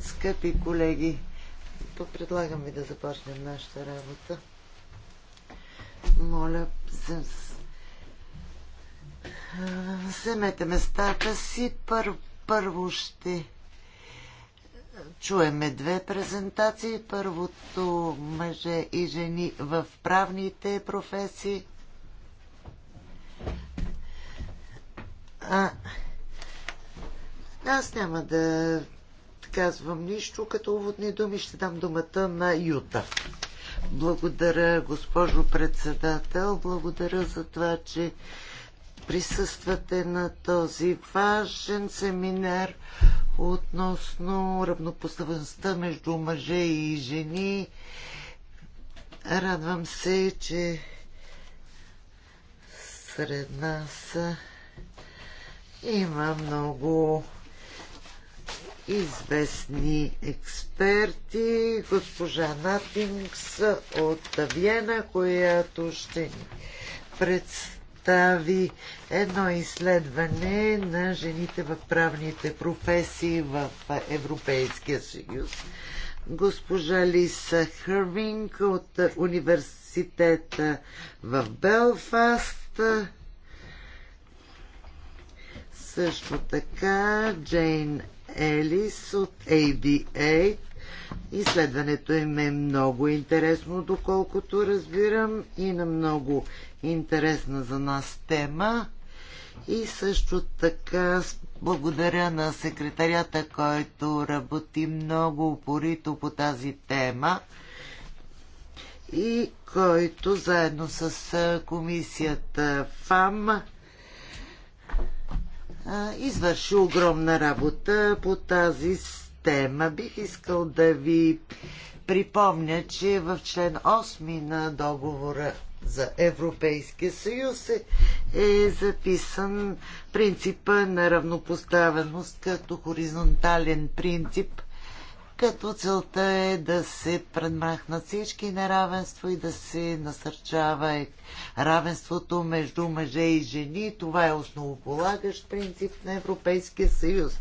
Скъпи колеги, предлагам ви да започнем нашата работа. Моля, вземете местата си. първо ще чуеме две презентации. Първото мъже и жени в правните професии. А, аз няма да казвам нищо, като уводни думи ще дам думата на Юта. Благодаря, госпожо председател. Благодаря за това, че присъствате на този важен семинар относно равнопоставеността между мъже и жени. Радвам се, че сред нас има много известни експерти, госпожа Натингс от Виена, която ще ни представи представи едно изследване на жените в правните професии в Европейския съюз. Госпожа Лиса Хървинг от университета в Белфаст. Също така Джейн Елис от ABA, Изследването им е много интересно, доколкото разбирам, и на много интересна за нас тема. И също така благодаря на секретарята, който работи много упорито по тази тема и който заедно с комисията ФАМ извърши огромна работа по тази тема. Бих искал да ви припомня, че в член 8 на договора за Европейския съюз е, е, записан принципа на равнопоставеност като хоризонтален принцип като целта е да се предмахнат всички неравенства и да се насърчава е равенството между мъже и жени. Това е основополагащ принцип на Европейския съюз.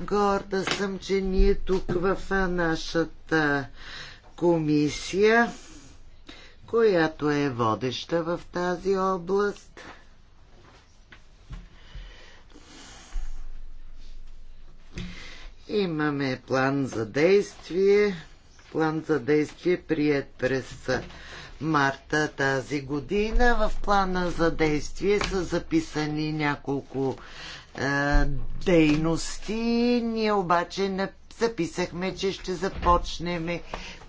Горда съм, че ние тук в нашата комисия, която е водеща в тази област, Имаме план за действие. План за действие прият през марта тази година. В плана за действие са записани няколко е, дейности. Ние обаче не записахме, че ще започнем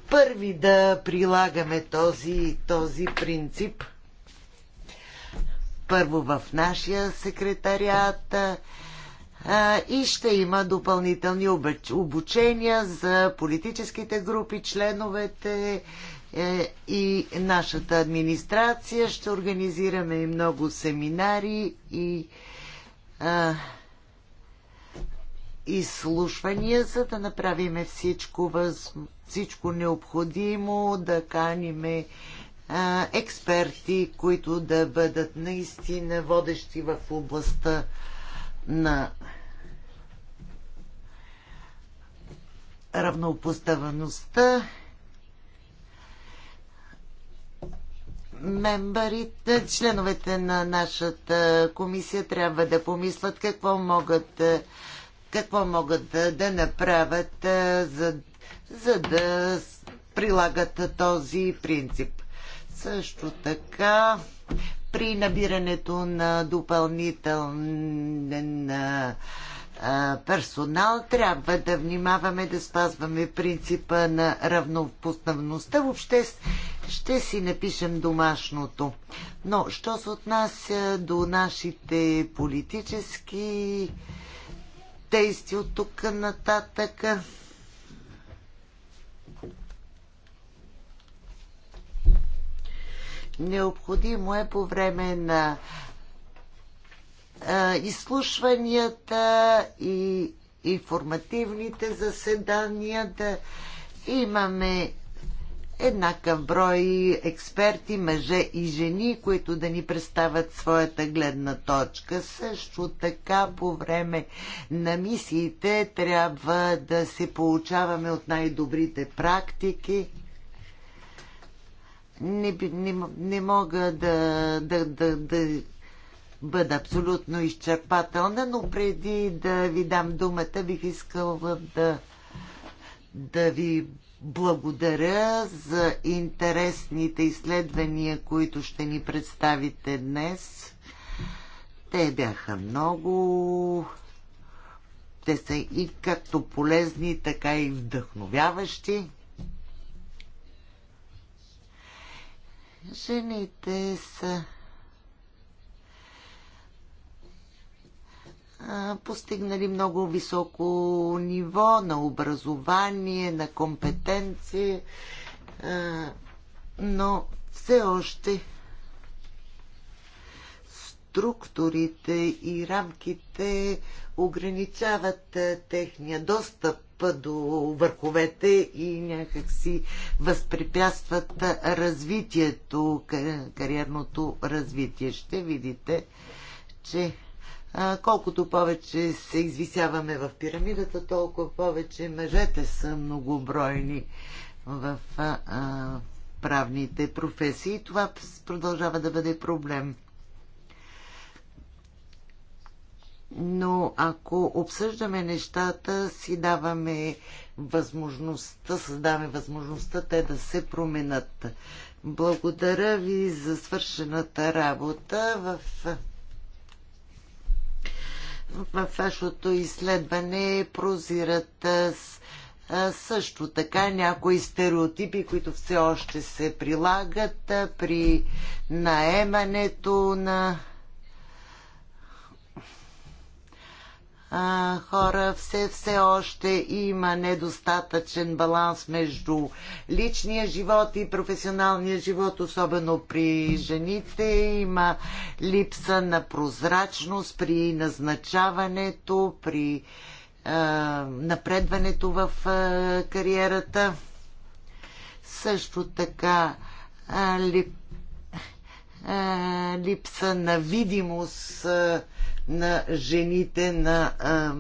първи да прилагаме този, този принцип. Първо в нашия секретарията и ще има допълнителни обучения за политическите групи, членовете е, и нашата администрация. Ще организираме и много семинари и изслушвания, за да направиме всичко, въз... всичко необходимо, да каниме експерти, които да бъдат наистина водещи в областта на равнопоставеността. Мембарите, членовете на нашата комисия трябва да помислят какво могат, какво могат да, направят, за, за да прилагат този принцип. Също така, при набирането на на персонал, трябва да внимаваме да спазваме принципа на равнопоставността. Въобще ще си напишем домашното. Но, що се отнася до нашите политически действия от тук нататък, Необходимо е по време на изслушванията и информативните заседания, да имаме еднакъв брой експерти, мъже и жени, които да ни представят своята гледна точка. Също така по време на мисиите трябва да се получаваме от най-добрите практики. Не, не, не мога да, да, да, да бъда абсолютно изчерпателна, но преди да ви дам думата, бих искала да, да ви благодаря за интересните изследвания, които ще ни представите днес. Те бяха много. Те са и както полезни, така и вдъхновяващи. Жените са постигнали много високо ниво на образование, на компетенции, но все още структурите и рамките ограничават техния достъп до върховете и някакси възпрепятстват развитието, кариерното развитие. Ще видите, че Колкото повече се извисяваме в пирамидата, толкова повече мъжете са многобройни в правните професии. Това продължава да бъде проблем. но ако обсъждаме нещата, си даваме възможността, създаваме възможността те да се променят. Благодаря ви за свършената работа в в вашето изследване прозират също така някои стереотипи, които все още се прилагат при наемането на а, хора все, все още има недостатъчен баланс между личния живот и професионалния живот, особено при жените. Има липса на прозрачност при назначаването, при а, напредването в а, кариерата. Също така а, лип, а, липса на видимост. А, на жените, на а,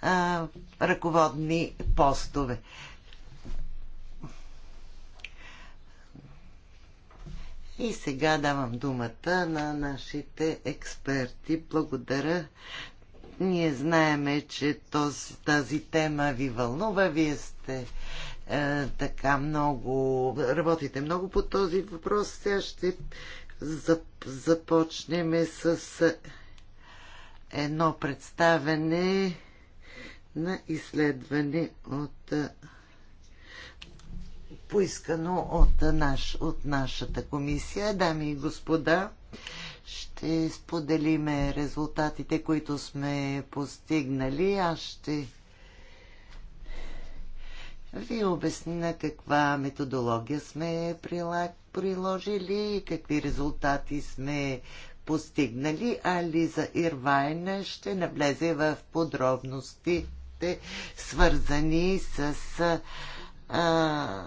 а, ръководни постове. И сега давам думата на нашите експерти. Благодаря. Ние знаеме, че този, тази тема ви вълнува. Вие сте е, така много, работите много по този въпрос. Сега ще започнем с едно представене на изследване от е, поискано от, наш, от нашата комисия. Дами и господа, ще споделиме резултатите, които сме постигнали. Аз ще ви обясня каква методология сме приложили и какви резултати сме постигнали, а Лиза Ирвайн ще навлезе в подробностите, свързани с а,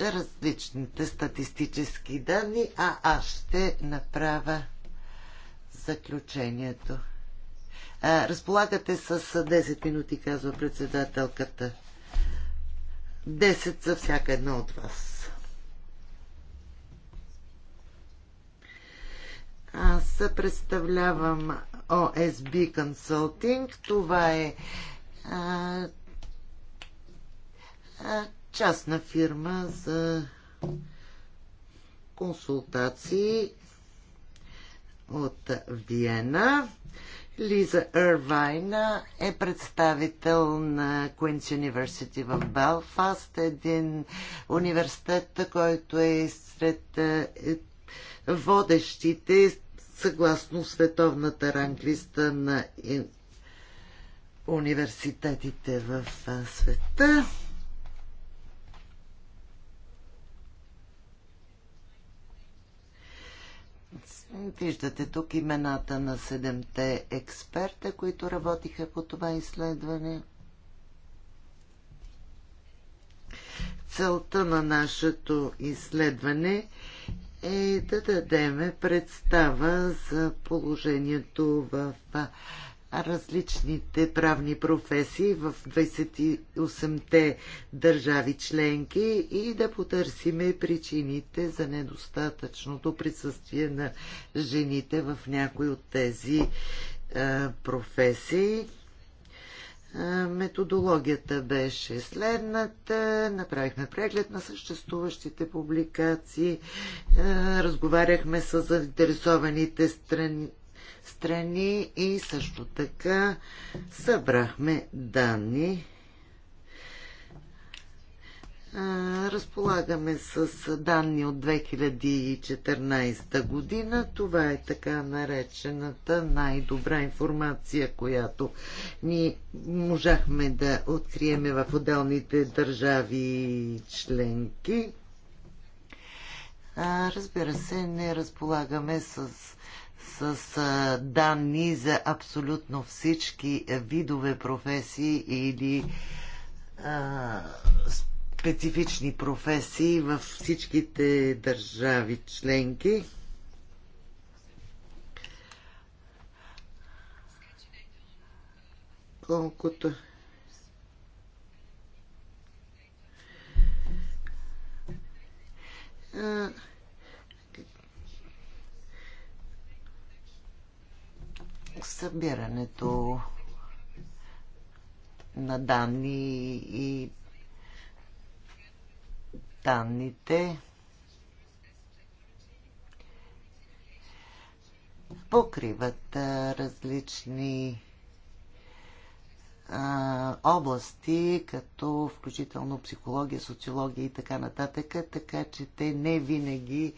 различните статистически данни, а аз ще направя заключението разполагате с 10 минути, казва председателката. 10 за всяка една от вас. Аз представлявам OSB Consulting. Това е а, а, частна фирма за консултации от Виена. Лиза Ирвайна е представител на Queen's University в Белфаст, един университет, който е сред е, водещите съгласно световната ранглиста на университетите в е, света. Виждате тук имената на седемте експерта, които работиха по това изследване. Целта на нашето изследване е да дадеме представа за положението в различните правни професии в 28-те държави членки и да потърсиме причините за недостатъчното присъствие на жените в някои от тези професии. Методологията беше следната. Направихме преглед на съществуващите публикации, разговаряхме с заинтересованите страни, страни и също така събрахме данни. Разполагаме с данни от 2014 година. Това е така наречената най-добра информация, която ни можахме да откриеме в отделните държави членки. Разбира се, не разполагаме с с а, данни за абсолютно всички видове професии или а, специфични професии във всичките държави членки. Колкото. А, събирането на данни и данните покриват различни области, като включително психология, социология и така нататък, така че те не винаги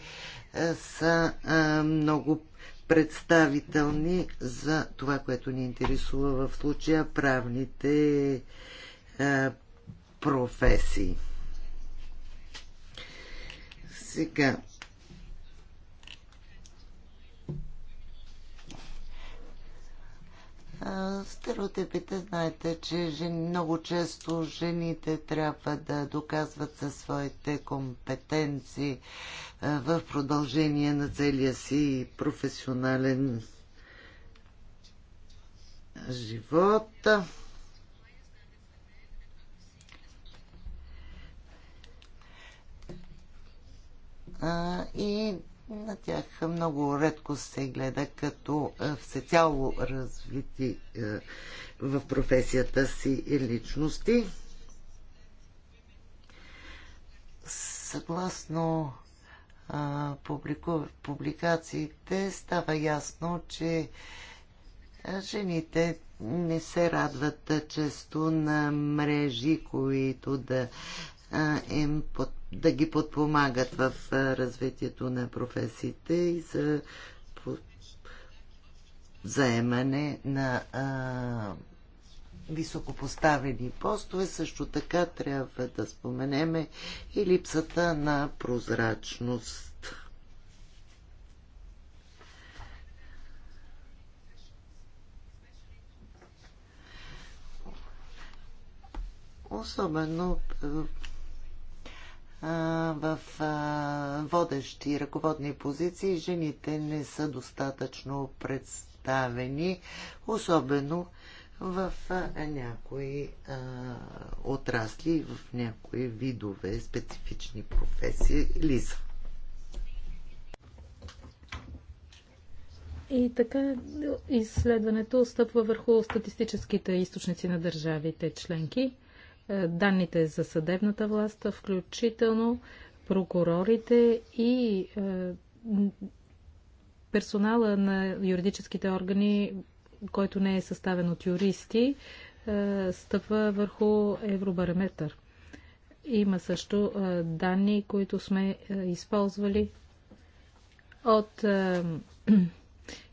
са много представителни за това, което ни интересува в случая правните е, професии. Сега, Стереотипите, знаете, че жен, много често жените трябва да доказват със своите компетенции в продължение на целия си професионален живот. и на тях много редко се гледа като е, всецяло развити е, в професията си личности. Съгласно публикациите става ясно, че е, жените не се радват често на мрежи, които да им под да ги подпомагат в развитието на професиите и за заемане на а, високопоставени постове. Също така трябва да споменеме и липсата на прозрачност. Особено в водещи ръководни позиции жените не са достатъчно представени, особено в някои а, отрасли, в някои видове специфични професии. Лиза. И така изследването стъпва върху статистическите източници на държавите членки. Е, данните за съдебната власт, включително прокурорите и е, персонала на юридическите органи, който не е съставен от юристи, е, стъпва върху Евробараметър. Има също данни, които сме използвали от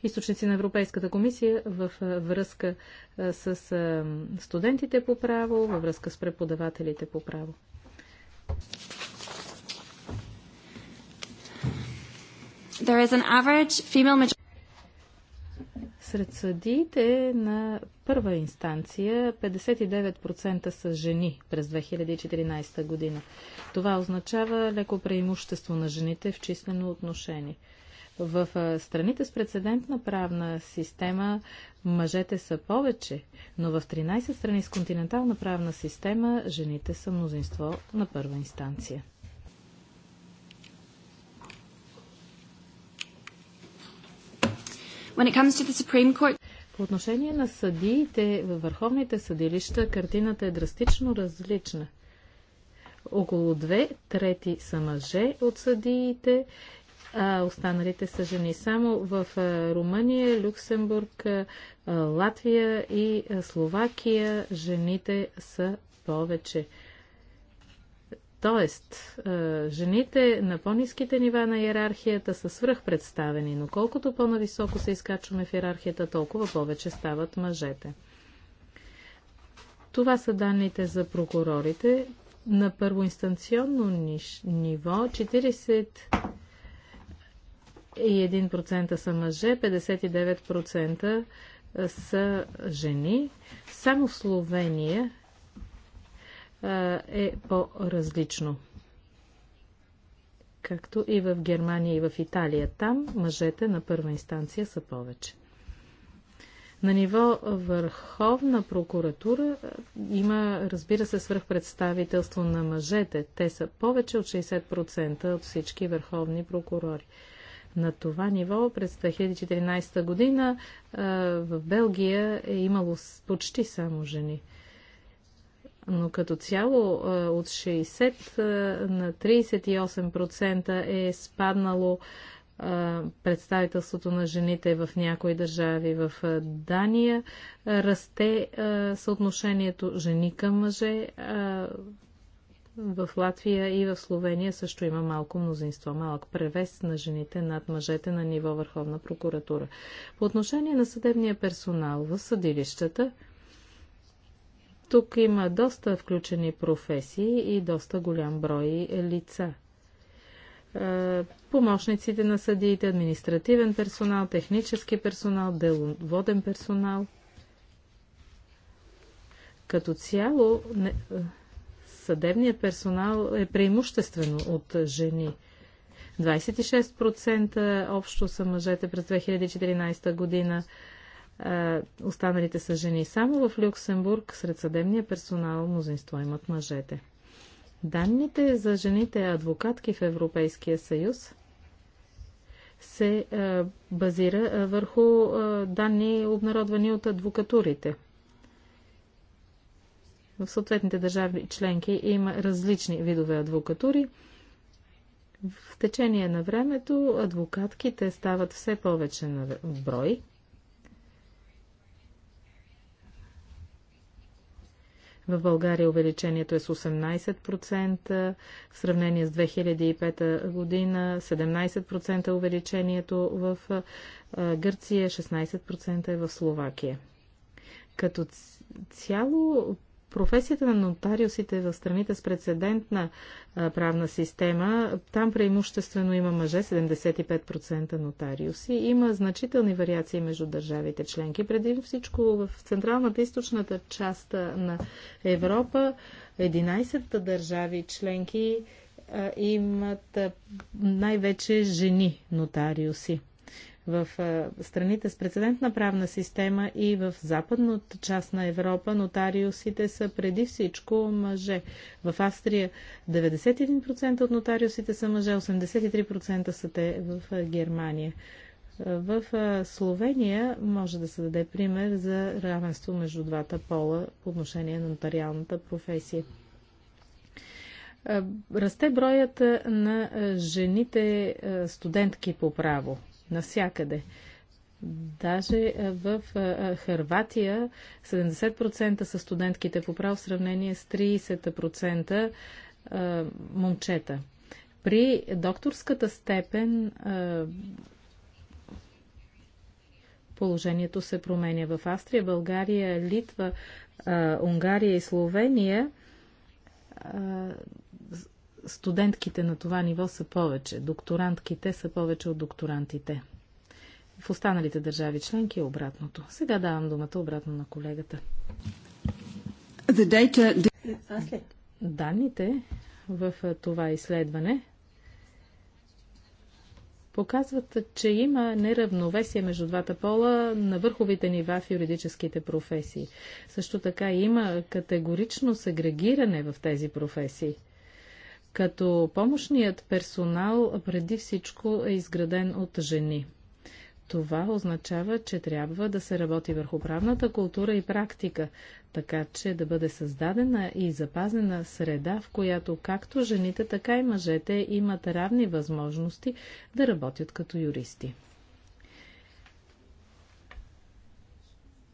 източници на Европейската комисия в връзка с студентите по право, във връзка с преподавателите по право. There is an average female Сред съдиите на първа инстанция 59% са жени през 2014 година. Това означава леко преимущество на жените в числено отношение. В страните с прецедентна правна система мъжете са повече, но в 13 страни с континентална правна система жените са мнозинство на първа инстанция. When it comes to the Supreme Court... По отношение на съдиите във върховните съдилища, картината е драстично различна. Около две трети са мъже от съдиите а останалите са жени. Само в Румъния, Люксембург, Латвия и Словакия жените са повече. Тоест, жените на по-низките нива на иерархията са свръхпредставени, но колкото по-нависоко се изкачваме в иерархията, толкова повече стават мъжете. Това са данните за прокурорите. На първоинстанционно ниво 40 51% са мъже, 59% са жени. Само в Словения е по-различно. Както и в Германия и в Италия. Там мъжете на първа инстанция са повече. На ниво Върховна прокуратура има, разбира се, свръхпредставителство на мъжете. Те са повече от 60% от всички върховни прокурори на това ниво през 2014 година в Белгия е имало почти само жени. Но като цяло от 60 на 38% е спаднало представителството на жените в някои държави. В Дания расте съотношението жени към мъже в Латвия и в Словения също има малко мнозинство, малък превес на жените над мъжете на ниво Върховна прокуратура. По отношение на съдебния персонал в съдилищата, тук има доста включени професии и доста голям брой лица. Е, помощниците на съдиите, административен персонал, технически персонал, деловоден персонал. Като цяло, не, е, съдебният персонал е преимуществено от жени. 26% общо са мъжете през 2014 година. Останалите са жени. Само в Люксембург сред съдебния персонал мнозинство имат мъжете. Данните за жените адвокатки в Европейския съюз се базира върху данни, обнародвани от адвокатурите. В съответните държави членки има различни видове адвокатури. В течение на времето адвокатките стават все повече на брой. В България увеличението е с 18%, в сравнение с 2005 година 17% увеличението в Гърция, 16% е в Словакия. Като цяло професията на нотариусите в страните с прецедентна правна система, там преимуществено има мъже, 75% нотариуси. Има значителни вариации между държавите членки. Преди всичко в централната и източната част на Европа 11 държави членки имат най-вече жени нотариуси в страните с прецедентна правна система и в западната част на Европа нотариусите са преди всичко мъже. В Австрия 91% от нотариусите са мъже, 83% са те в Германия. В Словения може да се даде пример за равенство между двата пола по отношение на нотариалната професия. Расте броят на жените студентки по право навсякъде. Даже е, в е, е, Харватия 70% са студентките по право в сравнение с 30% момчета. При докторската степен положението се променя. В Австрия, България, Литва, Унгария и Словения студентките на това ниво са повече, докторантките са повече от докторантите. В останалите държави членки е обратното. Сега давам думата обратно на колегата. The data... Данните в това изследване показват, че има неравновесие между двата пола на върховите нива в юридическите професии. Също така има категорично сегрегиране в тези професии – като помощният персонал преди всичко е изграден от жени. Това означава, че трябва да се работи върху правната култура и практика, така че да бъде създадена и запазена среда, в която както жените, така и мъжете имат равни възможности да работят като юристи.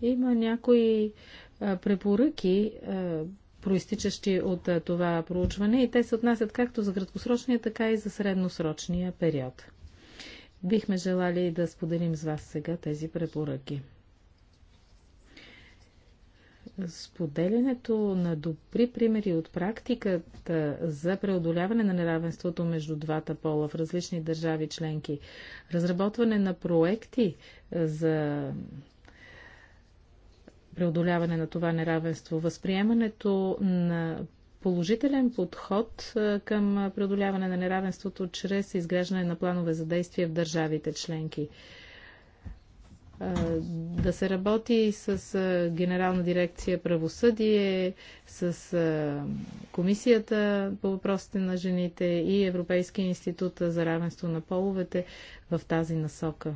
Има някои препоръки проистичащи от това проучване и те се отнасят както за краткосрочния, така и за средносрочния период. Бихме желали да споделим с вас сега тези препоръки. Споделянето на добри примери от практиката за преодоляване на неравенството между двата пола в различни държави членки, разработване на проекти за преодоляване на това неравенство. Възприемането на положителен подход към преодоляване на неравенството чрез изграждане на планове за действие в държавите членки. Да се работи с Генерална дирекция правосъдие, с Комисията по въпросите на жените и Европейския институт за равенство на половете в тази насока.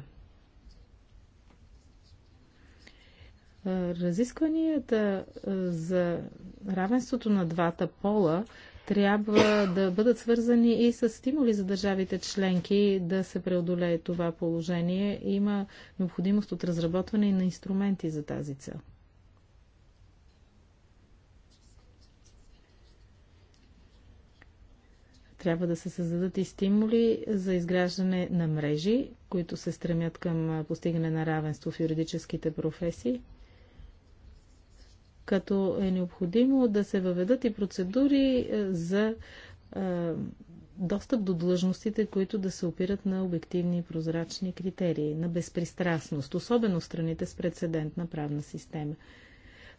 Разискванията за равенството на двата пола трябва да бъдат свързани и с стимули за държавите членки да се преодолее това положение. Има необходимост от разработване и на инструменти за тази цел. трябва да се създадат и стимули за изграждане на мрежи, които се стремят към постигане на равенство в юридическите професии като е необходимо да се въведат и процедури е, за е, достъп до длъжностите, които да се опират на обективни и прозрачни критерии, на безпристрастност, особено страните с прецедент на правна система.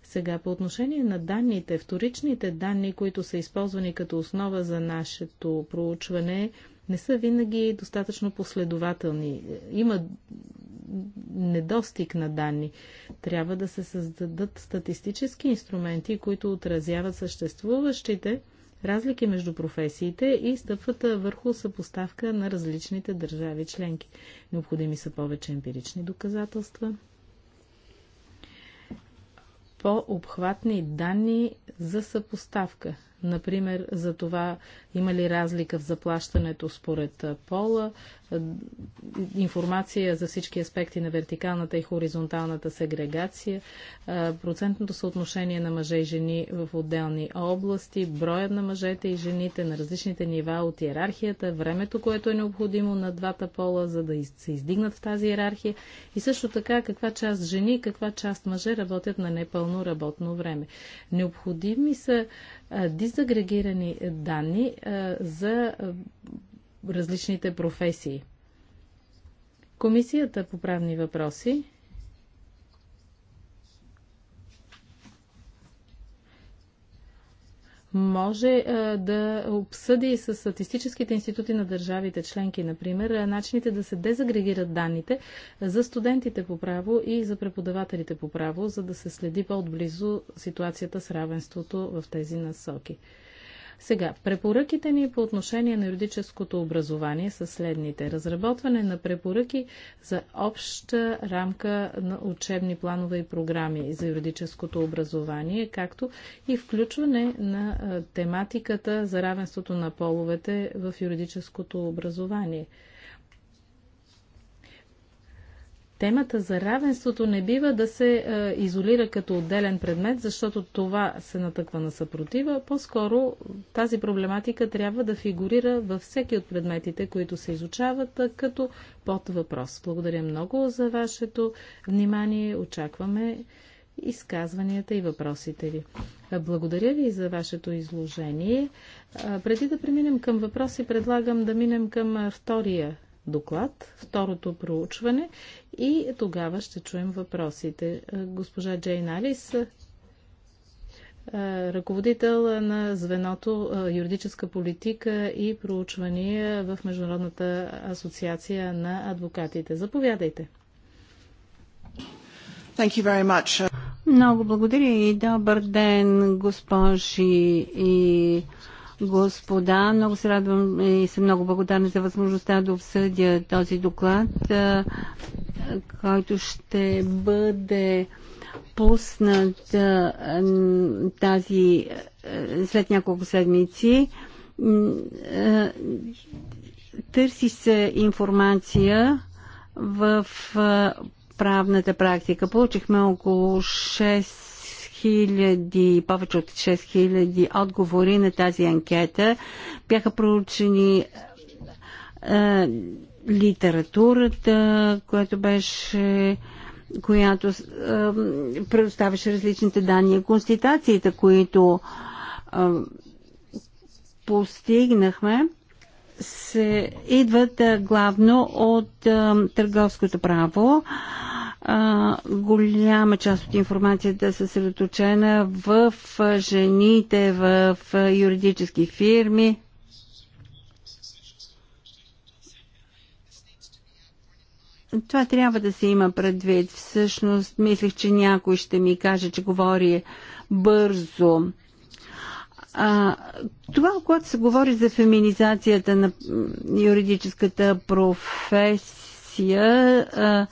Сега по отношение на данните, вторичните данни, които са използвани като основа за нашето проучване, не са винаги достатъчно последователни. Има недостиг на данни. Трябва да се създадат статистически инструменти, които отразяват съществуващите разлики между професиите и стъпвата върху съпоставка на различните държави членки. Необходими са повече емпирични доказателства, по-обхватни данни за съпоставка. Например, за това има ли разлика в заплащането според пола, информация за всички аспекти на вертикалната и хоризонталната сегрегация, процентното съотношение на мъже и жени в отделни области, броят на мъжете и жените на различните нива от иерархията, времето, което е необходимо на двата пола, за да се издигнат в тази иерархия и също така каква част жени, каква част мъже работят на непълно работно време. Необходими са дизагрегирани данни за различните професии. Комисията по правни въпроси може е, да обсъди с статистическите институти на държавите членки, например, е, начините да се дезагрегират данните е, за студентите по право и за преподавателите по право, за да се следи по-отблизо ситуацията с равенството в тези насоки. Сега, препоръките ни по отношение на юридическото образование са следните. Разработване на препоръки за обща рамка на учебни планове и програми за юридическото образование, както и включване на тематиката за равенството на половете в юридическото образование – Темата за равенството не бива да се е, изолира като отделен предмет, защото това се натъква на съпротива. По-скоро тази проблематика трябва да фигурира във всеки от предметите, които се изучават е, като под въпрос. Благодаря много за вашето внимание. Очакваме изказванията и въпросите ви. Благодаря ви за вашето изложение. Е, преди да преминем към въпроси, предлагам да минем към е, втория доклад, второто проучване и тогава ще чуем въпросите. Госпожа Джейн Алис, ръководител на звеното юридическа политика и проучвания в Международната асоциация на адвокатите. Заповядайте. Thank you very much. Много благодаря и добър ден, госпожи и господа. Много се радвам и съм много благодарна за възможността да обсъдя този доклад, който ще бъде пуснат тази след няколко седмици. Търси се информация в правната практика. Получихме около 6 6000, повече от 6000 отговори на тази анкета. Бяха проучени е, литературата, която беше която е, предоставяше различните данни, констатациите, които е, постигнахме се идват е, главно от е, търговското право а, голяма част от информацията е съсредоточена в жените, в юридически фирми. Това трябва да се има предвид. Всъщност, мислех, че някой ще ми каже, че говори бързо. А, това, когато се говори за феминизацията на юридическата професия, а,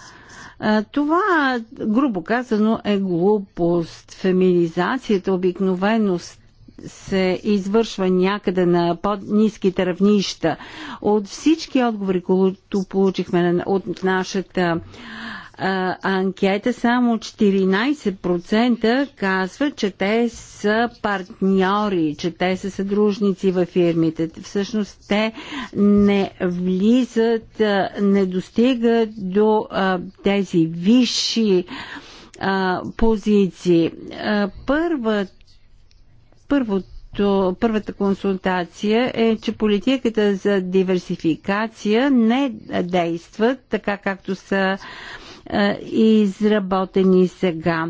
това, грубо казано, е глупост. Феминизацията обикновено се извършва някъде на по-низките равнища. От всички отговори, които получихме от нашата анкета само 14% казва, че те са партньори, че те са съдружници във фирмите. Всъщност те не влизат, не достигат до тези висши позиции. първа, първата консултация е, че политиката за диверсификация не действат така както са е, изработени сега.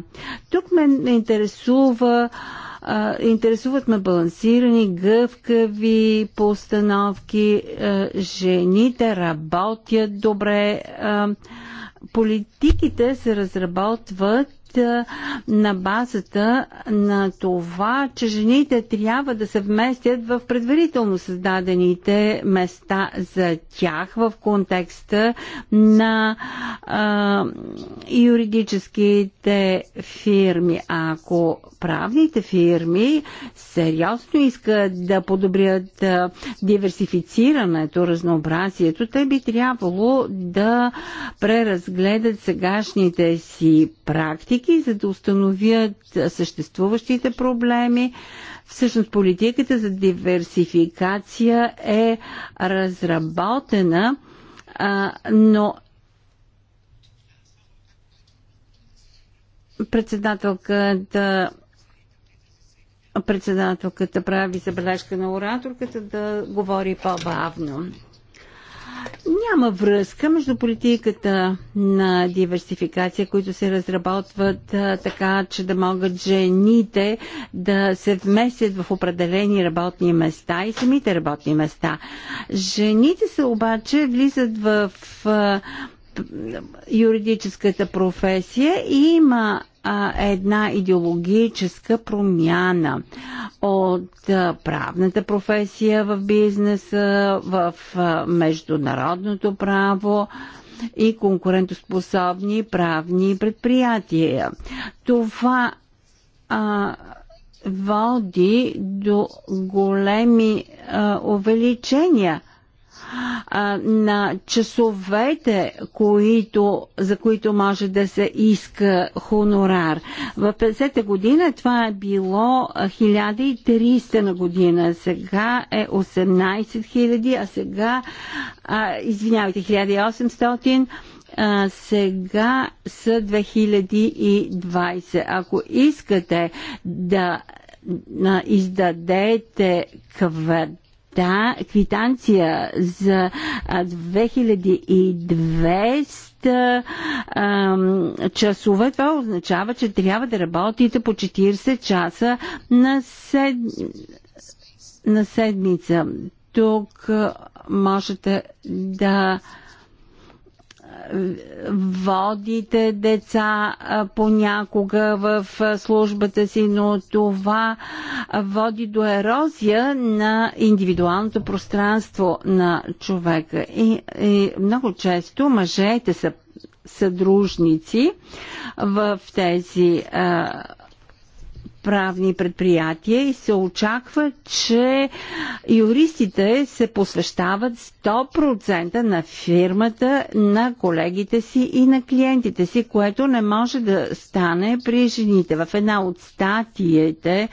Тук ме интересува е, интересуват ме балансирани, гъвкави постановки. Е, жените работят добре. Политиките се разработват на базата на това, че жените трябва да се вместят в предварително създадените места за тях в контекста на а, юридическите фирми. А ако правните фирми сериозно искат да подобрят диверсифицирането, разнообразието, те би трябвало да преразгледат сегашните си практики политики, за да установят съществуващите проблеми. Всъщност политиката за диверсификация е разработена, а, но председателката председателката прави забележка на ораторката да говори по-бавно. Няма връзка между политиката на диверсификация, които се разработват така, че да могат жените да се вместят в определени работни места и самите работни места. Жените са обаче влизат в юридическата професия и има а, една идеологическа промяна от а, правната професия в бизнеса, в а, международното право и конкурентоспособни правни предприятия. Това а, води до големи а, увеличения – а, на часовете, които, за които може да се иска хонорар. В 50-та година това е било 1300 на година, сега е 18 000, а сега, а, извинявайте, 1800 а, сега са 2020. Ако искате да издадете квадрат, квита, квитанция за 2200 часове, това означава, че трябва да работите по 40 часа на, сед... на седмица. Тук можете да водите деца понякога в службата си, но това води до ерозия на индивидуалното пространство на човека. И, и много често мъжете са съдружници в тези а, правни предприятия и се очаква, че юристите се посвещават 100% на фирмата, на колегите си и на клиентите си, което не може да стане при жените. В една от статиите,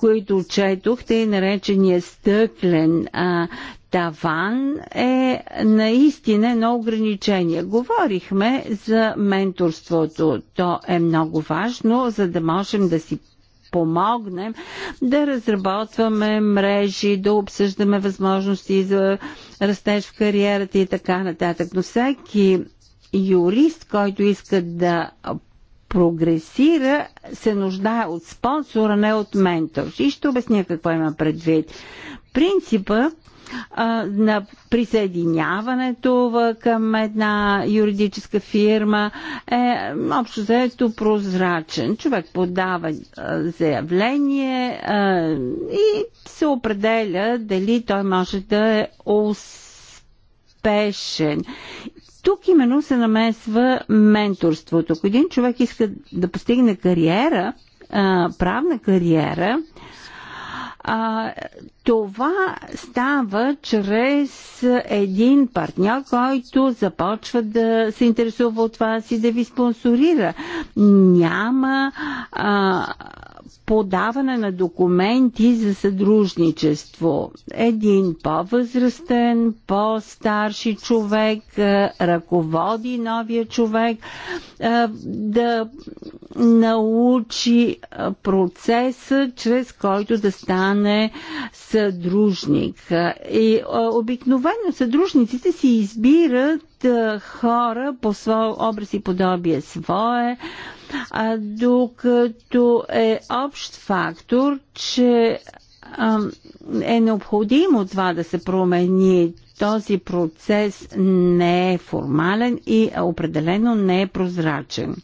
които четох, е наречения стъклен а, таван е наистина едно ограничение. Говорихме за менторството. То е много важно, за да можем да си помогнем да разработваме мрежи, да обсъждаме възможности за растеж в кариерата и така нататък. Но всеки юрист, който иска да прогресира, се нуждае от спонсор, а не от ментор. И ще обясня какво има предвид. Принципът на присъединяването към една юридическа фирма е общо заето прозрачен. Човек подава заявление и се определя дали той може да е успешен. Тук именно се намесва менторството. Ако един човек иска да постигне кариера, правна кариера, а, това става чрез един партньор, който започва да се интересува от вас и да ви спонсорира. Няма а, подаване на документи за съдружничество. Един по-възрастен, по-старши човек е, ръководи новия човек е, да научи е, процеса, чрез който да стане съдружник. И обикновено съдружниците си избират хора по своя образ и подобие свое, а докато е общ фактор, че е необходимо това да се промени. Този процес не е формален и определено не е прозрачен.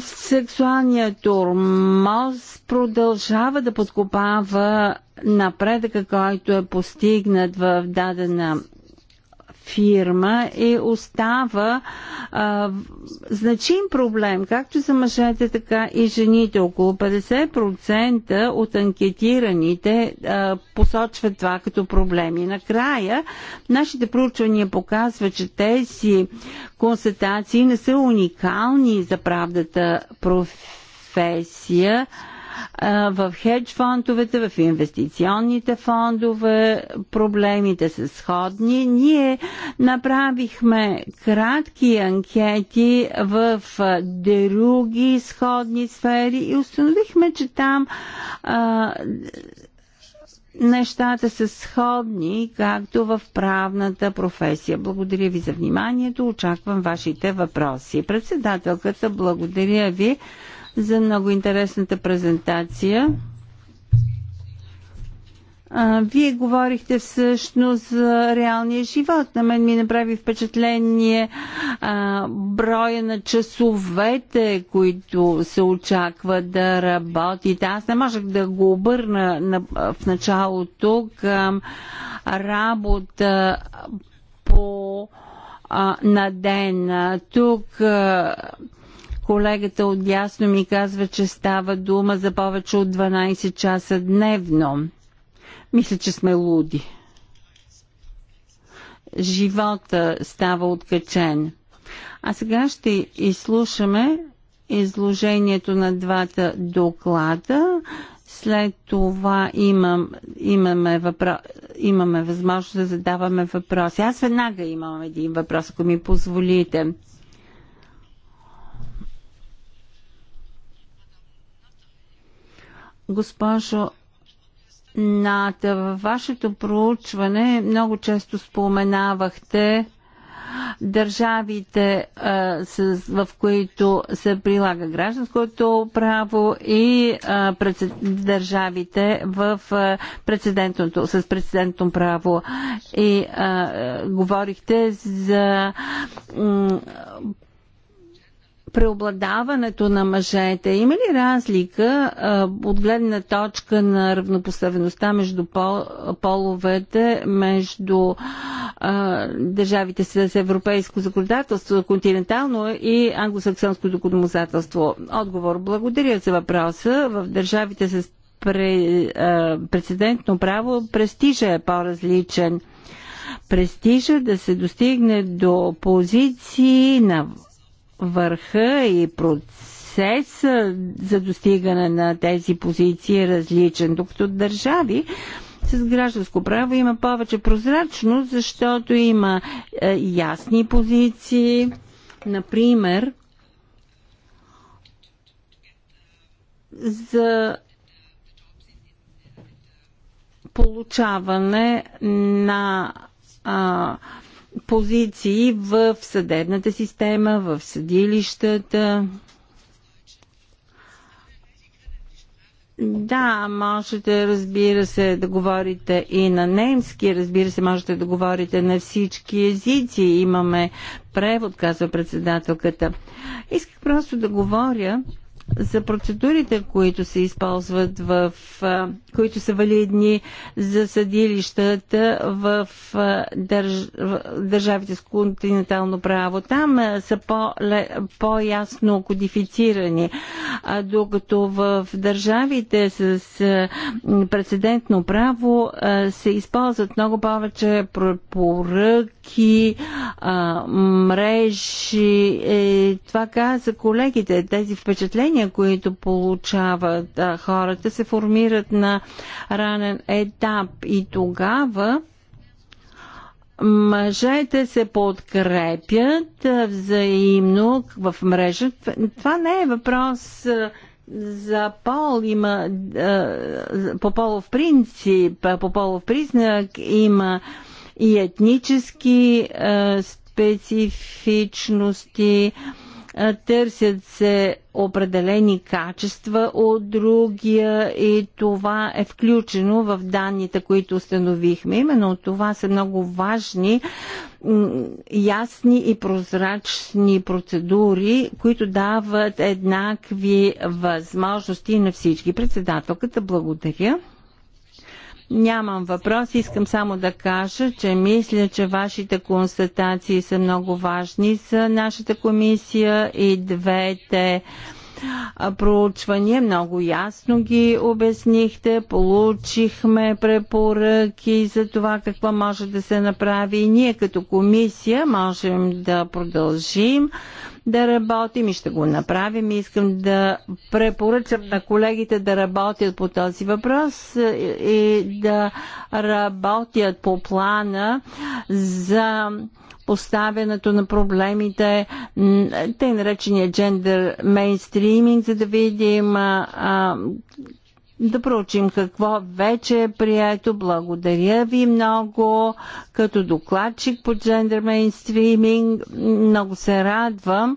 Сексуалният тормоз продължава да подкопава напредъка, който е постигнат в дадена фирма и остава а, значим проблем, както за мъжете, така и жените. Около 50% от анкетираните а, посочват това като проблеми. Накрая, нашите проучвания показват, че тези констатации не са уникални за правдата професия в хедж фондовете, в инвестиционните фондове, проблемите са сходни. Ние направихме кратки анкети в други сходни сфери и установихме, че там а, нещата са сходни, както в правната професия. Благодаря ви за вниманието. Очаквам вашите въпроси. Председателката, благодаря ви за много интересната презентация. А, вие говорихте всъщност за реалния живот. На мен ми направи впечатление а, броя на часовете, които се очаква да работите. Аз не можех да го обърна на, в началото към работа по а, на ден. Тук а, Колегата от дясно ми казва, че става дума за повече от 12 часа дневно. Мисля, че сме луди. Живота става откачен. А сега ще изслушаме изложението на двата доклада. След това имам, имаме, въпро... имаме възможност да задаваме въпроси. Аз веднага имам един въпрос, ако ми позволите. Госпожо Ната, във вашето проучване много често споменавахте държавите, в които се прилага гражданското право и държавите в прецедентното, с прецедентно право. И а, говорихте за преобладаването на мъжете. Има ли разлика а, от гледна точка на равнопоставеността между пол, половете, между а, държавите с европейско законодателство, континентално и англосаксонско законодателство? Отговор. Благодаря за въпроса. В държавите с прецедентно право престижа е по-различен. Престижа да се достигне до позиции на върха и процеса за достигане на тези позиции е различен. Докато държави, с гражданско право има повече прозрачност, защото има е, ясни позиции. Например, за получаване на а, позиции в съдебната система, в съдилищата. Да, можете, разбира се, да говорите и на немски, разбира се, можете да говорите на всички езици. Имаме превод, казва председателката. Исках просто да говоря за процедурите, които се използват в, които са валидни за съдилищата в, държ, държавите с континентално право. Там са по, по-ясно кодифицирани, докато в държавите с прецедентно право се използват много повече препорък банки, а, мрежи. Е, това каза колегите. Тези впечатления, които получават а, хората, се формират на ранен етап. И тогава мъжете се подкрепят взаимно в мрежа. Това не е въпрос за пол има по полов принцип, по полов признак има и етнически специфичности, търсят се определени качества от другия и това е включено в данните, които установихме. Именно това са много важни, ясни и прозрачни процедури, които дават еднакви възможности на всички. Председателката, благодаря. Нямам въпрос, искам само да кажа, че мисля, че вашите констатации са много важни за нашата комисия и двете проучвания. Много ясно ги обяснихте. Получихме препоръки за това какво може да се направи. И ние като комисия можем да продължим да работим и ще го направим. Искам да препоръчам на колегите да работят по този въпрос и да работят по плана за поставянето на проблемите, тъй наречения джендър мейнстриминг, за да видим а, да проучим какво вече е прието. Благодаря ви много като докладчик по джендър мейнстриминг. Много се радвам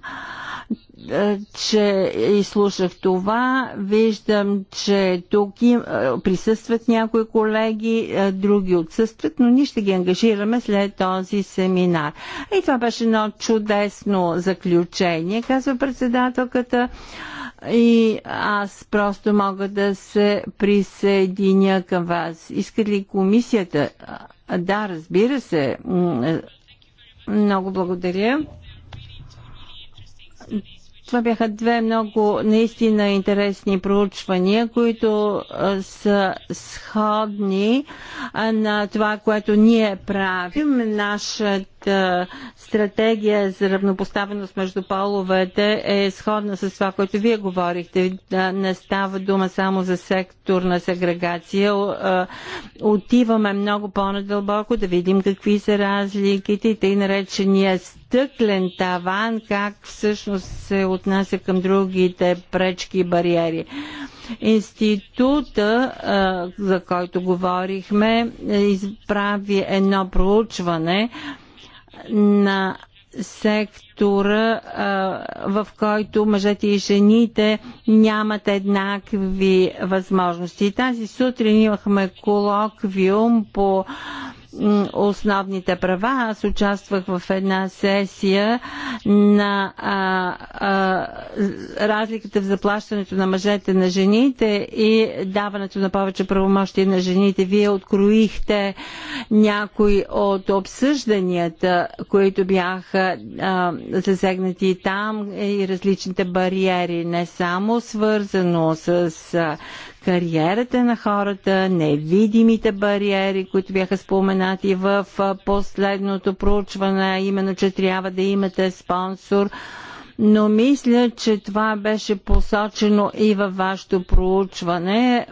че изслушах това. Виждам, че тук им, е, присъстват някои колеги, е, други отсъстват, но ние ще ги ангажираме след този семинар. И това беше едно чудесно заключение, казва председателката. И аз просто мога да се присъединя към вас. Искат ли комисията? Да, разбира се. Е, много благодаря това бяха две много наистина интересни проучвания, които са сходни на това, което ние правим. Нашата стратегия за равнопоставеност между половете е сходна с това, което вие говорихте. Не става дума само за секторна сегрегация. Отиваме много по-надълбоко да видим какви са разликите и тъй наречения стъклен таван, как всъщност се отнася към другите пречки и бариери. Института, за който говорихме, е, изправи едно проучване на сектора, в който мъжете и жените нямат еднакви възможности. Тази сутрин имахме колоквиум по основните права. Аз участвах в една сесия на а, а, разликата в заплащането на мъжете на жените и даването на повече правомощи на жените. Вие откроихте някои от обсъжданията, които бяха а, засегнати там и различните бариери, не само свързано с кариерата на хората, невидимите бариери, които бяха споменати в последното проучване, именно, че трябва да имате спонсор но мисля, че това беше посочено и във вашето проучване.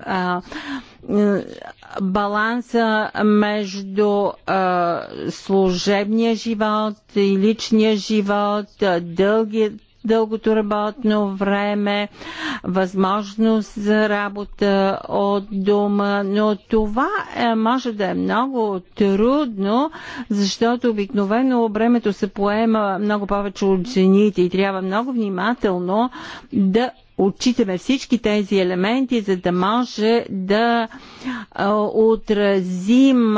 Баланса между служебния живот и личния живот, дългият дългото работно време, възможност за работа от дома, но това е, може да е много трудно, защото обикновено времето се поема много повече от жените и трябва много внимателно да отчитаме всички тези елементи, за да може да отразим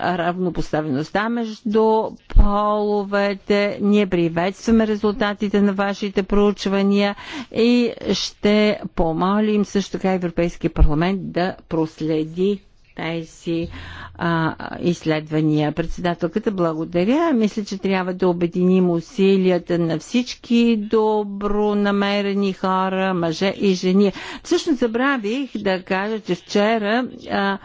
равнопоставеността между половете. Ние приветстваме резултатите на вашите проучвания и ще помолим също така Европейския парламент да проследи тези а, изследвания. Председателката, благодаря. Мисля, че трябва да обединим усилията на всички добро намерени хора, мъже и жени. Всъщност забравих да кажа, че вчера а,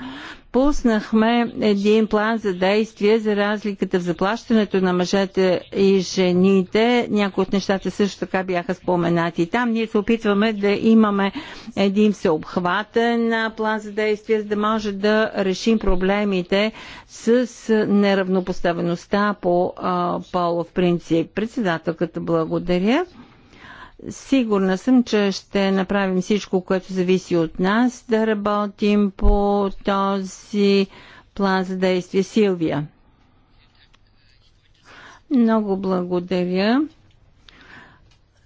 пуснахме един план за действие за разликата в заплащането на мъжете и жените. Някои от нещата също така бяха споменати. Там ние се опитваме да имаме един всеобхватен план за действие, за да може да решим проблемите с неравнопоставеността по полов принцип. Председателката благодаря. Сигурна съм, че ще направим всичко, което зависи от нас, да работим по този план за действие. Силвия. Много благодаря.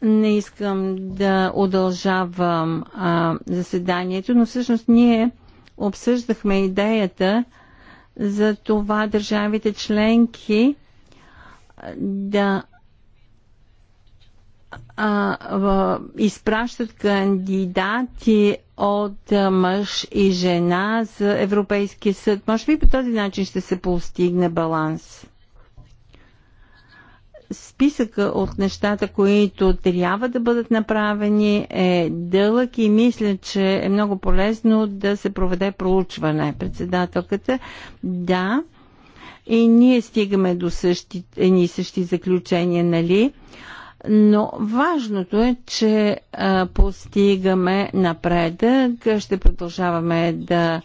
Не искам да удължавам а, заседанието, но всъщност ние обсъждахме идеята за това държавите членки да а, в, изпращат кандидати от мъж и жена за Европейския съд. Може би по този начин ще се постигне баланс. Списъка от нещата, които трябва да бъдат направени е дълъг и мисля, че е много полезно да се проведе проучване. Председателката, да, и ние стигаме до същи, едни същи заключения, нали? Но важното е, че а, постигаме напредък, ще продължаваме да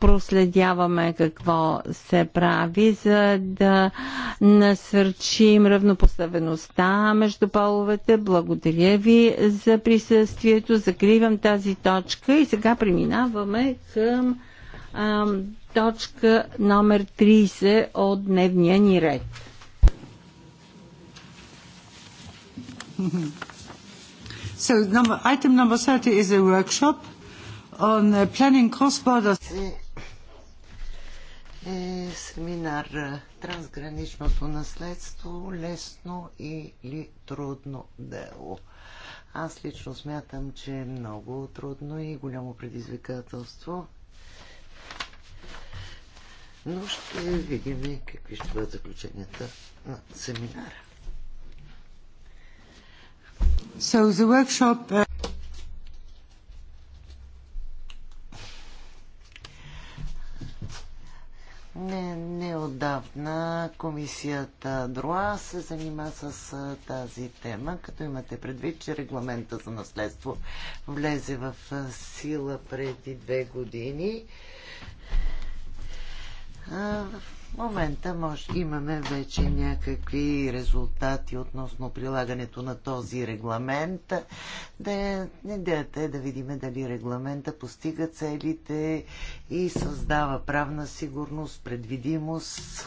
проследяваме какво се прави, за да насърчим равнопоставеността между половете. Благодаря ви за присъствието. Закривам тази точка и сега преминаваме към а, точка номер 30 от дневния ни ред. So number, item number 30 is a workshop on uh, planning cross-border... Е, е семинар е, Трансграничното наследство лесно или трудно дело. Аз лично смятам, че е много трудно и голямо предизвикателство. Но ще видим какви ще бъдат заключенията на семинара. So the workshop... Uh, Не, неодавна комисията ДРОА се занима с тази тема, като имате предвид, че регламента за наследство влезе в сила преди две години. В момента може, имаме вече някакви резултати относно прилагането на този регламент. Да, идеята е да видим дали регламента постига целите и създава правна сигурност, предвидимост.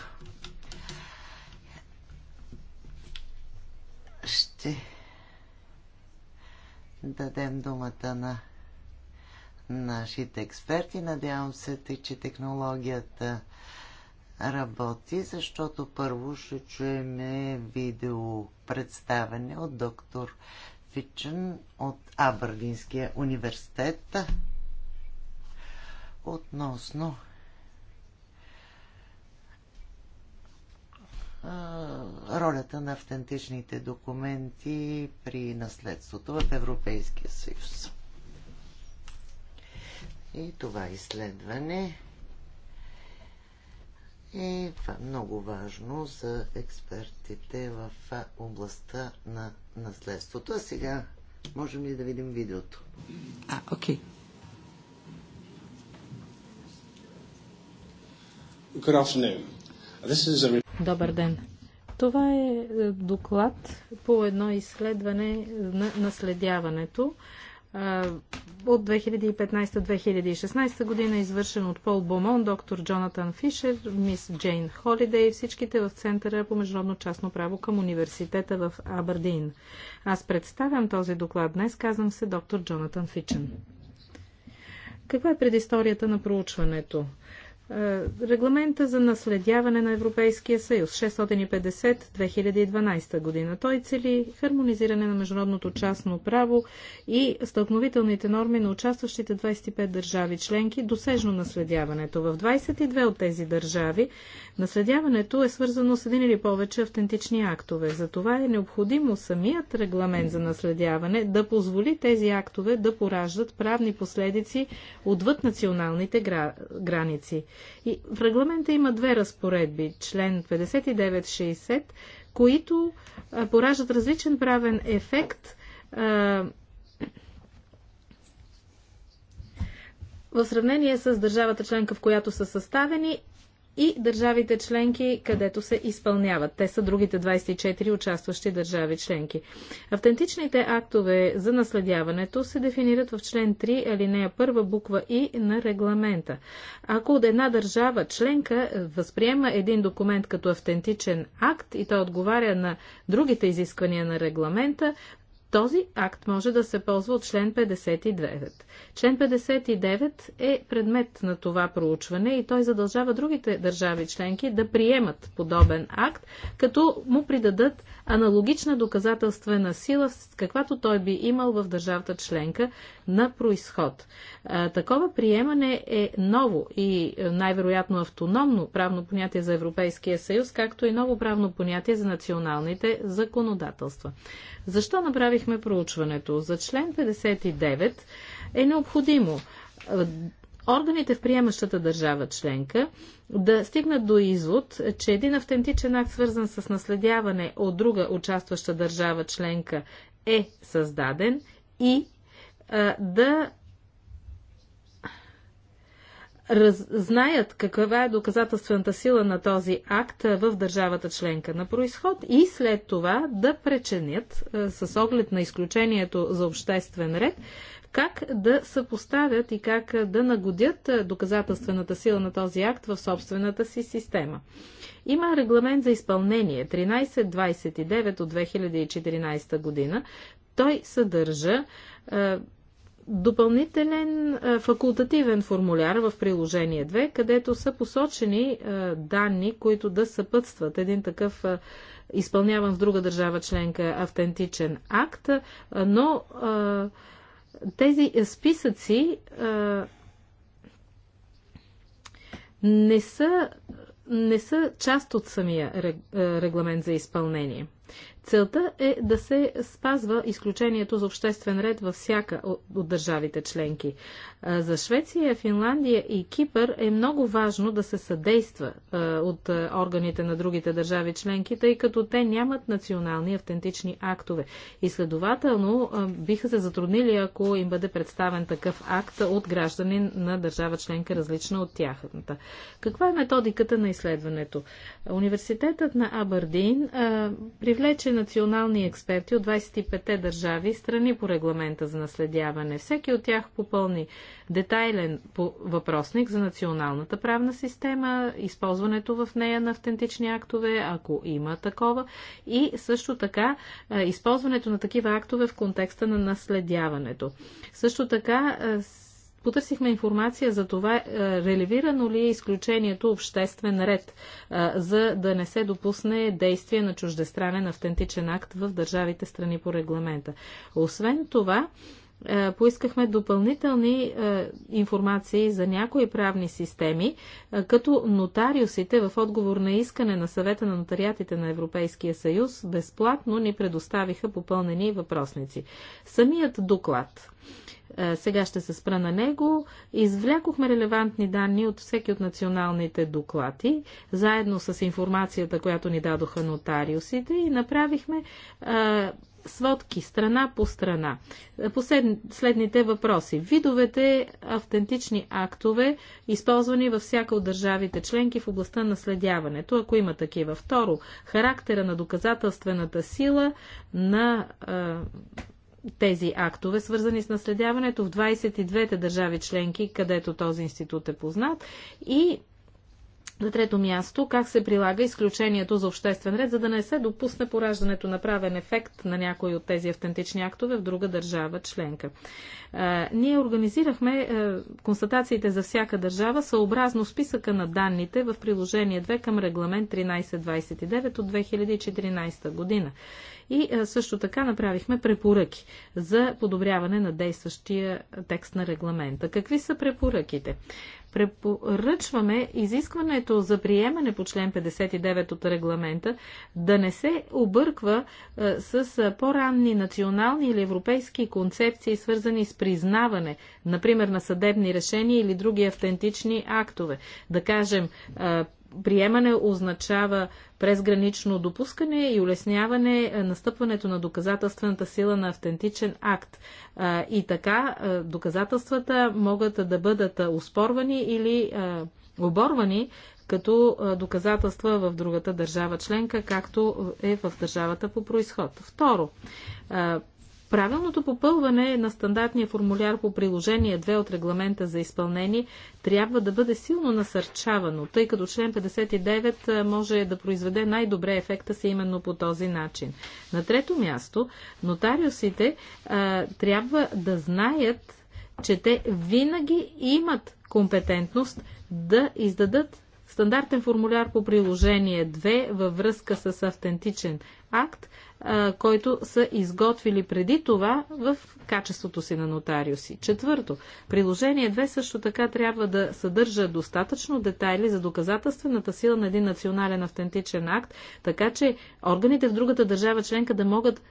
Ще дадем думата на нашите експерти. Надявам се, че технологията работи, защото първо ще чуем видео представене от доктор Фичен от Абърдинския университет относно ролята на автентичните документи при наследството в Европейския съюз. И това изследване е много важно за експертите в областта на наследството. А сега можем ли да видим видеото? А, окей. Okay. Добър ден. Това е, е доклад по едно изследване на наследяването от 2015-2016 година, извършен от Пол Бомон, доктор Джонатан Фишер, мис Джейн Холидей, всичките в Центъра по международно частно право към университета в Абердин. Аз представям този доклад днес, казвам се доктор Джонатан Фичен. Каква е предисторията на проучването? Е, регламента за наследяване на Европейския съюз 650-2012 година. Той цели хармонизиране на международното частно право и стълкновителните норми на участващите 25 държави членки, досежно наследяването. В 22 от тези държави наследяването е свързано с един или повече автентични актове. Затова е необходимо самият регламент за наследяване да позволи тези актове да пораждат правни последици отвъд националните граници. И в регламента има две разпоредби, член 59-60, които пораждат различен правен ефект в сравнение с държавата членка, в която са съставени и държавите членки, където се изпълняват. Те са другите 24 участващи държави членки. Автентичните актове за наследяването се дефинират в член 3, алинея 1, буква И на регламента. Ако от една държава членка възприема един документ като автентичен акт и той отговаря на другите изисквания на регламента, този акт може да се ползва от член 59. Член 59 е предмет на това проучване и той задължава другите държави членки да приемат подобен акт, като му придадат аналогична доказателствена сила, каквато той би имал в държавата членка, на происход. Такова приемане е ново и най-вероятно автономно правно понятие за Европейския съюз, както и ново правно понятие за националните законодателства. Защо направихме проучването? За член 59 е необходимо органите в приемащата държава членка да стигнат до извод, че един автентичен акт, свързан с наследяване от друга участваща държава членка, е създаден и да раз, знаят каква е доказателствената сила на този акт в държавата членка на происход и след това да преченят с оглед на изключението за обществен ред как да съпоставят и как да нагодят доказателствената сила на този акт в собствената си система. Има регламент за изпълнение 1329 от 2014 година. Той съдържа допълнителен факултативен формуляр в приложение 2, където са посочени данни, които да съпътстват един такъв изпълняван в друга държава членка автентичен акт, но тези списъци не са, не са част от самия регламент за изпълнение. Целта е да се спазва изключението за обществен ред във всяка от държавите членки. За Швеция, Финландия и Кипър е много важно да се съдейства от органите на другите държави членки, тъй като те нямат национални автентични актове. И следователно биха се затруднили, ако им бъде представен такъв акт от гражданин на държава членка, различна от тяхната. Каква е методиката на изследването? Университетът на Абърдин привлече национални експерти от 25 държави, страни по регламента за наследяване. Всеки от тях попълни детайлен въпросник за националната правна система, използването в нея на автентични актове, ако има такова, и също така използването на такива актове в контекста на наследяването. Също така Потърсихме информация за това, релевирано ли е изключението обществен ред, за да не се допусне действие на чуждестранен автентичен акт в държавите страни по регламента. Освен това, е, поискахме допълнителни е, информации за някои правни системи, е, като нотариусите в отговор на искане на съвета на нотариатите на Европейския съюз безплатно ни предоставиха попълнени въпросници. Самият доклад сега ще се спра на него. Извлякохме релевантни данни от всеки от националните доклади, заедно с информацията, която ни дадоха нотариусите и направихме сводки страна по страна. Послед, следните въпроси. Видовете автентични актове, използвани във всяка от държавите членки в областта на следяването, ако има такива. Второ, характера на доказателствената сила на а, тези актове, свързани с наследяването в 22-те държави членки, където този институт е познат. И на трето място, как се прилага изключението за обществен ред, за да не се допусне пораждането на правен ефект на някой от тези автентични актове в друга държава членка. Е, ние организирахме е, констатациите за всяка държава съобразно списъка на данните в приложение 2 към регламент 1329 от 2014 година. И е, също така направихме препоръки за подобряване на действащия текст на регламента. Какви са препоръките? препоръчваме изискването за приемане по член 59 от регламента да не се обърква е, с е, по-ранни национални или европейски концепции, свързани с признаване, например на съдебни решения или други автентични актове. Да кажем, е, приемане означава презгранично допускане и улесняване настъпването на доказателствената сила на автентичен акт. И така доказателствата могат да бъдат оспорвани или оборвани като доказателства в другата държава членка, както е в държавата по происход. Второ, Правилното попълване на стандартния формуляр по приложение 2 от регламента за изпълнение трябва да бъде силно насърчавано, тъй като член 59 може да произведе най-добре ефекта си именно по този начин. На трето място, нотариусите а, трябва да знаят, че те винаги имат компетентност да издадат стандартен формуляр по приложение 2 във връзка с автентичен акт, който са изготвили преди това в качеството си на нотариуси. Четвърто, приложение 2 също така трябва да съдържа достатъчно детайли за доказателствената сила на един национален автентичен акт, така че органите в другата държава членка да могат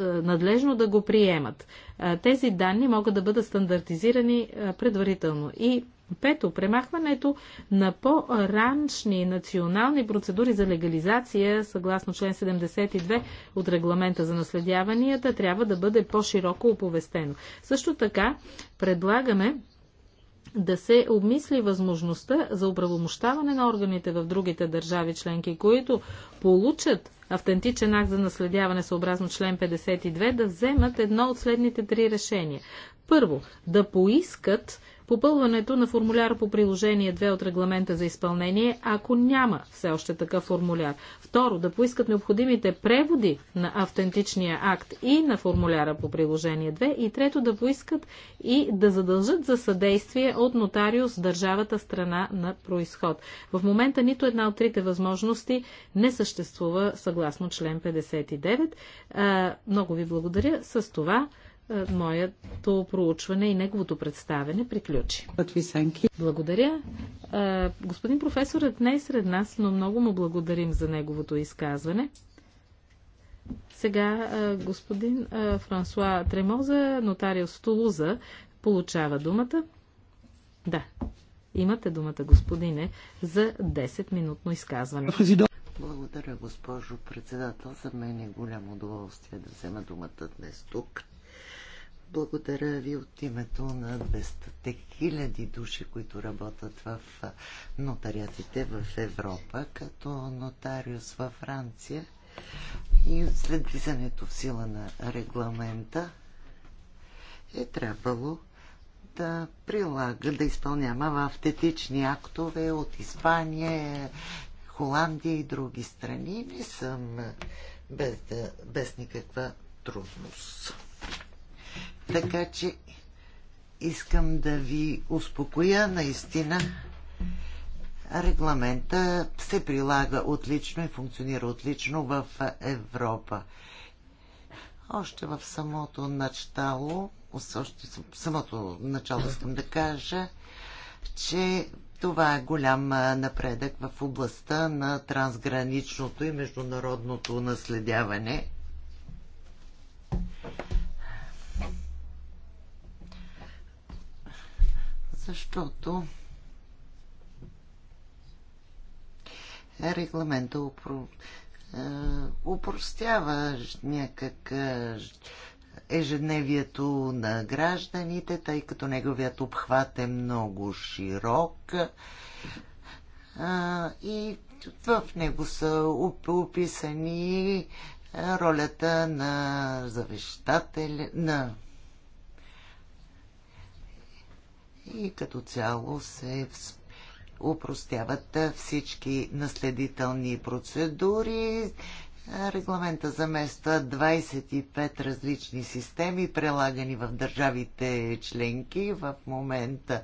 е, надлежно да го приемат. Е, тези данни могат да бъдат стандартизирани е, предварително. И Пето, премахването на по-раншни национални процедури за легализация, съгласно член 72 от регламента за наследяванията, трябва да бъде по-широко оповестено. Също така предлагаме да се обмисли възможността за оправомощаване на органите в другите държави членки, които получат автентичен акт за наследяване съобразно член 52 да вземат едно от следните три решения. Първо, да поискат попълването на формуляр по приложение 2 от регламента за изпълнение, ако няма все още такъв формуляр. Второ, да поискат необходимите преводи на автентичния акт и на формуляра по приложение 2. И трето, да поискат и да задължат за съдействие от нотариус държавата страна на происход. В момента нито една от трите възможности не съществува съгласно член 59. много ви благодаря. С това е, моето проучване и неговото представене приключи. Благодаря. Е, господин професорът не е сред нас, но много му благодарим за неговото изказване. Сега е, господин Франсуа Тремоза, нотариус в Тулуза, получава думата. Да, имате думата, господине, за 10-минутно изказване. Благодаря, госпожо председател. За мен е голямо удоволствие да взема думата днес тук. Благодаря ви от името на 200 хиляди души, които работят в нотариатите в Европа, като нотариус във Франция. И след влизането в сила на регламента е трябвало да прилага, да изпълнява автетични актове от Испания, Холандия и други страни. Не съм без, без никаква трудност. Така че искам да ви успокоя наистина. Регламента се прилага отлично и функционира отлично в Европа. Още в самото начало, още в самото начало искам да кажа, че това е голям напредък в областта на трансграничното и международното наследяване. защото регламента упро... Е, упростява някак е, ежедневието на гражданите, тъй като неговият обхват е много широк е, и в него са описани ролята на завещателя, на и като цяло се упростяват всички наследителни процедури. Регламента замества 25 различни системи, прилагани в държавите членки. В момента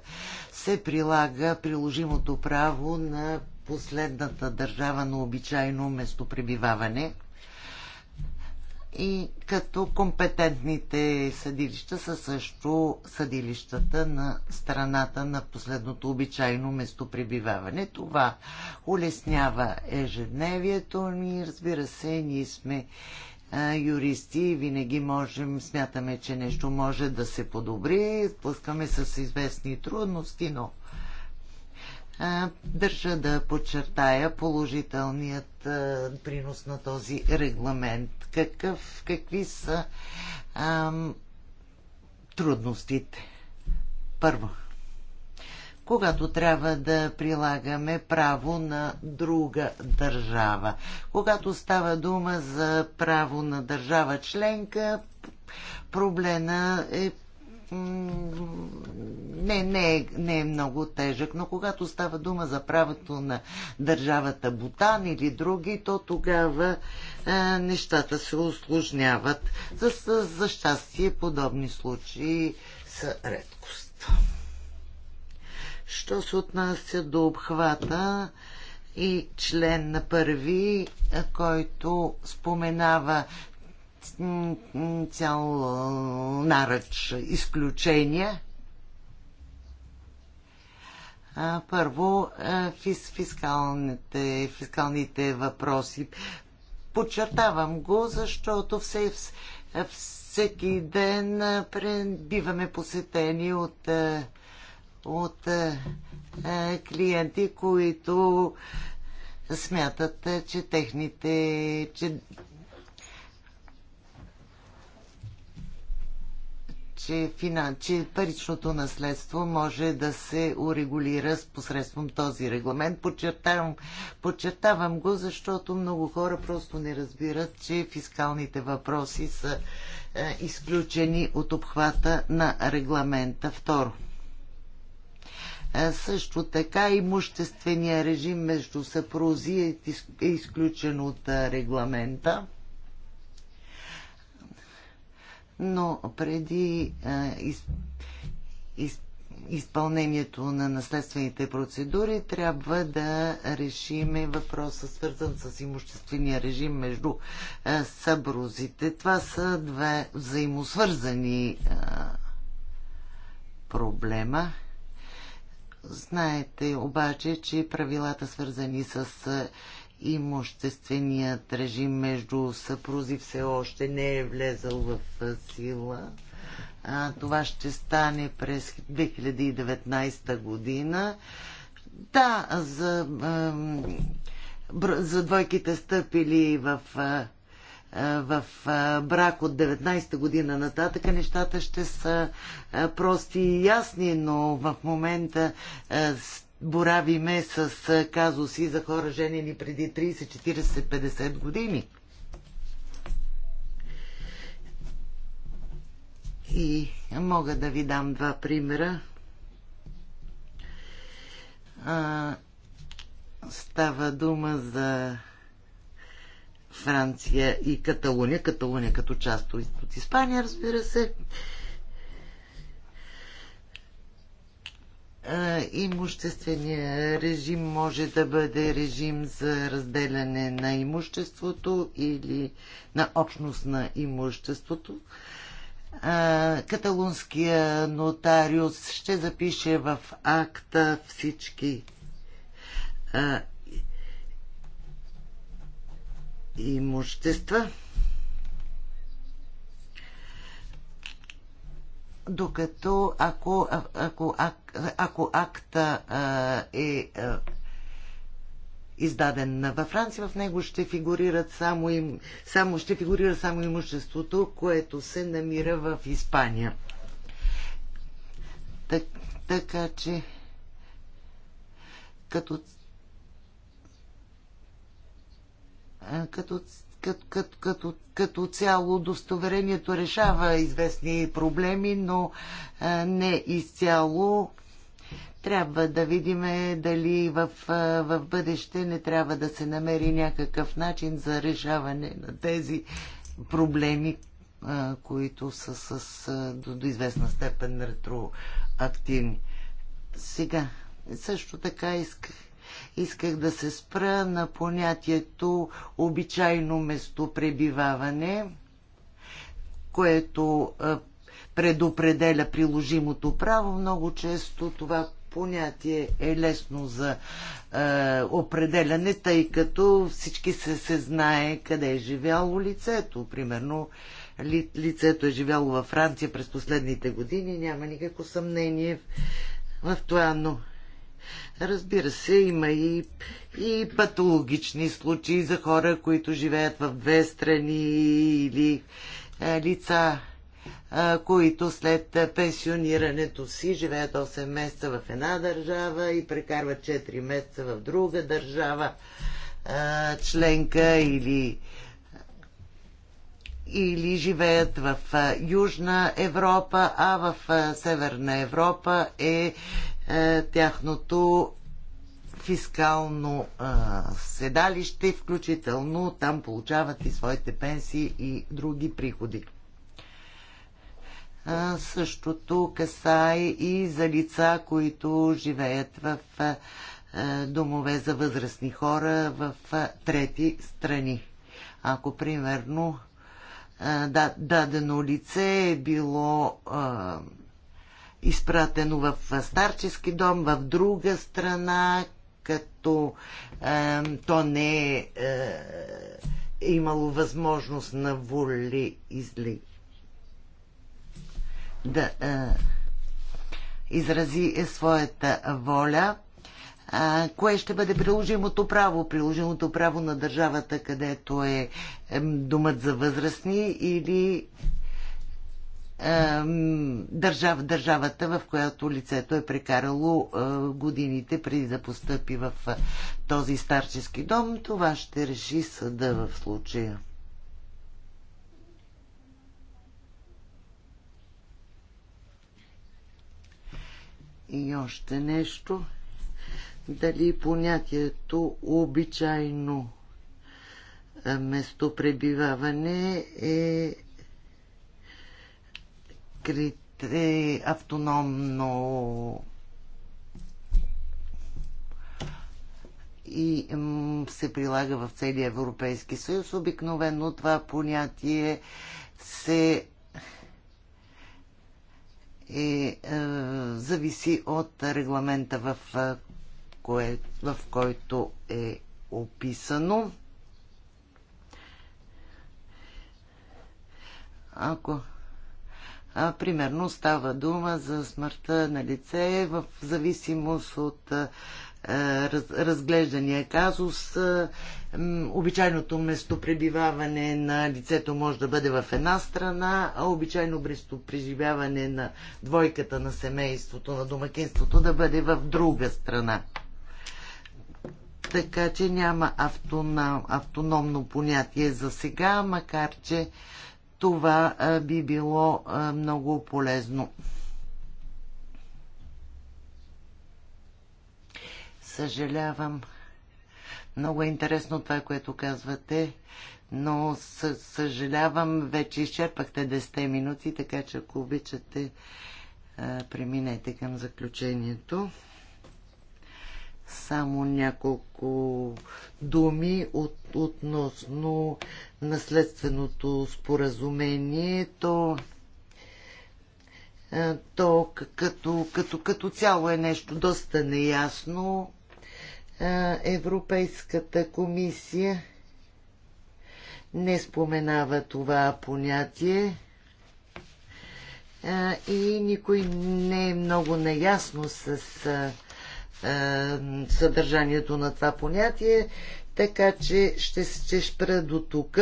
се прилага приложимото право на последната държава на обичайно местопребиваване – и като компетентните съдилища са също съдилищата на страната на последното обичайно местопребиваване. Това улеснява ежедневието ни. Разбира се, ние сме а, юристи и винаги можем, смятаме, че нещо може да се подобри. Плъскаме с известни трудности, но Държа да подчертая положителният принос на този регламент. Какъв, какви са ам, трудностите? Първо, когато трябва да прилагаме право на друга държава. Когато става дума за право на държава членка, проблема е не, не, е, не е много тежък, но когато става дума за правото на държавата Бутан или други, то тогава е, нещата се осложняват. За, за, за щастие подобни случаи са редкост. Що се отнася до обхвата и член на първи, който споменава цял наръч изключения. Първо, фискалните, фискалните въпроси. Подчертавам го, защото все, всеки ден биваме посетени от, от клиенти, които смятат, че техните, че че, финан, че паричното наследство може да се урегулира с посредством този регламент. Подчертавам, подчертавам го, защото много хора просто не разбират, че фискалните въпроси са е, изключени от обхвата на регламента. Второ. Е, също така имуществения режим между съпрузи е, е изключен от е, регламента но преди е, из, из, изпълнението на наследствените процедури трябва да решиме въпроса, свързан с имуществения режим между е, съброзите. Това са две взаимосвързани е, проблема. Знаете обаче, че правилата свързани с имущественият режим между съпрузи все още не е влезъл в сила. А, това ще стане през 2019 година. Да, за, за двойките стъпили в, в брак от 19 година нататък нещата ще са прости и ясни, но в момента боравиме с казуси за хора женени преди 30, 40, 50 години. И мога да ви дам два примера. А, става дума за Франция и Каталуния. Каталуния като част от Испания, разбира се. А, имуществения режим може да бъде режим за разделяне на имуществото или на общност на имуществото. Каталунския нотариус ще запише в акта всички имущества. докато ако, ако, ако, ако акта а, е а, издаден във Франция, в него ще фигурират само, им, само ще фигурира само имуществото, което се намира в Испания. Так, така че като като като, като, като, като цяло удостоверението решава известни проблеми, но а, не изцяло. Трябва да видим е, дали в, в бъдеще не трябва да се намери някакъв начин за решаване на тези проблеми, а, които са с, а, до, до известна степен ретроактивни. Сега, също така исках Исках да се спра на понятието обичайно местопребиваване, което предопределя приложимото право. Много често това понятие е лесно за е, определяне, тъй като всички се, се знае къде е живяло лицето. Примерно, ли, лицето е живяло във Франция през последните години, няма никакво съмнение в, в това, но Разбира се, има и, и патологични случаи за хора, които живеят в две страни или е, лица, е, които след пенсионирането си живеят 8 месеца в една държава и прекарват 4 месеца в друга държава е, членка или или живеят в е, Южна Европа, а в е, Северна Европа е е, тяхното фискално а, е, седалище, включително там получават и своите пенсии и други приходи. А, е, същото касае и за лица, които живеят в а, е, домове за възрастни хора в а, трети страни. Ако, примерно, а, да, дадено лице е било а, изпратено в старчески дом, в друга страна, като е, то не е, е имало възможност на воли изли да е, изрази е своята воля. А, кое ще бъде приложимото право? Приложимото право на държавата, където е, е домът за възрастни или държав, държавата, в която лицето е прекарало годините преди да постъпи в този старчески дом. Това ще реши съда в случая. И още нещо. Дали понятието обичайно местопребиваване е открите автономно и се прилага в целия Европейски съюз. Обикновено това понятие се е, е, зависи от регламента, в, кое, в който е описано. Ако а, примерно става дума за смъртта на лице в зависимост от раз, разглеждания казус. обичайното местопребиваване на лицето може да бъде в една страна, а обичайно местопреживяване на двойката на семейството, на домакинството да бъде в друга страна така че няма автоном, автономно понятие за сега, макар че това би било много полезно. Съжалявам. Много е интересно това, което казвате, но съжалявам, вече изчерпахте 10 минути, така че ако обичате, преминете към заключението. Само няколко думи от, относно наследственото споразумение, то е, то като, като, като цяло е нещо доста неясно. Е, Европейската комисия не споменава това понятие е, и никой не е много наясно с съдържанието на това понятие. Така че ще се спра до тук.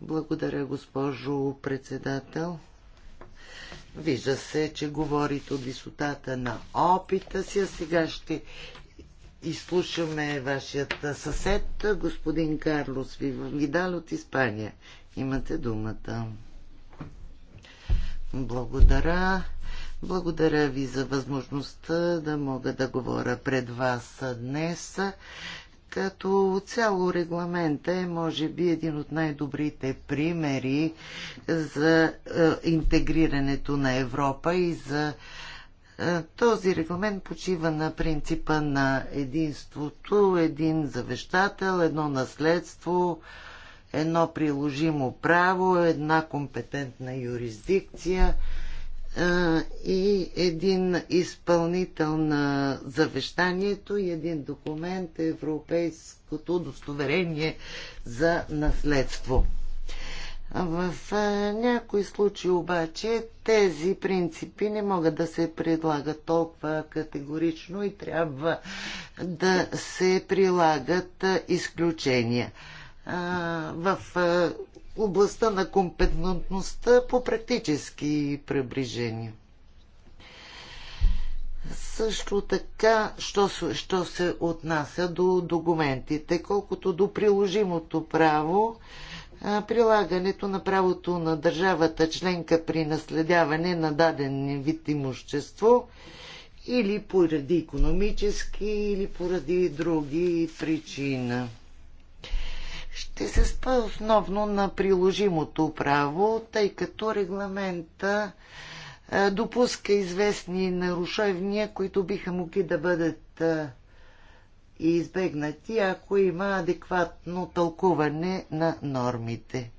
Благодаря, госпожо председател. Вижда се, че говорите от висотата на опита си, а сега ще изслушаме вашият съсед, господин Карлос Видал от Испания. Имате думата. Благодаря. Благодаря ви за възможността да мога да говоря пред вас днес. Като цяло регламента е, може би, един от най-добрите примери за е, интегрирането на Европа и за е, този регламент почива на принципа на единството, един завещател, едно наследство, едно приложимо право, една компетентна юрисдикция – и един изпълнител на завещанието и един документ Европейското удостоверение за наследство. В някои случаи обаче тези принципи не могат да се предлагат толкова категорично и трябва да се прилагат изключения. В областта на компетентността по практически приближения. Също така, що, що се отнася до документите, колкото до приложимото право, прилагането на правото на държавата членка при наследяване на даден вид имущество или поради економически, или поради други причина. Ще се спа основно на приложимото право, тъй като регламента е, допуска известни нарушения, които биха могли да бъдат е, избегнати, ако има адекватно тълкуване на нормите.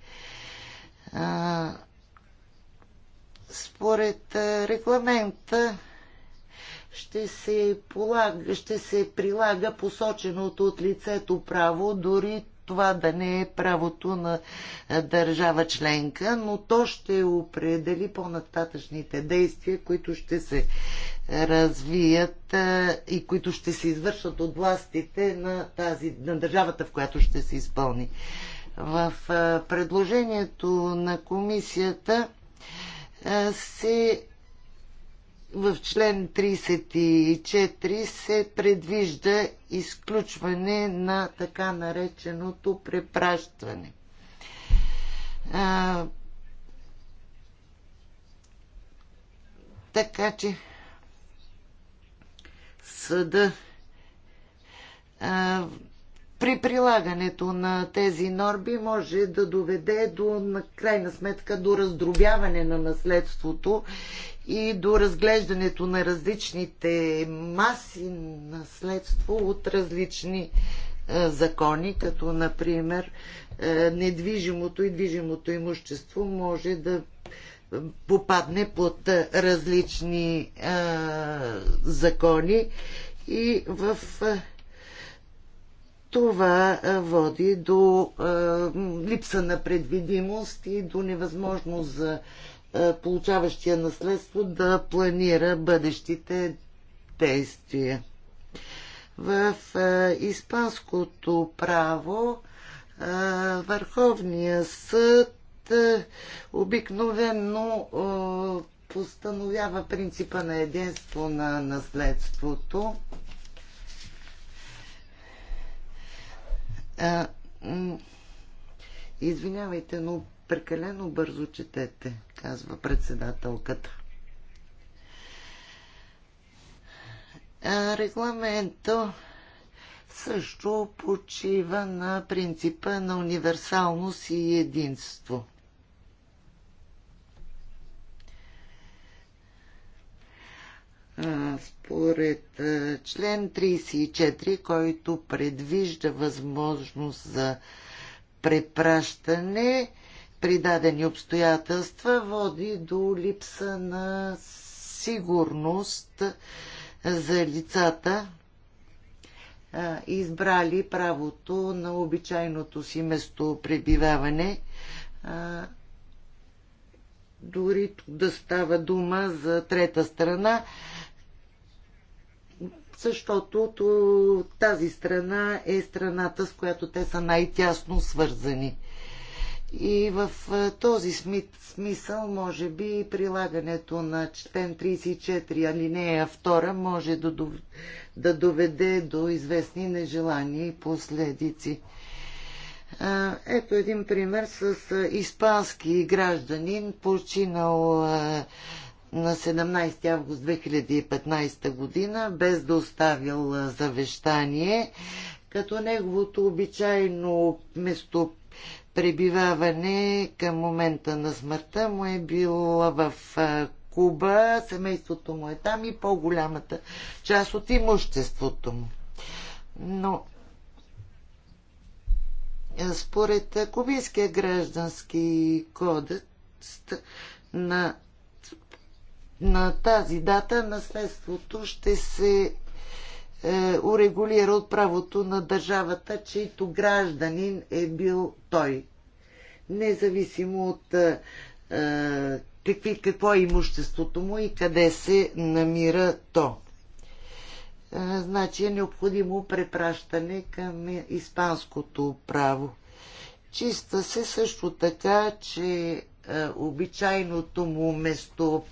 Според е, регламента ще се, полага, ще се прилага посоченото от лицето право, дори това да не е правото на държава членка, но то ще определи по-нататъчните действия, които ще се развият и които ще се извършат от властите на, тази, на държавата, в която ще се изпълни. В предложението на комисията се в член 34 се предвижда изключване на така нареченото препращане. А, така че съда а, при прилагането на тези норми може да доведе до, на крайна сметка, до раздробяване на наследството и до разглеждането на различните маси наследство от различни е, закони, като, например, е, недвижимото и движимото имущество може да попадне под различни е, закони и в. Е, това води до липса на предвидимост и до невъзможност за получаващия наследство да планира бъдещите действия. В испанското право Върховния съд обикновено постановява принципа на единство на наследството извинявайте, но прекалено бързо четете, казва председателката. А, регламенто също почива на принципа на универсалност и единство – според член 34, който предвижда възможност за препращане при дадени обстоятелства, води до липса на сигурност за лицата, избрали правото на обичайното си место пребиваване, дори да става дума за трета страна, защото тази страна е страната, с която те са най-тясно свързани. И в е, този смисъл, може би, прилагането на член 34 алинея 2 може да доведе до известни нежелани последици. Ето един пример с е, испански гражданин, починал е, на 17 август 2015 година, без да оставил завещание, като неговото обичайно место пребиваване към момента на смъртта му е било в Куба, семейството му е там и по-голямата част от имуществото му. Но според Кубинския граждански кодекс на на тази дата наследството ще се е, урегулира от правото на държавата, чието гражданин е бил той. Независимо от е, е, какви, какво е имуществото му и къде се намира то. Е, значи е необходимо препращане към испанското право. Чиста се също така, че е, обичайното му место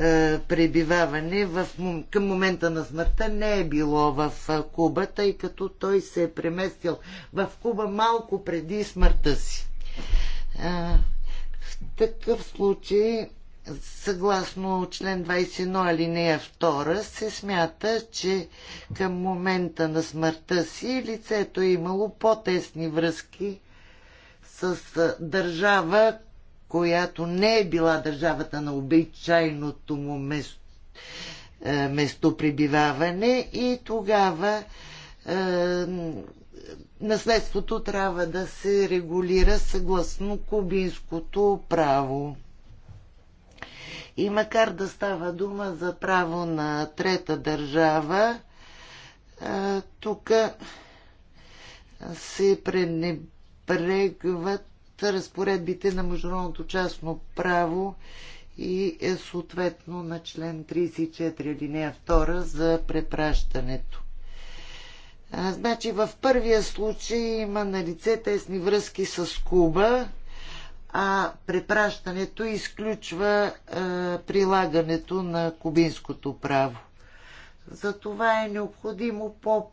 е, пребиваване в, към момента на смъртта не е било в е, Куба, тъй като той се е преместил в Куба малко преди смъртта си. Е, в такъв случай, съгласно член 21 алинея 2, се смята, че към момента на смъртта си лицето е имало по-тесни връзки с държава, която не е била държавата на обичайното му место, е, местопребиваване и тогава е, наследството трябва да се регулира съгласно кубинското право. И макар да става дума за право на трета държава, е, тук се пренебрегват разпоредбите на международното частно право и е съответно на член 34 алинея 2 за препращането. А, значи в първия случай има на лице тесни връзки с Куба, а препращането изключва а, прилагането на кубинското право. Затова е необходимо по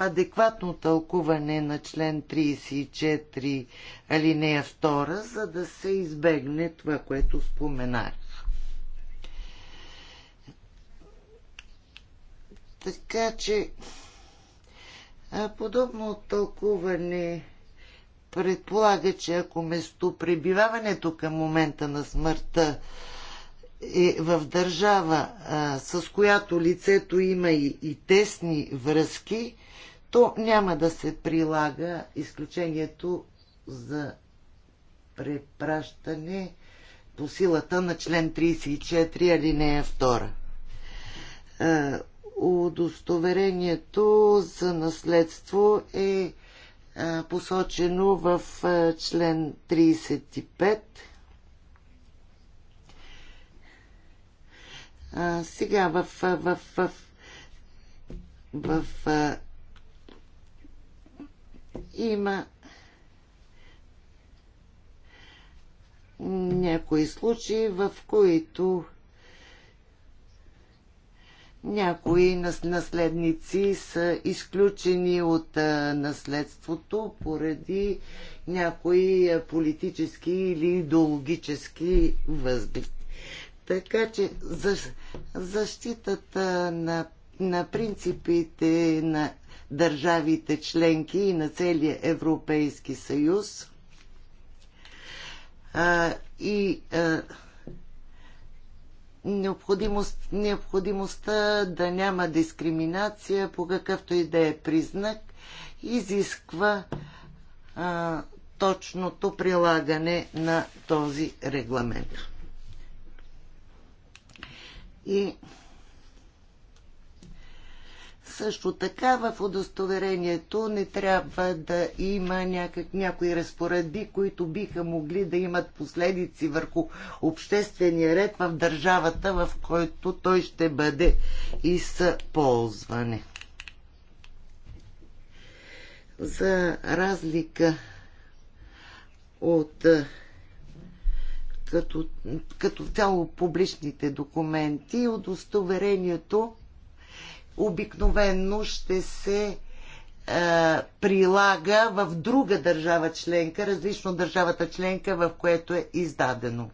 адекватно тълкуване на член 34 алинея 2, за да се избегне това, което споменах. Така че подобно тълкуване предполага, че ако местопребиваването към момента на смъртта е в държава, а, с която лицето има и, и тесни връзки, то няма да се прилага изключението за препращане по силата на член 34 алинея 2. Е, удостоверението за наследство е, е посочено в е, член 35. Сега в, в, в, в, в има някои случаи, в които някои наследници са изключени от наследството поради някои политически или идеологически възгледи. Така че защитата на, на принципите на държавите членки и на целия Европейски съюз. А, и а, необходимост, необходимостта да няма дискриминация по какъвто и да е признак изисква а, точното прилагане на този регламент. И също така в удостоверението не трябва да има някак, някои разпоредби, които биха могли да имат последици върху обществения ред в държавата, в който той ще бъде и ползване. За разлика от като, като цяло публичните документи, удостоверението обикновенно ще се е, прилага в друга държава членка, различно държавата членка, в което е издадено.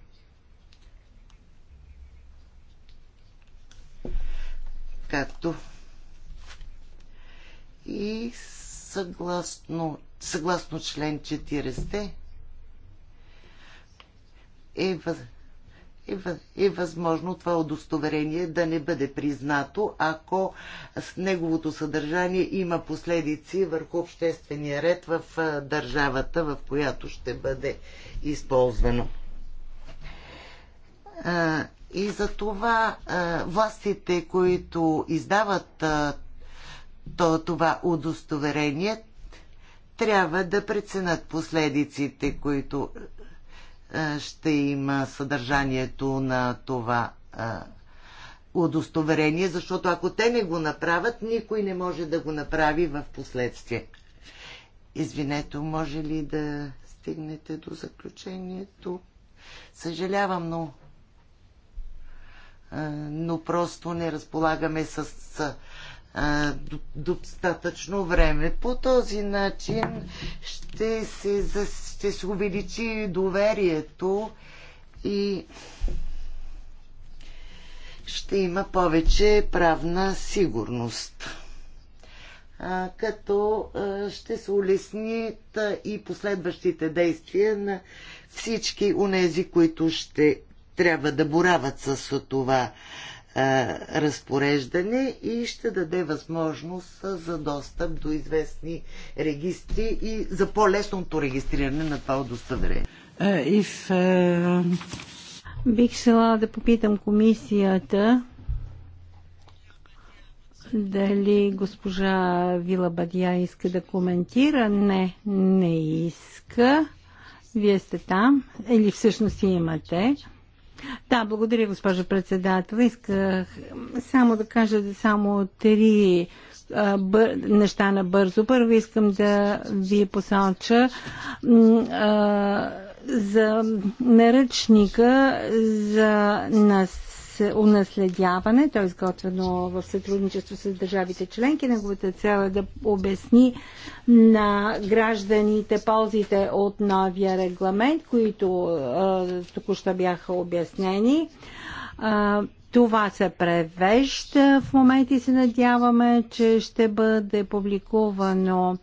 Както и съгласно, съгласно член 40 е, е, възможно това удостоверение да не бъде признато, ако с неговото съдържание има последици върху обществения ред в държавата, в която ще бъде използвано. И за това властите, които издават това удостоверение, трябва да преценят последиците, които е, ще има съдържанието на това е, удостоверение, защото ако те не го направят, никой не може да го направи в последствие. Извинете, може ли да стигнете до заключението? Съжалявам, но е, но просто не разполагаме с достатъчно време. По този начин ще се, ще се увеличи доверието и ще има повече правна сигурност. А, като а, ще се улеснят и последващите действия на всички унези, които ще трябва да борават с това разпореждане и ще даде възможност за достъп до известни регистри и за по-лесното регистриране на това удостоверение. Е, if, uh... Бих села да попитам комисията дали госпожа Вила Бадия иска да коментира. Не, не иска. Вие сте там. Или всъщност имате. Да, благодаря, госпожо председател. Исках само да кажа да само три неща бър, неща Първо искам да ви посоча за наръчника за нас унаследяване. То е изготвено в сътрудничество с държавите членки. Неговата цел е да обясни на гражданите ползите от новия регламент, които току-що бяха обяснени. Това се превежда в момента и се надяваме, че ще бъде публикувано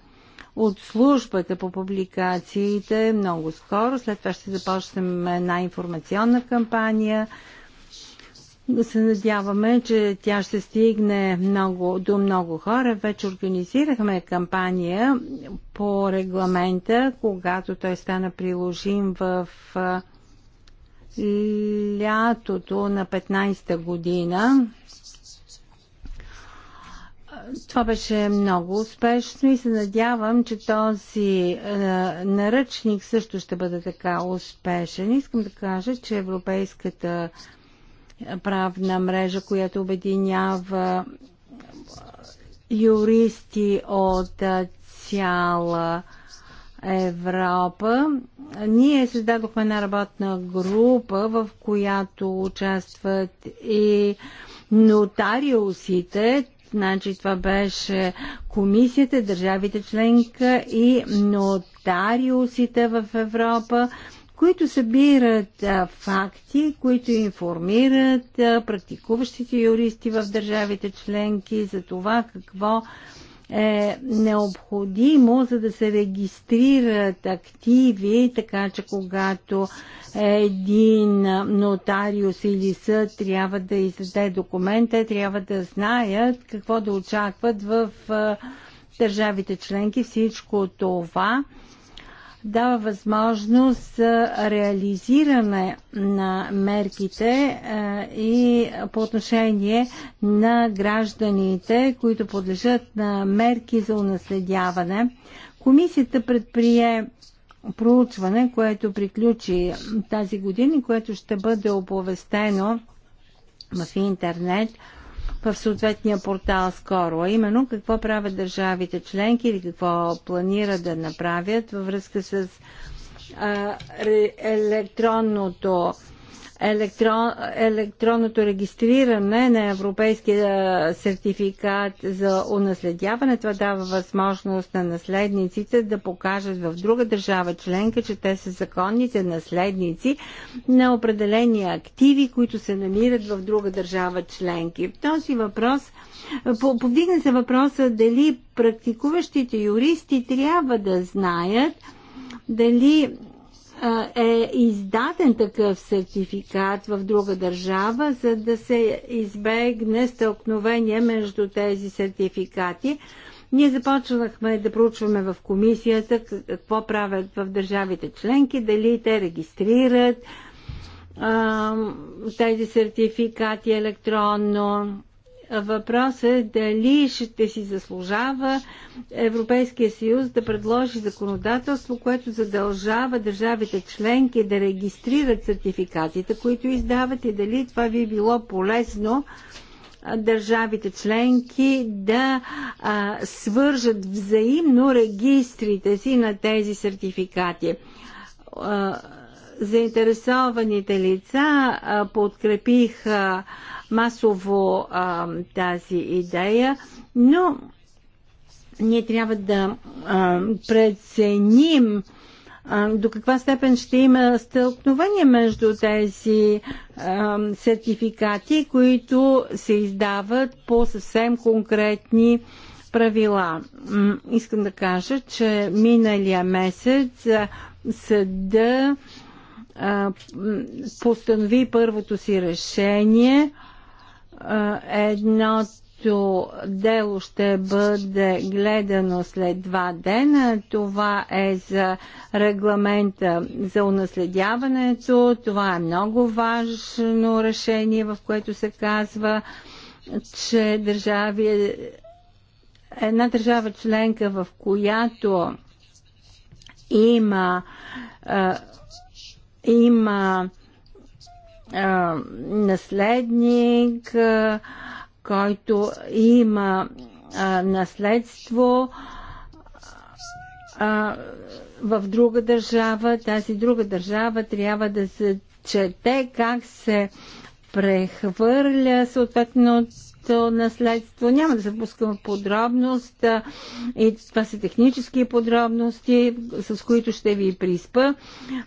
от службата по публикациите много скоро. След това ще започнем една информационна кампания се надяваме, че тя ще стигне много, до много хора. Вече организирахме кампания по регламента, когато той стана приложим в лятото на 15-та година. Това беше много успешно и се надявам, че този е, наръчник също ще бъде така успешен. Искам да кажа, че Европейската е, правна мрежа, която обединява юристи от цяла Европа. Ние създадохме една работна група, в която участват и нотариусите. Значи това беше комисията, държавите членка и нотариусите в Европа които събират а, факти, които информират а, практикуващите юристи в държавите членки за това какво е необходимо, за да се регистрират активи, така че когато един нотариус или съд трябва да издаде документа, трябва да знаят какво да очакват в държавите членки. Всичко това дава възможност за реализиране на мерките е, и по отношение на гражданите, които подлежат на мерки за унаследяване. Комисията предприе проучване, което приключи тази година, и което ще бъде оповестено в интернет в съответния портал скоро, а именно какво правят държавите членки или какво планират да направят във връзка с електронното електрон, електронното регистриране на европейския сертификат за унаследяване. Това дава възможност на наследниците да покажат в друга държава членка, че те са законните наследници на определени активи, които се намират в друга държава членки. В този въпрос повдигна се въпроса дали практикуващите юристи трябва да знаят дали е издаден такъв сертификат в друга държава, за да се избегне стълкновение между тези сертификати. Ние започнахме да проучваме в комисията какво правят в държавите членки, дали те регистрират а, тези сертификати електронно, Въпрос е дали ще си заслужава Европейския съюз да предложи законодателство, което задължава държавите членки да регистрират сертификатите, които издават и дали това би било полезно държавите членки да а, свържат взаимно регистрите си на тези сертификати. А, заинтересованите лица а, подкрепиха масово а, тази идея, но ние трябва да а, преценим а, до каква степен ще има стълкновение между тези а, сертификати, които се издават по съвсем конкретни правила. Искам да кажа, че миналия месец съда постанови първото си решение Едното дело ще бъде гледано след два дена. Това е за регламента за унаследяването. Това е много важно решение, в което се казва, че държави, една държава членка, в която има, е, има а, наследник, а, който има а, наследство а, в друга държава, тази друга държава трябва да се чете как се прехвърля съответно семейното наследство. Няма да се впускам в подробност и това са технически подробности, с които ще ви приспа,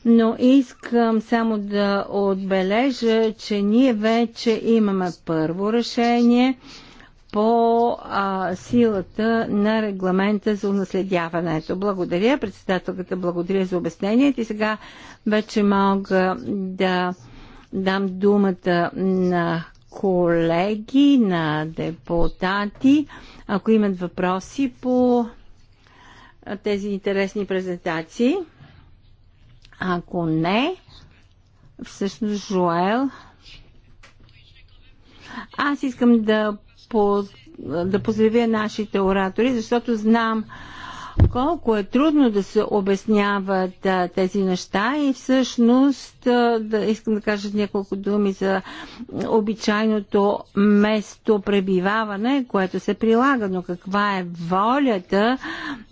но искам само да отбележа, че ние вече имаме първо решение по а, силата на регламента за унаследяването. Благодаря, председателката, благодаря за обяснението и сега вече мога да дам думата на колеги, на депутати, ако имат въпроси по тези интересни презентации. Ако не, всъщност Жоел, аз искам да, по, да поздравя нашите оратори, защото знам, колко е трудно да се обясняват а, тези неща и всъщност а, да, искам да кажа няколко думи за обичайното место пребиваване, което се прилага, но каква е волята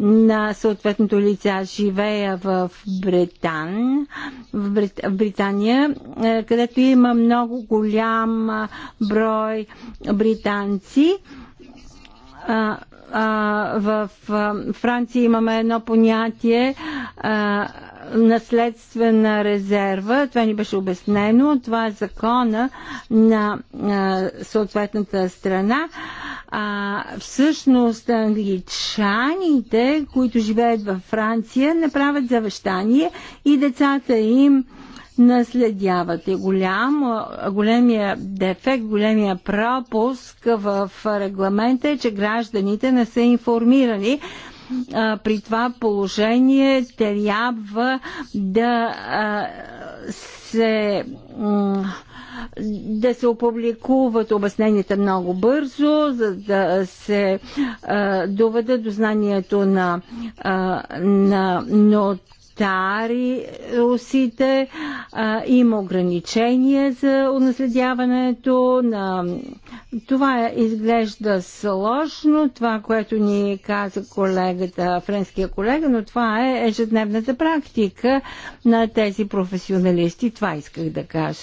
на съответното лице. Аз живея в Британ, в, Брит... в Британия, а, където има много голям брой британци в Франция имаме едно понятие наследствена резерва. Това ни беше обяснено. Това е закона на съответната страна. А, всъщност англичаните, които живеят във Франция, направят завещание и децата им наследяват. И голям, големия дефект, големия пропуск в регламента е, че гражданите не са информирани при това положение трябва да се да се опубликуват обясненията много бързо, за да се доведат до знанието на, на, на стари русите. А, има ограничения за унаследяването. На... Това изглежда сложно, това, което ни каза колегата, френския колега, но това е ежедневната практика на тези професионалисти. Това исках да кажа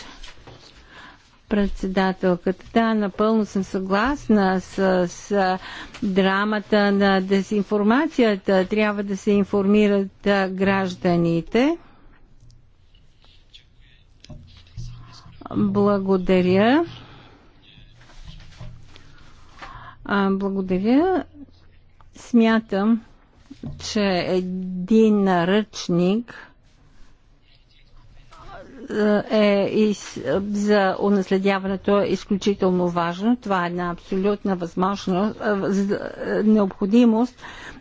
председателката. Да, напълно съм съгласна с, с драмата на дезинформацията. Трябва да се информират гражданите. Благодаря. благодаря. Смятам, че един наръчник е, е из, за унаследяването е изключително важно. Това е една абсолютна възможност, е, е, необходимост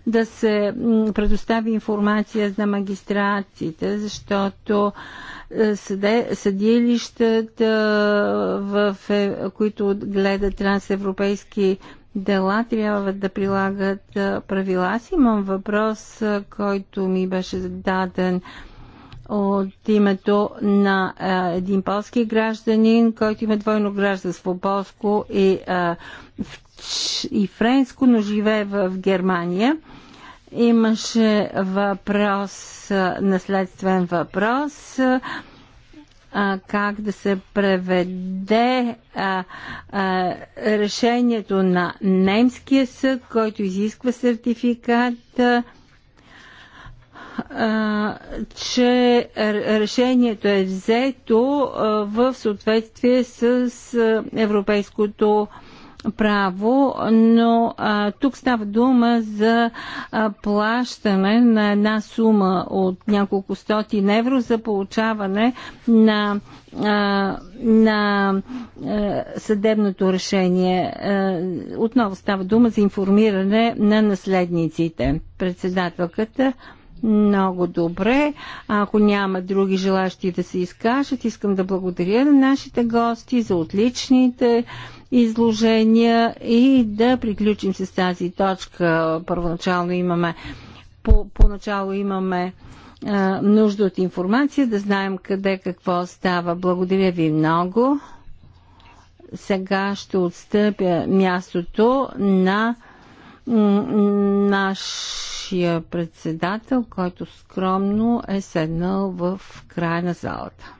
да се предостави информация на магистратите, защото съдилищата, в, които гледат трансевропейски дела трябва да прилагат правила. Аз имам въпрос, който ми беше зададен от името на а, един полски гражданин, който има двойно гражданство, полско и, а, и френско, но живее в Германия. Имаше въпрос, наследствен въпрос а, как да се преведе а, а, решението на немския съд, който изисква сертификат. А, че решението е взето в съответствие с европейското право, но а, тук става дума за а, плащане на една сума от няколко стоти евро за получаване на, а, на а, съдебното решение. А, отново става дума за информиране на наследниците. Председателката много добре. Ако няма други желащи да се изкажат, искам да благодаря на нашите гости за отличните изложения и да приключим с тази точка. Първоначално имаме, по, поначало имаме а, нужда от информация, да знаем къде какво става. Благодаря ви много. Сега ще отстъпя мястото на нашия председател, който скромно е седнал в края на залата.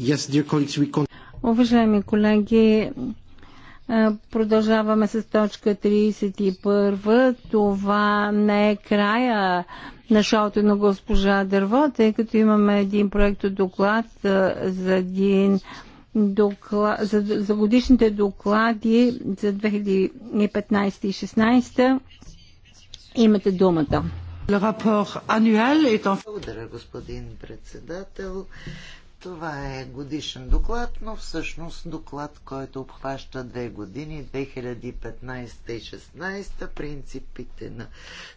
Yes, we... Уважаеми колеги, е, Продължаваме с точка 31. Това не е края на шоуто на госпожа Дърво, тъй като имаме един проект от доклад е, за един доклад, за, за годишните доклади за 2015 и 2016. Имате думата. Благодаря, господин председател. Това е годишен доклад, но всъщност доклад, който обхваща две години, 2015 и 2016. Принципите на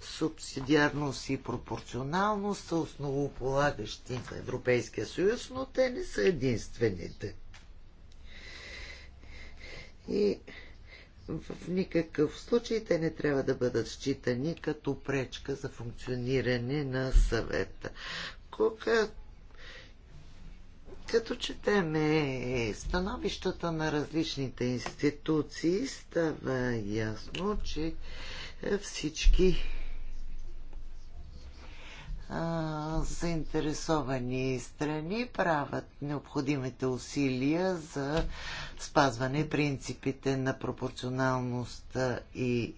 субсидиарност и пропорционалност са основополагащи в Европейския съюз, но те не са единствените. И в никакъв случай те не трябва да бъдат считани като пречка за функциониране на съвета. Когато като четеме становищата на различните институции, става ясно, че е, всички заинтересовани страни правят необходимите усилия за спазване принципите на пропорционалност и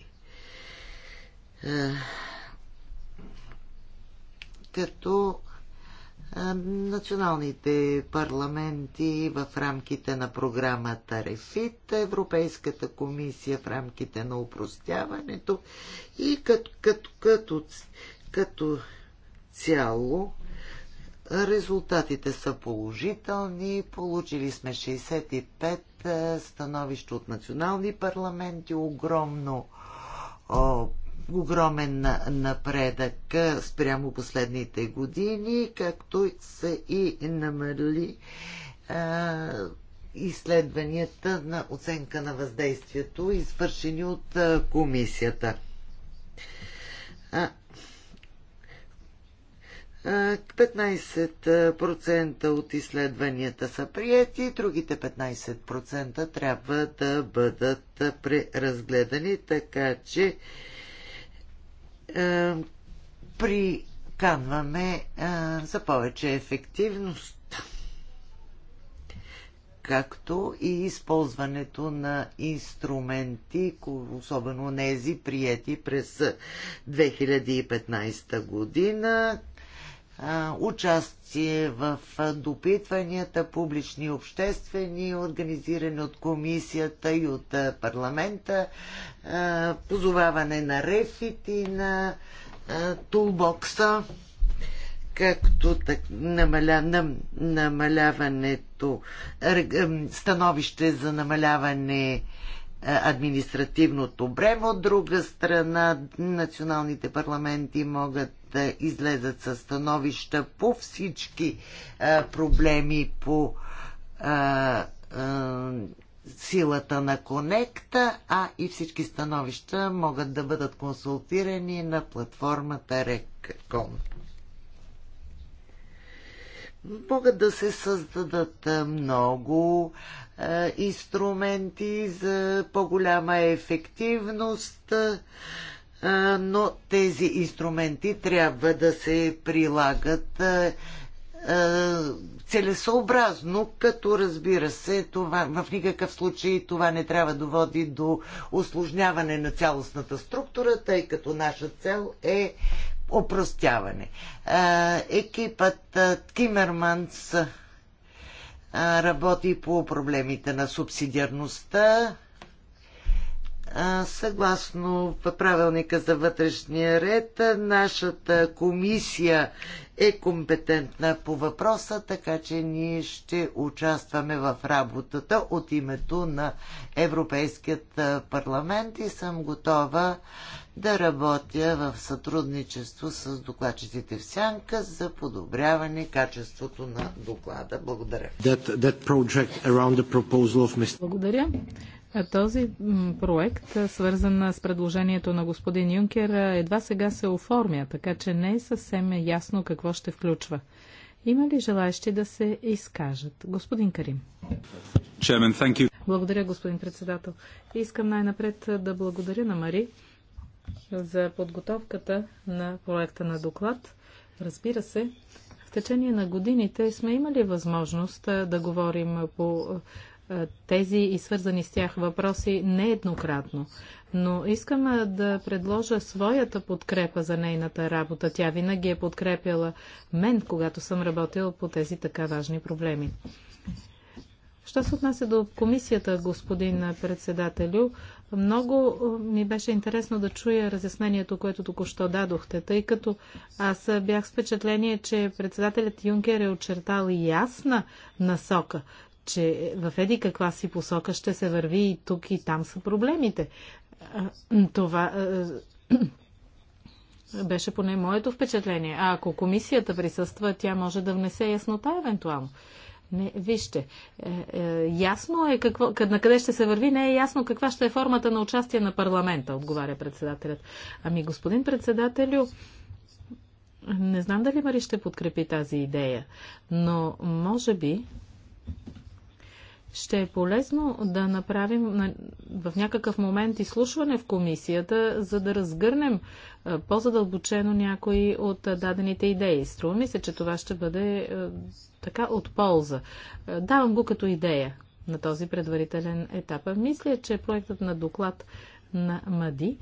е, като националните парламенти в рамките на програмата РЕФИТ, Европейската комисия в рамките на упростяването и като, като, като, като цяло резултатите са положителни. Получили сме 65 становища от национални парламенти, огромно огромен напредък спрямо последните години, както са и намали а, изследванията на оценка на въздействието, извършени от а, комисията. А, 15% от изследванията са прияти, другите 15% трябва да бъдат преразгледани, така че е, приканваме е, за повече ефективност както и използването на инструменти, особено нези прияти през 2015 година, участие в допитванията, публични и обществени, организирани от комисията и от парламента, позоваване на рефит и на тулбокса, както так, намаля, нам, намаляването, становище за намаляване е, административното бреме. От друга страна, националните парламенти могат да излезат със становища по всички а, проблеми по а, а, силата на конекта, а и всички становища могат да бъдат консултирани на платформата Рекком. Могат да се създадат много инструменти за по-голяма ефективност но тези инструменти трябва да се прилагат целесообразно, като разбира се, това, в никакъв случай това не трябва да води до осложняване на цялостната структура, тъй като наша цел е опростяване. Екипът Тимерманс работи по проблемите на субсидиарността, Съгласно правилника за вътрешния ред, нашата комисия е компетентна по въпроса, така че ние ще участваме в работата от името на Европейският парламент и съм готова да работя в сътрудничество с докладчиците в Сянка за подобряване качеството на доклада. Благодаря. That, that Благодаря. Този проект, свързан с предложението на господин Юнкер, едва сега се оформя, така че не е съвсем ясно какво ще включва. Има ли желаещи да се изкажат? Господин Карим. Chairman, благодаря, господин председател. Искам най-напред да благодаря на Мари за подготовката на проекта на доклад. Разбира се, в течение на годините сме имали възможност да говорим по е, тези и свързани с тях въпроси нееднократно. Но искам е, да предложа своята подкрепа за нейната работа. Тя винаги е подкрепяла мен, когато съм работила по тези така важни проблеми. Що се отнася до комисията, господин председателю, много е, ми беше интересно да чуя разяснението, което току-що дадохте, тъй като аз бях с впечатление, че председателят Юнкер е очертал ясна насока че в еди каква си посока ще се върви и тук и там са проблемите. Това беше поне моето впечатление. А ако комисията присъства, тя може да внесе яснота евентуално. Не, вижте, е, е, ясно е какво, къд, на къде ще се върви, не е ясно каква ще е формата на участие на парламента, отговаря председателят. Ами, господин председателю, не знам дали Мари ще подкрепи тази идея, но може би ще е полезно да направим в някакъв момент изслушване в комисията, за да разгърнем по-задълбочено някои от дадените идеи. Струва ми се, че това ще бъде така от полза. Давам го като идея на този предварителен етап. Мисля, че проектът на доклад на МАДИ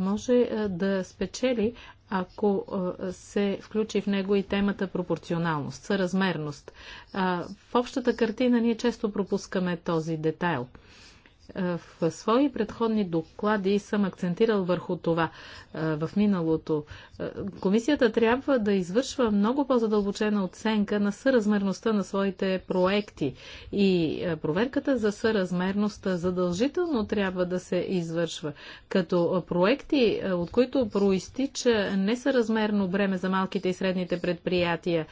може да спечели, ако се включи в него и темата пропорционалност, съразмерност. В общата картина ние често пропускаме този детайл. Е, в свои предходни доклади съм акцентирал върху това е, в миналото. Е, комисията трябва да извършва много по-задълбочена оценка на съразмерността на своите проекти и проверката за съразмерността задължително трябва да се извършва, като проекти, от които проистича несъразмерно бреме за малките и средните предприятия,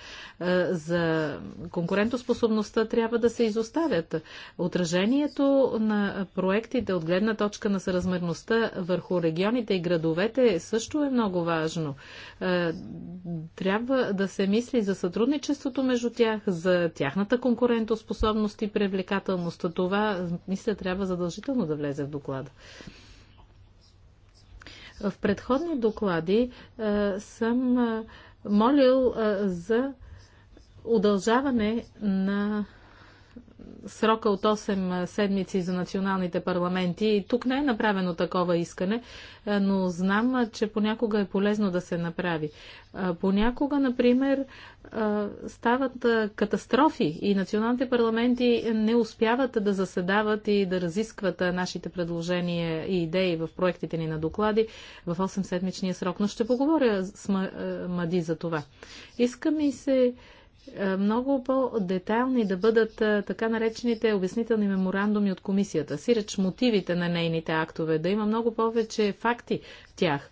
за конкурентоспособността трябва да се изоставят. Отражението на проектите от гледна точка на съразмерността върху регионите и градовете също е много важно. Е, трябва да се мисли за сътрудничеството между тях, за тяхната конкурентоспособност и привлекателност. Това, мисля, трябва задължително да влезе в доклада. В предходни доклади е, съм е, молил за удължаване на срока от 8 седмици за националните парламенти. И тук не е направено такова искане, но знам, че понякога е полезно да се направи. Понякога, например, стават катастрофи и националните парламенти не успяват да заседават и да разискват нашите предложения и идеи в проектите ни на доклади в 8 седмичния срок. Но ще поговоря с Мади за това. Иска ми се е, много по-детайлни да бъдат е, така наречените обяснителни меморандуми от комисията. Сиреч мотивите на нейните актове, да има много повече факти тях.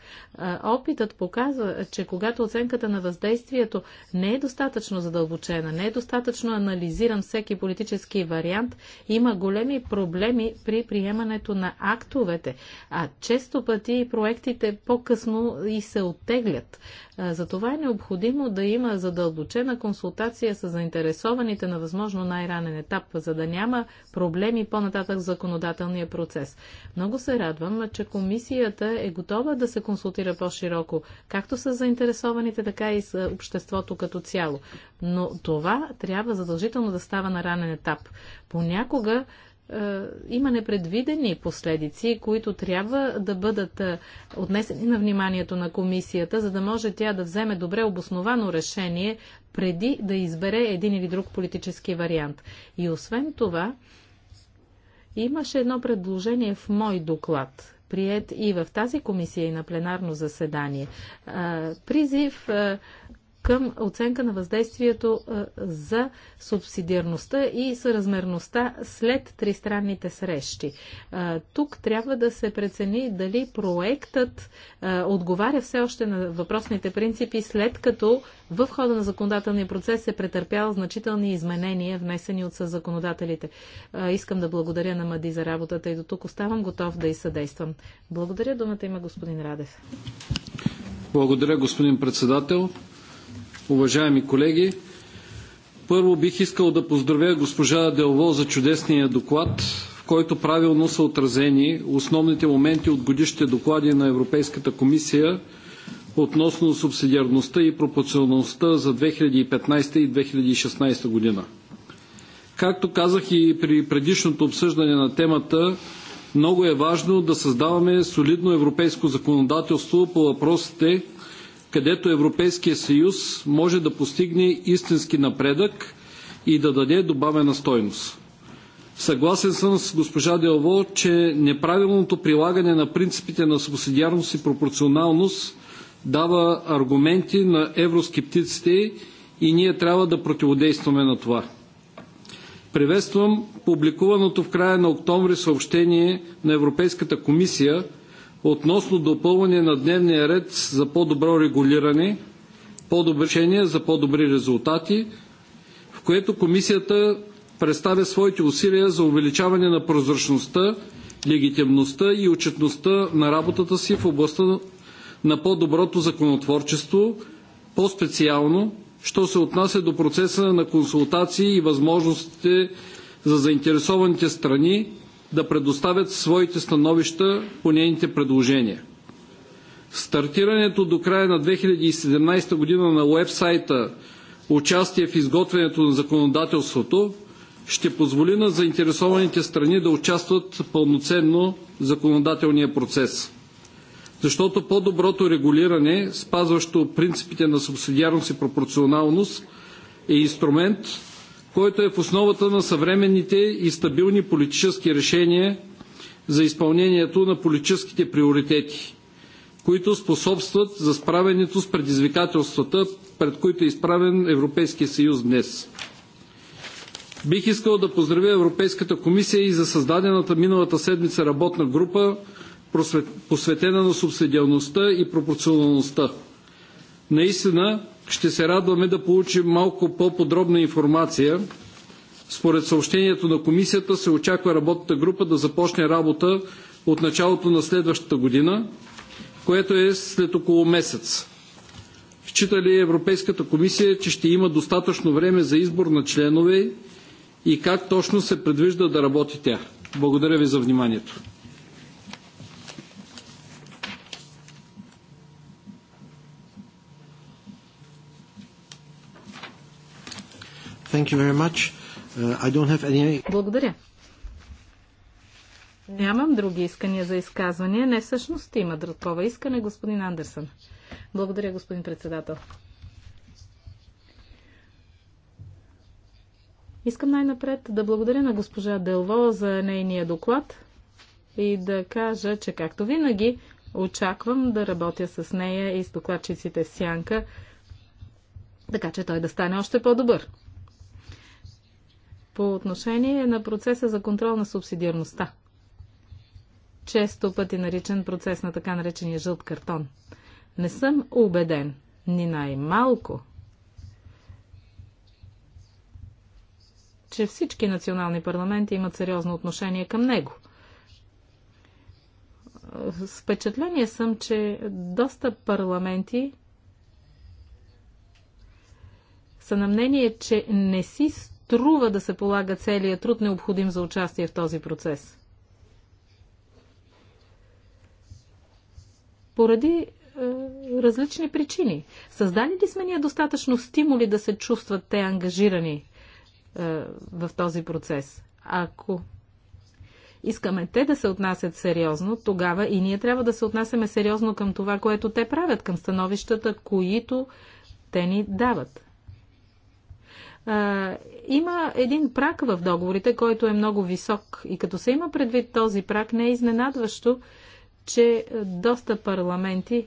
Опитът показва, че когато оценката на въздействието не е достатъчно задълбочена, не е достатъчно анализиран всеки политически вариант, има големи проблеми при приемането на актовете, а често пъти проектите по-късно и се оттеглят. Затова е необходимо да има задълбочена консултация с заинтересованите на възможно най-ранен етап, за да няма проблеми по-нататък в законодателния процес. Много се радвам, че комисията е готова трябва да се консултира по-широко, както с заинтересованите, така и с обществото като цяло. Но това трябва задължително да става на ранен етап. Понякога е, има непредвидени последици, които трябва да бъдат е, отнесени на вниманието на комисията, за да може тя да вземе добре обосновано решение преди да избере един или друг политически вариант. И освен това, имаше едно предложение в мой доклад, прият и в тази комисия и на пленарно заседание. Призив към оценка на въздействието е, за субсидиарността и съразмерността след тристранните срещи. Е, тук трябва да се прецени дали проектът е, отговаря все още на въпросните принципи, след като в хода на законодателния процес е претърпял значителни изменения, внесени от законодателите. Искам да благодаря на Мади за работата и до тук оставам готов да и съдействам. Благодаря. Думата има господин Радев. Благодаря, господин председател уважаеми колеги! Първо бих искал да поздравя госпожа Делво за чудесния доклад, в който правилно са отразени основните моменти от годишните доклади на Европейската комисия относно субсидиарността и пропорционалността за 2015 и 2016 година. Както казах и при предишното обсъждане на темата, много е важно да създаваме солидно европейско законодателство по въпросите, където Европейския съюз може да постигне истински напредък и да даде добавена стойност. Съгласен съм с госпожа Делво, че неправилното прилагане на принципите на субсидиарност и пропорционалност дава аргументи на евроскептиците и ние трябва да противодействаме на това. Приветствам публикуваното в края на октомври съобщение на Европейската комисия – относно допълване на дневния ред за по-добро регулиране, по-добри решения за по-добри резултати, в което Комисията представя своите усилия за увеличаване на прозрачността, легитимността и отчетността на работата си в областта на по-доброто законотворчество, по-специално, що се отнася до процеса на консултации и възможностите за заинтересованите страни, да предоставят своите становища по нейните предложения. Стартирането до края на 2017 година на уебсайта участие в изготвянето на законодателството ще позволи на заинтересованите страни да участват пълноценно в законодателния процес. Защото по-доброто регулиране, спазващо принципите на субсидиарност и пропорционалност, е инструмент, който е в основата на съвременните и стабилни политически решения за изпълнението на политическите приоритети, които способстват за справянето с предизвикателствата, пред които е изправен Европейския съюз днес. Бих искал да поздравя Европейската комисия и за създадената миналата седмица работна група, посветена на субсидиалността и пропорционалността. Наистина, ще се радваме да получим малко по-подробна информация. Според съобщението на комисията се очаква работната група да започне работа от началото на следващата година, което е след около месец. Счита ли Европейската комисия, че ще има достатъчно време за избор на членове и как точно се предвижда да работи тя? Благодаря ви за вниманието. Thank you very much. Uh, I don't have any... Благодаря. Нямам други искания за изказвания. Не всъщност има такова искане, господин Андерсън. Благодаря, господин председател. Искам най-напред да благодаря на госпожа Делво за нейния доклад и да кажа, че както винаги очаквам да работя с нея и с докладчиците Сянка, така че той да стане още по-добър по отношение на процеса за контрол на субсидиарността. Често пъти наричан процес на така наречения жълт картон. Не съм убеден ни най-малко, че всички национални парламенти имат сериозно отношение към него. С впечатление съм, че доста парламенти са на мнение, че не си струва да се полага целият труд, необходим за участие в този процес. Поради е, различни причини. Създали ли сме ние достатъчно стимули да се чувстват те ангажирани е, в този процес? Ако искаме те да се отнасят сериозно, тогава и ние трябва да се отнасяме сериозно към това, което те правят, към становищата, които те ни дават. А, има един прак в договорите, който е много висок. И като се има предвид този прак, не е изненадващо, че доста парламенти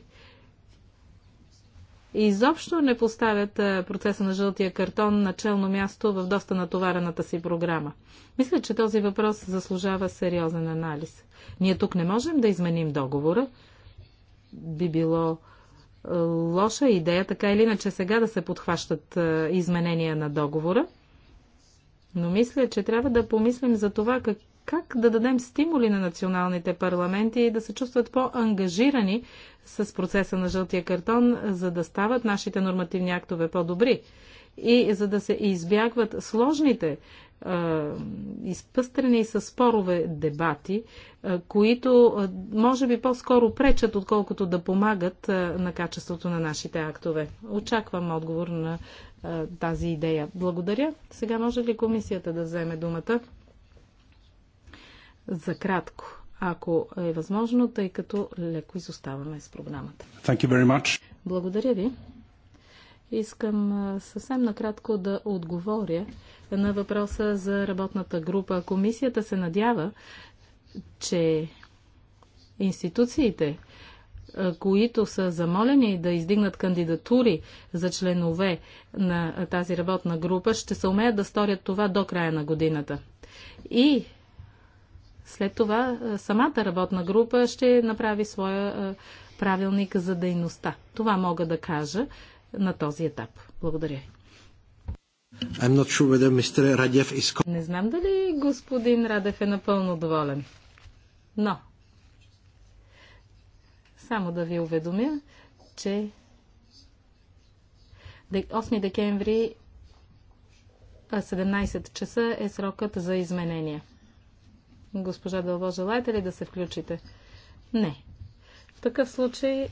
изобщо не поставят процеса на жълтия картон на челно място в доста натоварената си програма. Мисля, че този въпрос заслужава сериозен анализ. Ние тук не можем да изменим договора. Би било лоша идея, така или иначе сега да се подхващат е, изменения на договора. Но мисля, че трябва да помислим за това как, как да дадем стимули на националните парламенти и да се чувстват по-ангажирани с процеса на жълтия картон, за да стават нашите нормативни актове по-добри и за да се избягват сложните изпъстрени с спорове дебати, които може би по-скоро пречат, отколкото да помагат на качеството на нашите актове. Очаквам отговор на тази идея. Благодаря. Сега може ли комисията да вземе думата? За кратко, ако е възможно, тъй като леко изоставаме с програмата. Благодаря ви. Искам съвсем накратко да отговоря на въпроса за работната група. Комисията се надява, че институциите, които са замолени да издигнат кандидатури за членове на тази работна група, ще се умеят да сторят това до края на годината. И след това самата работна група ще направи своя правилник за дейността. Това мога да кажа на този етап. Благодаря. I'm not sure whether Mr. Радев is... Не знам дали господин Радев е напълно доволен. Но, само да ви уведомя, че 8 декември 17 часа е срокът за изменения. Госпожа Дълбо, желаете ли да се включите? Не. В такъв случай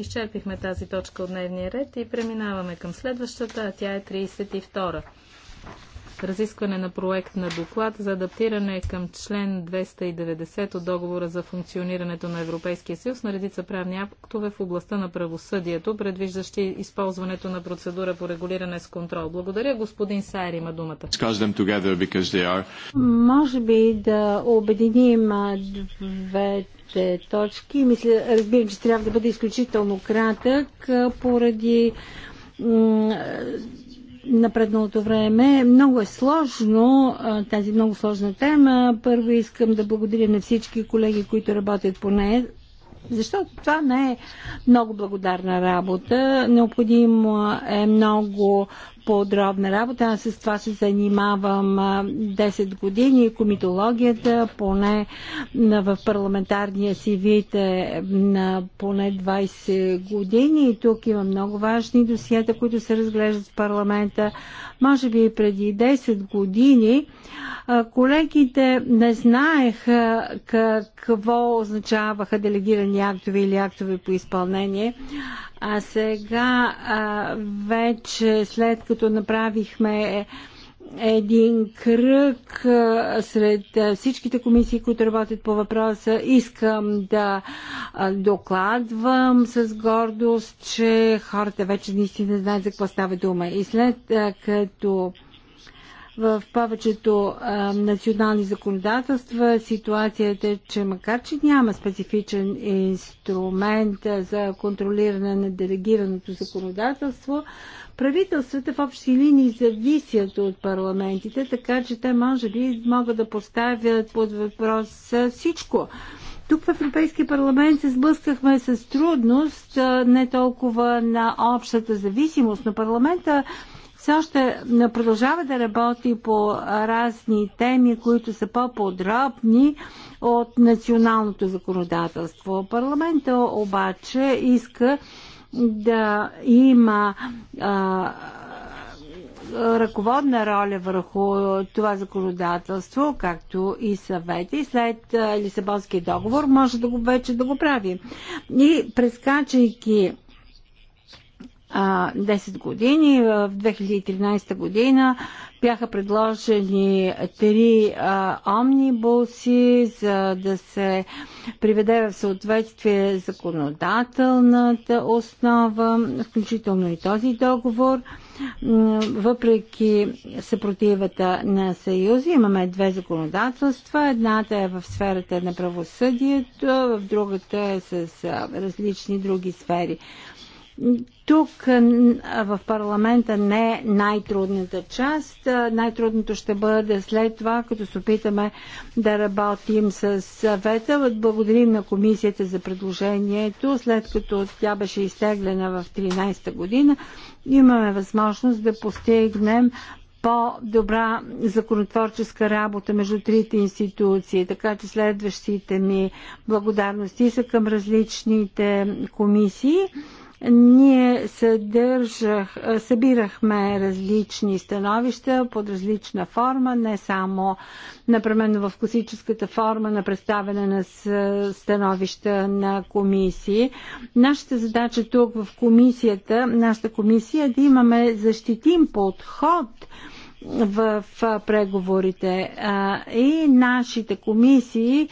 Изчерпихме тази точка от дневния ред и преминаваме към следващата, а тя е 32 разискване на проект на доклад за адаптиране към член 290 от договора за функционирането на Европейския съюз на редица правни актове в областта на правосъдието, предвиждащи използването на процедура по регулиране с контрол. Благодаря, господин Сайер има думата. Може би да обединим двете точки. Мисля, разбирам, че трябва да бъде изключително кратък поради напредналото време. Много е сложно, тази много сложна тема. Първо искам да благодаря на всички колеги, които работят по нея, защото това не е много благодарна работа. Необходимо е много подробна работа. Аз с това се занимавам 10 години. Комитологията поне в парламентарния си вид е на поне 20 години. И тук има много важни досиета, които се разглеждат в парламента. Може би преди 10 години колегите не знаеха какво означаваха делегирани актове или актове по изпълнение. А сега вече след като като направихме един кръг сред всичките комисии, които работят по въпроса. Искам да докладвам с гордост, че хората вече наистина знаят за какво става дума. И след като в повечето а, национални законодателства ситуацията е, че макар, че няма специфичен инструмент за контролиране на делегираното законодателство, правителствата в общи линии зависят от парламентите, така че те може би могат да поставят под въпрос всичко. Тук в Европейския парламент се сблъскахме с трудност, не толкова на общата зависимост, но парламента все още продължава да работи по разни теми, които са по-подробни от националното законодателство. Парламента обаче иска да има а, ръководна роля върху това законодателство, както и съвети. След Лисабонския договор може да го вече да го прави. И прескачайки а, 10 години. В 2013 година бяха предложени три а, омнибуси, за да се приведе в съответствие законодателната основа, включително и този договор. Въпреки съпротивата на Съюза, имаме две законодателства. Едната е в сферата на правосъдието, в другата е с различни други сфери. Тук в парламента не е най-трудната част. Най-трудното ще бъде след това, като се опитаме да работим с съвета. Благодарим на комисията за предложението, след като тя беше изтеглена в 13-та година. Имаме възможност да постигнем по-добра законотворческа работа между трите институции. Така че следващите ми благодарности са към различните комисии. Ние съдържах, събирахме различни становища под различна форма, не само напременно в класическата форма на представяне на становища на комисии. Нашата задача тук в комисията, нашата комисия е да имаме защитим подход в преговорите и нашите комисии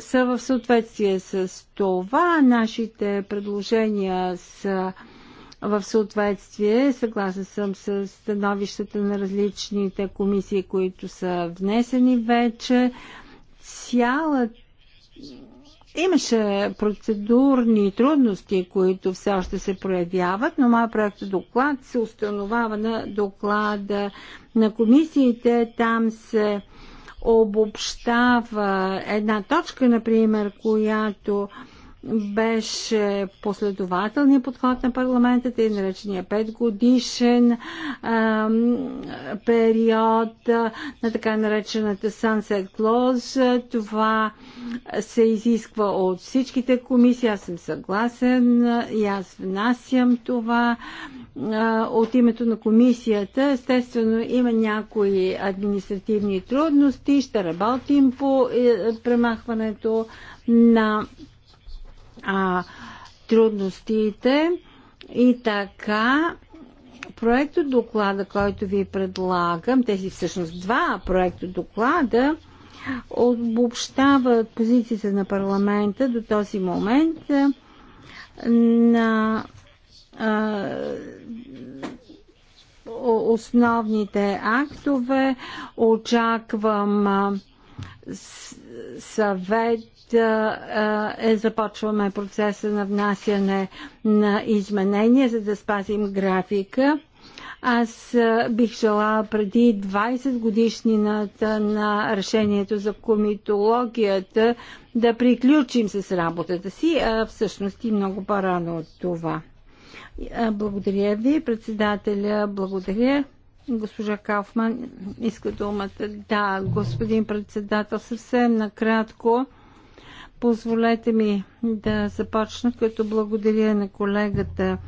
са в съответствие с това. Нашите предложения са в съответствие, съгласен съм с становищата на различните комисии, които са внесени вече. Цяла Имаше процедурни трудности, които все още се проявяват, но моят проект доклад се установява на доклада на комисиите. Там се обобщава една точка, например, която беше последователният подход на парламента, и наречения 5 годишен а, период а, на така наречената Sunset Clause. Това се изисква от всичките комисии. Аз съм съгласен и аз внасям това а, от името на комисията. Естествено, има някои административни трудности. Ще работим по е, премахването на а, трудностите. И така, проекто доклада, който ви предлагам, тези всъщност два проекта доклада, обобщават позицията на парламента до този момент на а, основните актове. Очаквам съвет е, започваме процеса на внасяне на изменения, за да спазим графика. Аз бих желала преди 20 годишнината на решението за комитологията да приключим с работата си, а всъщност и много по-рано от това. Благодаря ви, председателя, благодаря. Госпожа Кауфман иска думата. Да, господин председател, съвсем накратко. Позволете ми да започна, като благодаря на колегата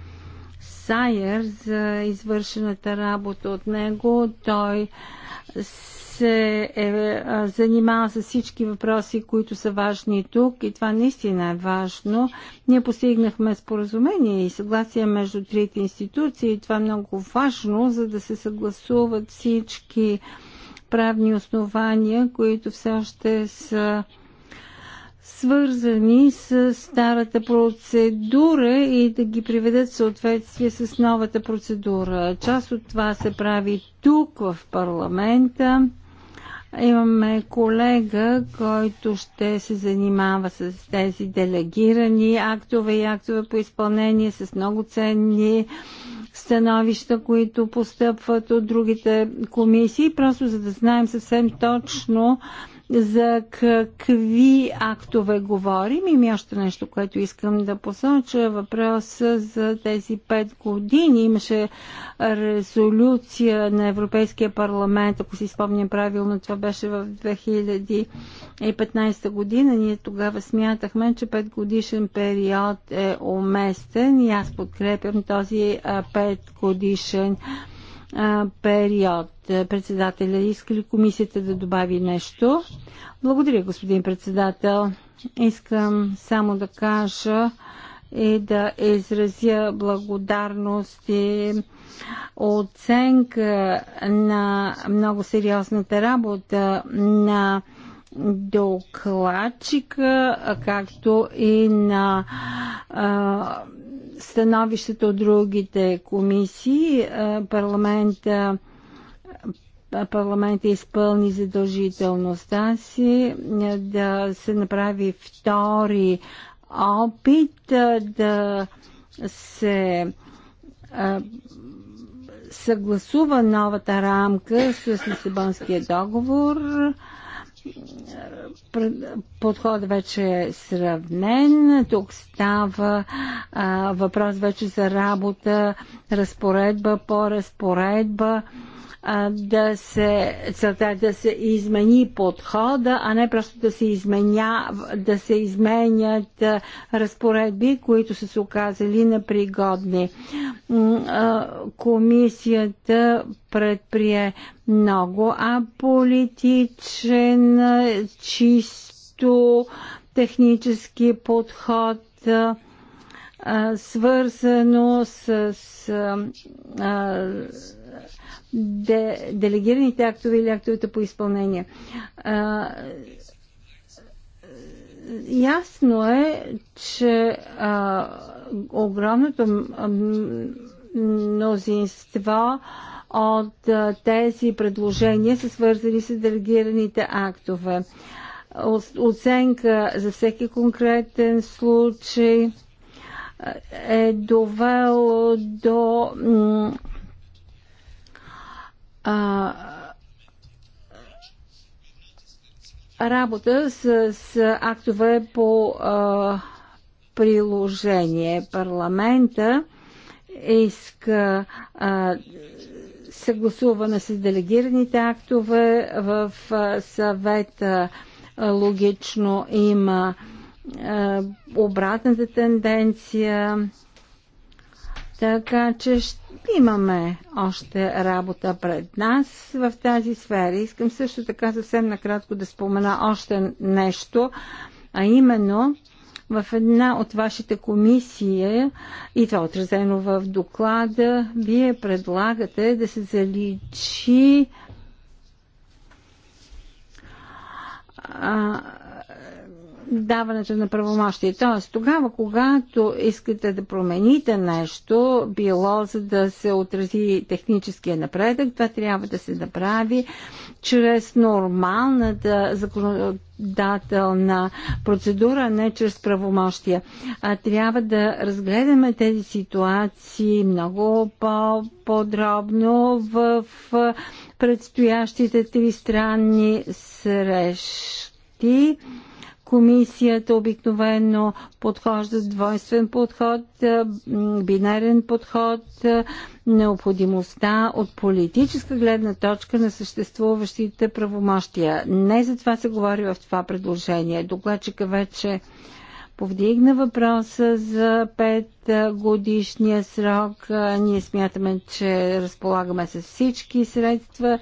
Сайер за извършената работа от него. Той се е, е занимавал с всички въпроси, които са важни тук и това наистина е важно. Ние постигнахме споразумение и съгласие между трите институции и това е много важно, за да се съгласуват всички правни основания, които все още са свързани с старата процедура и да ги приведат в съответствие с новата процедура. Част от това се прави тук в парламента. Имаме колега, който ще се занимава с тези делегирани актове и актове по изпълнение с много ценни становища, които постъпват от другите комисии, просто за да знаем съвсем точно за какви актове говорим. Има още нещо, което искам да посоча. Въпроса за тези пет години. Имаше резолюция на Европейския парламент, ако си спомня правилно, това беше в 2015 година. Ние тогава смятахме, че пет годишен период е уместен и аз подкрепям този пет годишен период период. Председателя, иска ли комисията да добави нещо? Благодаря, господин председател. Искам само да кажа и да изразя благодарност и оценка на много сериозната работа на докладчика, както и на а, Становището от другите комисии. Парламента парламента изпълни задължителността си да се направи втори опит да се съгласува новата рамка с Лисабонския договор подход вече е сравнен. Тук става а, въпрос вече за работа, разпоредба по разпоредба да се, целта е да се измени подхода, а не просто да се, изменя, да се изменят разпоредби, които са се оказали непригодни. комисията предприе много аполитичен, чисто технически подход свързано с с де, делегираните актове или актовете по изпълнение. А, ясно е, че а, огромното мнозинство от а, тези предложения са свързани с делегираните актове. Оценка за всеки конкретен случай е довело до а, работа с, с актове по а, приложение. Парламента иска а, съгласуване с делегираните актове в а, съвета. логично има а, обратната тенденция така че имаме още работа пред нас в тази сфера. Искам също така съвсем накратко да спомена още нещо, а именно в една от вашите комисии, и това е отразено в доклада, вие предлагате да се заличи а, даването на правомощие. Т.е. тогава, когато искате да промените нещо, било за да се отрази техническия напредък, това трябва да се направи чрез нормалната законодателна процедура, не чрез правомощия. А, трябва да разгледаме тези ситуации много по-подробно в предстоящите тристранни срещи. Комисията обикновено подхожда с двойствен подход, бинарен подход, необходимостта от политическа гледна точка на съществуващите правомощия. Не за това се говори в това предложение. Докладчика вече повдигна въпроса за пет годишния срок. Ние смятаме, че разполагаме с всички средства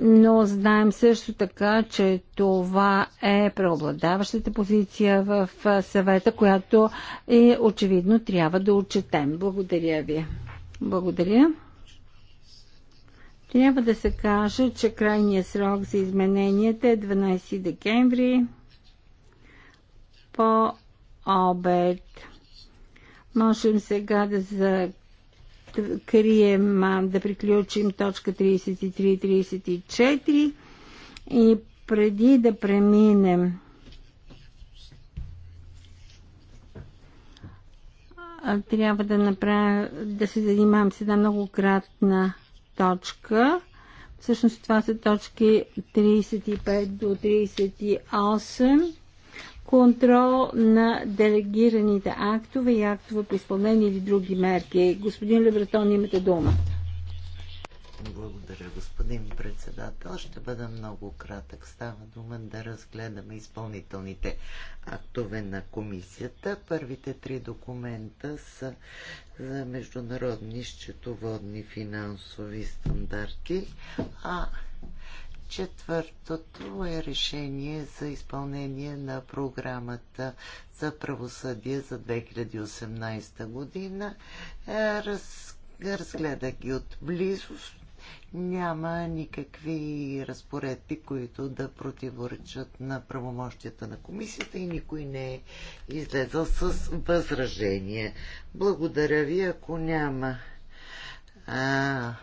но знаем също така, че това е преобладаващата позиция в съвета, която е очевидно трябва да отчетем. Благодаря ви. Благодаря. Трябва да се каже, че крайният срок за измененията е 12 декември по обед. Можем сега да за открием, да приключим точка 33-34 и преди да преминем трябва да направя, да се занимавам с една много кратна точка. Всъщност това са точки 35 до 38 контрол на делегираните актове и актове по изпълнение или други мерки. Господин Лебретон, имате дума. Благодаря, господин председател. Ще бъда много кратък. Става дума да разгледаме изпълнителните актове на комисията. Първите три документа са за международни счетоводни финансови стандарти, а Четвъртото е решение за изпълнение на програмата за правосъдие за 2018 година. Е, раз, разгледа ги отблизо. Няма никакви разпоредби, които да противоречат на правомощията на комисията и никой не е излезъл с възражение. Благодаря ви, ако няма. А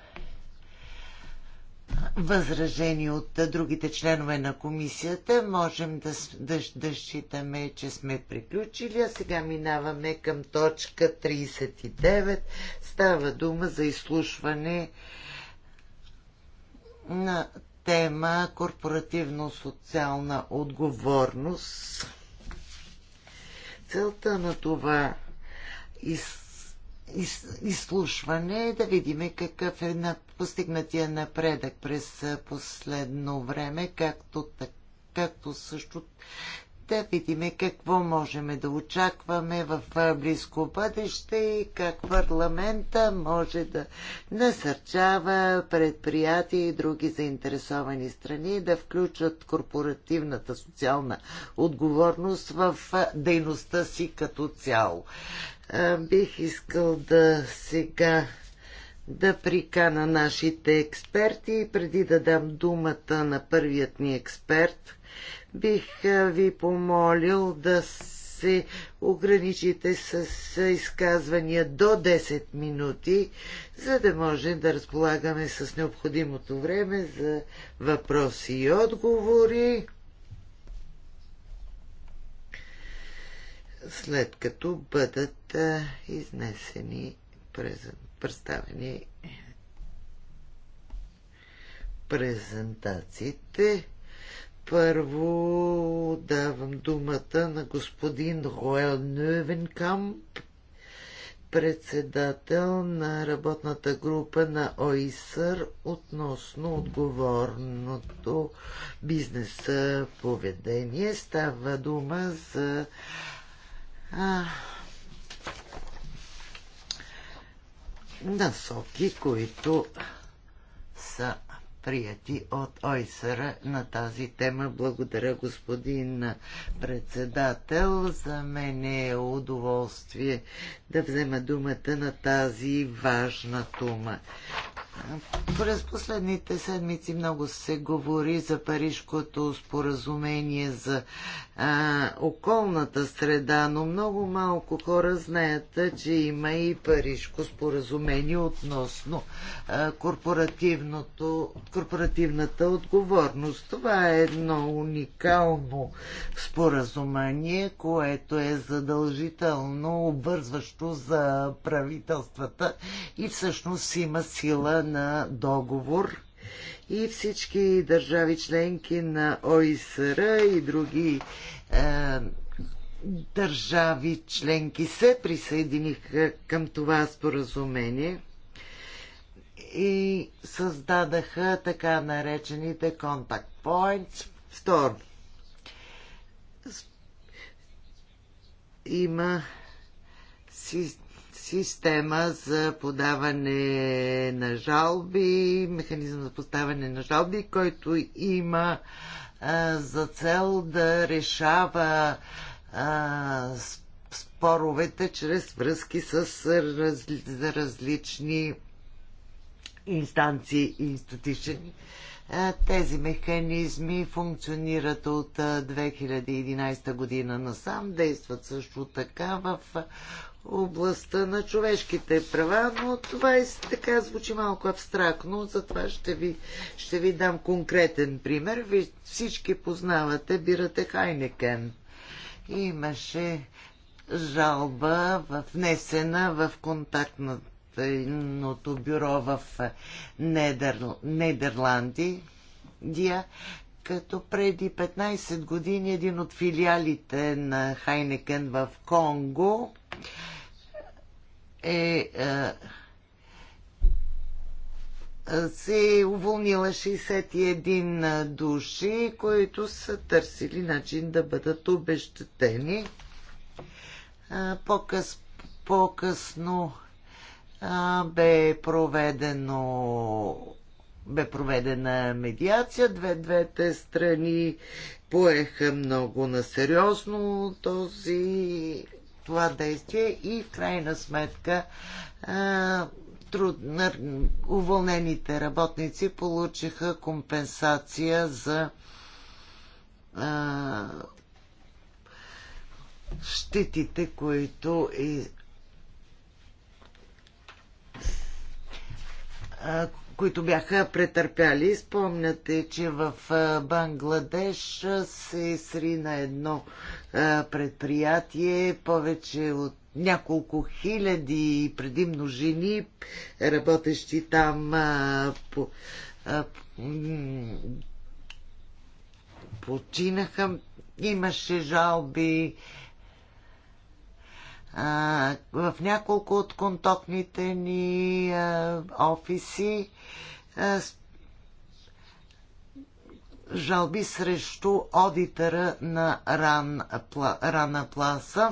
възражени от другите членове на комисията, можем да, да, да считаме, че сме приключили. А сега минаваме към точка 39. Става дума за изслушване на тема корпоративно-социална отговорност. Целта на това изслушване изслушване, да видим какъв е на постигнатия напредък през последно време, както, както също да видим какво можем да очакваме в близко бъдеще и как парламента може да насърчава предприятия и други заинтересовани страни да включат корпоративната социална отговорност в дейността си като цяло бих искал да сега да прикана нашите експерти. Преди да дам думата на първият ни експерт, бих ви помолил да се ограничите с изказвания до 10 минути, за да може да разполагаме с необходимото време за въпроси и отговори. след като бъдат изнесени, представени презентациите. Първо давам думата на господин Роел Нювенкамп, председател на работната група на ОИСър относно отговорното бизнес поведение. Става дума за а, насоки, които са прияти от ОИСР на тази тема. Благодаря, господин председател. За мен е удоволствие да взема думата на тази важна дума. През последните седмици много се говори за Парижкото споразумение за а, околната среда, но много малко хора знаят, че има и Парижко споразумение относно а, корпоративната отговорност. Това е едно уникално споразумение, което е задължително обвързващо за правителствата и всъщност има сила на договор и всички държави членки на ОИСР и други е, държави членки се присъединиха към това споразумение и създадаха така наречените контакт points. Второ, има си система за подаване на жалби, механизъм за поставяне на жалби, който има а, за цел да решава а, споровете чрез връзки с раз, различни инстанции и институции. Тези механизми функционират от 2011 година насам, действат също така в областта на човешките права, но това е, така звучи малко абстрактно, затова ще ви, ще ви дам конкретен пример. Ви всички познавате бирате Хайнекен. Имаше жалба внесена в контактното бюро в Недер... Нидерланди, като преди 15 години един от филиалите на Хайнекен в Конго е, е, се е уволнила 61 души, които са търсили начин да бъдат обещетени. По-къс, по-късно бе проведено бе проведена медиация. Две двете страни поеха много насериозно този това действие и в крайна сметка труд, уволнените работници получиха компенсация за а, щетите, които и а, които бяха претърпяли. Спомняте, че в Бангладеш се срина едно предприятие, повече от няколко хиляди предимно жени, работещи там по, починаха. Имаше жалби в няколко от контактните ни офиси жалби срещу одитъра на ран, пла, Рана Пласа.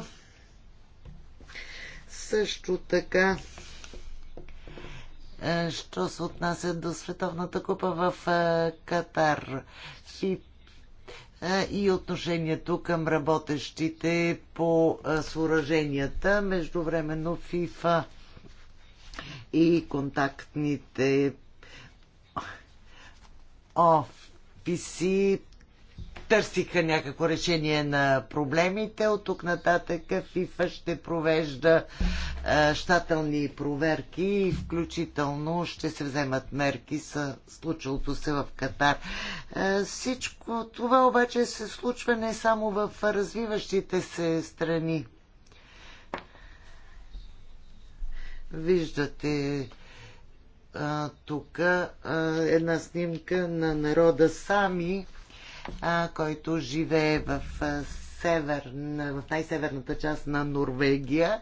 Също така, що се отнася до Световната купа в Катар, ФИП и отношението към работещите по съоръженията. Междувременно ФИФА и контактните офиси търсиха някакво решение на проблемите. От тук нататък ФИФА ще провежда а, щателни проверки и включително ще се вземат мерки с случилото се в Катар. А, всичко това обаче се случва не само в развиващите се страни. Виждате тук една снимка на народа сами а, който живее в, север, в най-северната част на Норвегия.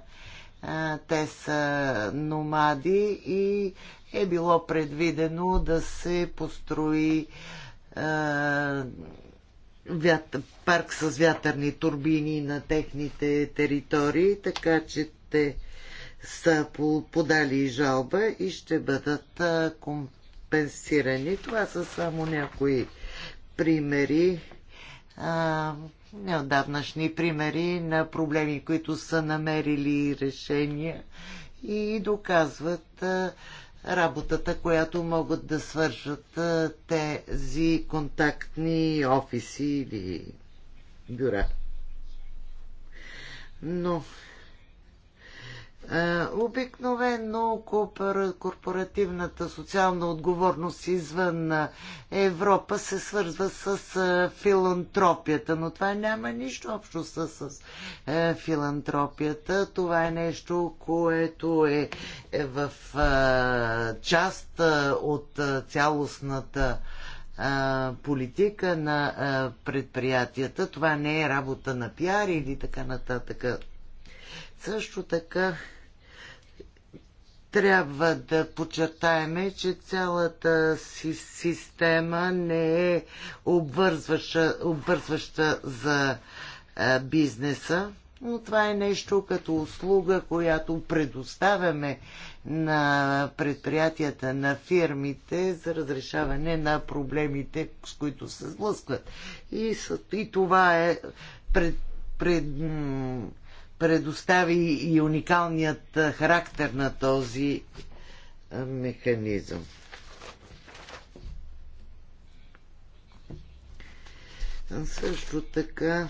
А, те са номади и е било предвидено да се построи а, вят, парк с вятърни турбини на техните територии, така че те са подали жалба и ще бъдат компенсирани. Това са само някои примери, неотдавнашни примери на проблеми, които са намерили решения и доказват работата, която могат да свършат тези контактни офиси или бюра. Но е, обикновено корпоративната социална отговорност извън Европа се свързва с е, филантропията, но това няма нищо общо с, е, филантропията. Това е нещо, което е, е в част от цялостната политика на предприятията. Това не е работа на пиар или така нататък. Също така трябва да подчертаеме, че цялата си система не е обвързваща, обвързваща за а, е, бизнеса, но това е нещо като услуга, която предоставяме на предприятията, на фирмите за разрешаване на проблемите, с които се сблъскват. И, и това е пред, пред, предостави и уникалният характер на този механизъм. Също така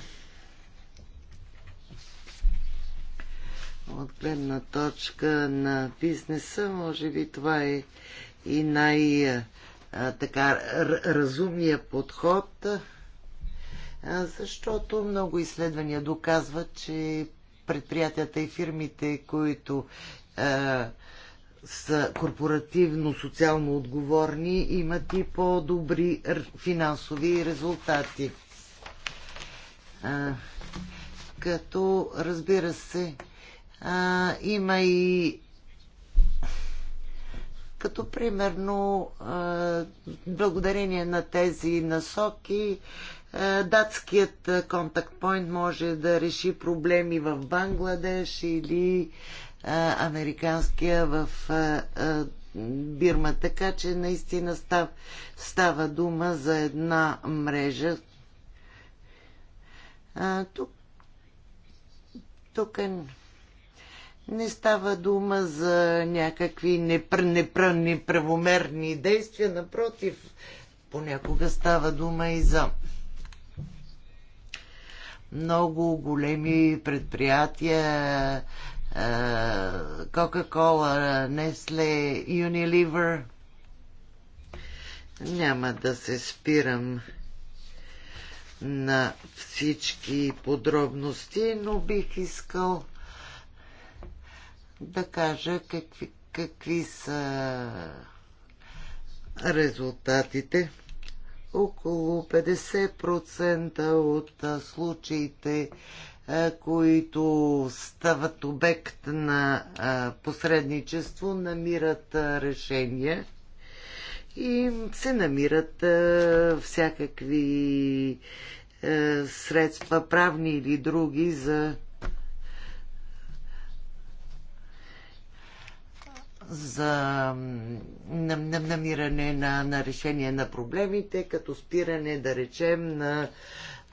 от гледна точка на бизнеса, може би това е и най- така разумния подход, защото много изследвания доказват, че предприятията и фирмите, които е, са корпоративно социално отговорни, имат и по-добри финансови резултати. Е, като разбира се, е, има и като примерно е, благодарение на тези насоки е, датският е, контакт може да реши проблеми в Бангладеш или е, американския в Бирма. Така че наистина став, става дума за една мрежа. тук, тук е, не става дума за някакви непр, непр, неправомерни действия. Напротив, понякога става дума и за много големи предприятия, Кока-Кола, Несле, Unilever. Няма да се спирам на всички подробности, но бих искал да кажа какви, какви са резултатите около 50% от случаите, които стават обект на посредничество, намират решения и се намират всякакви средства, правни или други, за за намиране на, на решение на проблемите, като спиране, да речем, на